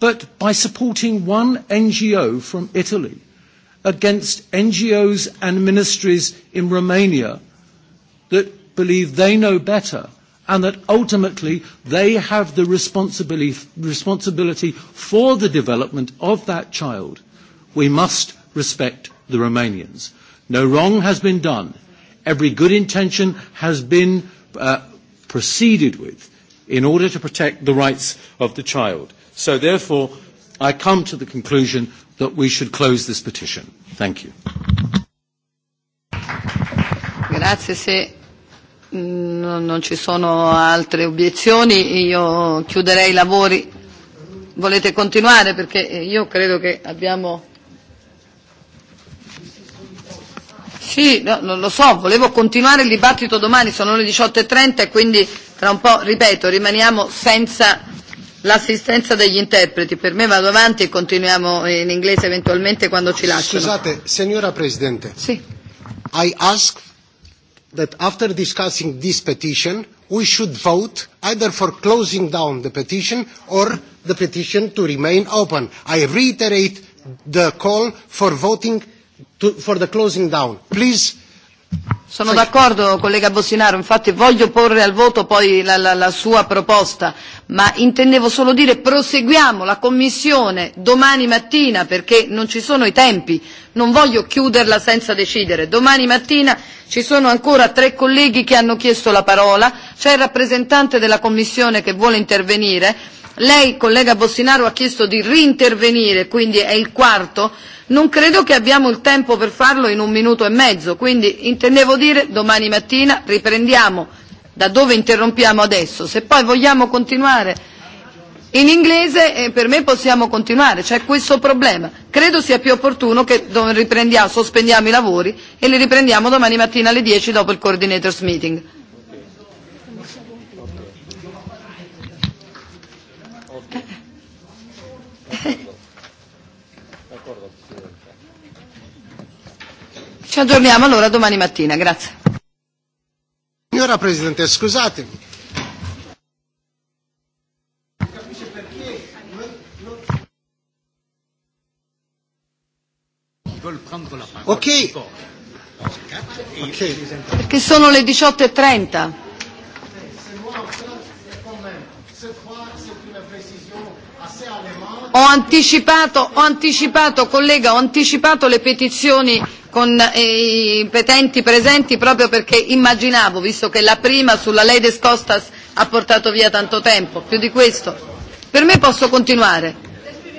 But by supporting one NGO from Italy against NGOs and ministries in Romania that believe they know better, and that ultimately they have the responsibility, responsibility for the development of that child, we must respect the Romanians. No wrong has been done. Every good intention has been uh, proceeded with in order to protect the rights of the child. So therefore, I come to the conclusion that we should close this petition. Thank you. Grazie, se mm, non ci sono altre obiezioni io chiuderei i lavori. Volete continuare perché io credo che abbiamo Sì, no, non lo so, volevo continuare il dibattito domani, sono le 18.30 e quindi tra un po', ripeto, rimaniamo senza l'assistenza degli interpreti. Per me vado avanti e continuiamo in inglese eventualmente quando ci lasciano. Scusate, signora Presidente. Sì. I ask that after discussing this petition we should vote either for closing down the petition or the petition to remain open. I reiterate the call for voting to, for the closing down. Please. Sono d'accordo, collega Bossinaro, infatti voglio porre al voto poi la, la, la sua proposta, ma intendevo solo dire proseguiamo la Commissione domani mattina perché non ci sono i tempi, non voglio chiuderla senza decidere. Domani mattina ci sono ancora tre colleghi che hanno chiesto la parola, c'è il rappresentante della Commissione che vuole intervenire Lei, collega Bossinaro, ha chiesto di rintervenire, quindi è il quarto. Non credo che abbiamo il tempo per farlo in un minuto e mezzo, quindi intendevo dire domani mattina riprendiamo da dove interrompiamo adesso. Se poi vogliamo continuare in inglese eh, per me possiamo continuare, c'è questo problema. Credo sia più opportuno che riprendiamo, sospendiamo i lavori e li riprendiamo domani mattina alle 10 dopo il coordinators meeting. Ci aggiorniamo allora domani mattina. Grazie. Signora Presidente, scusatemi. Ok. okay. Perché sono le 18.30. Ho anticipato, ho anticipato, collega, ho anticipato le petizioni con eh, i petenti presenti proprio perché immaginavo, visto che la prima sulla Ley Costas ha portato via tanto tempo, più di questo. Per me posso continuare.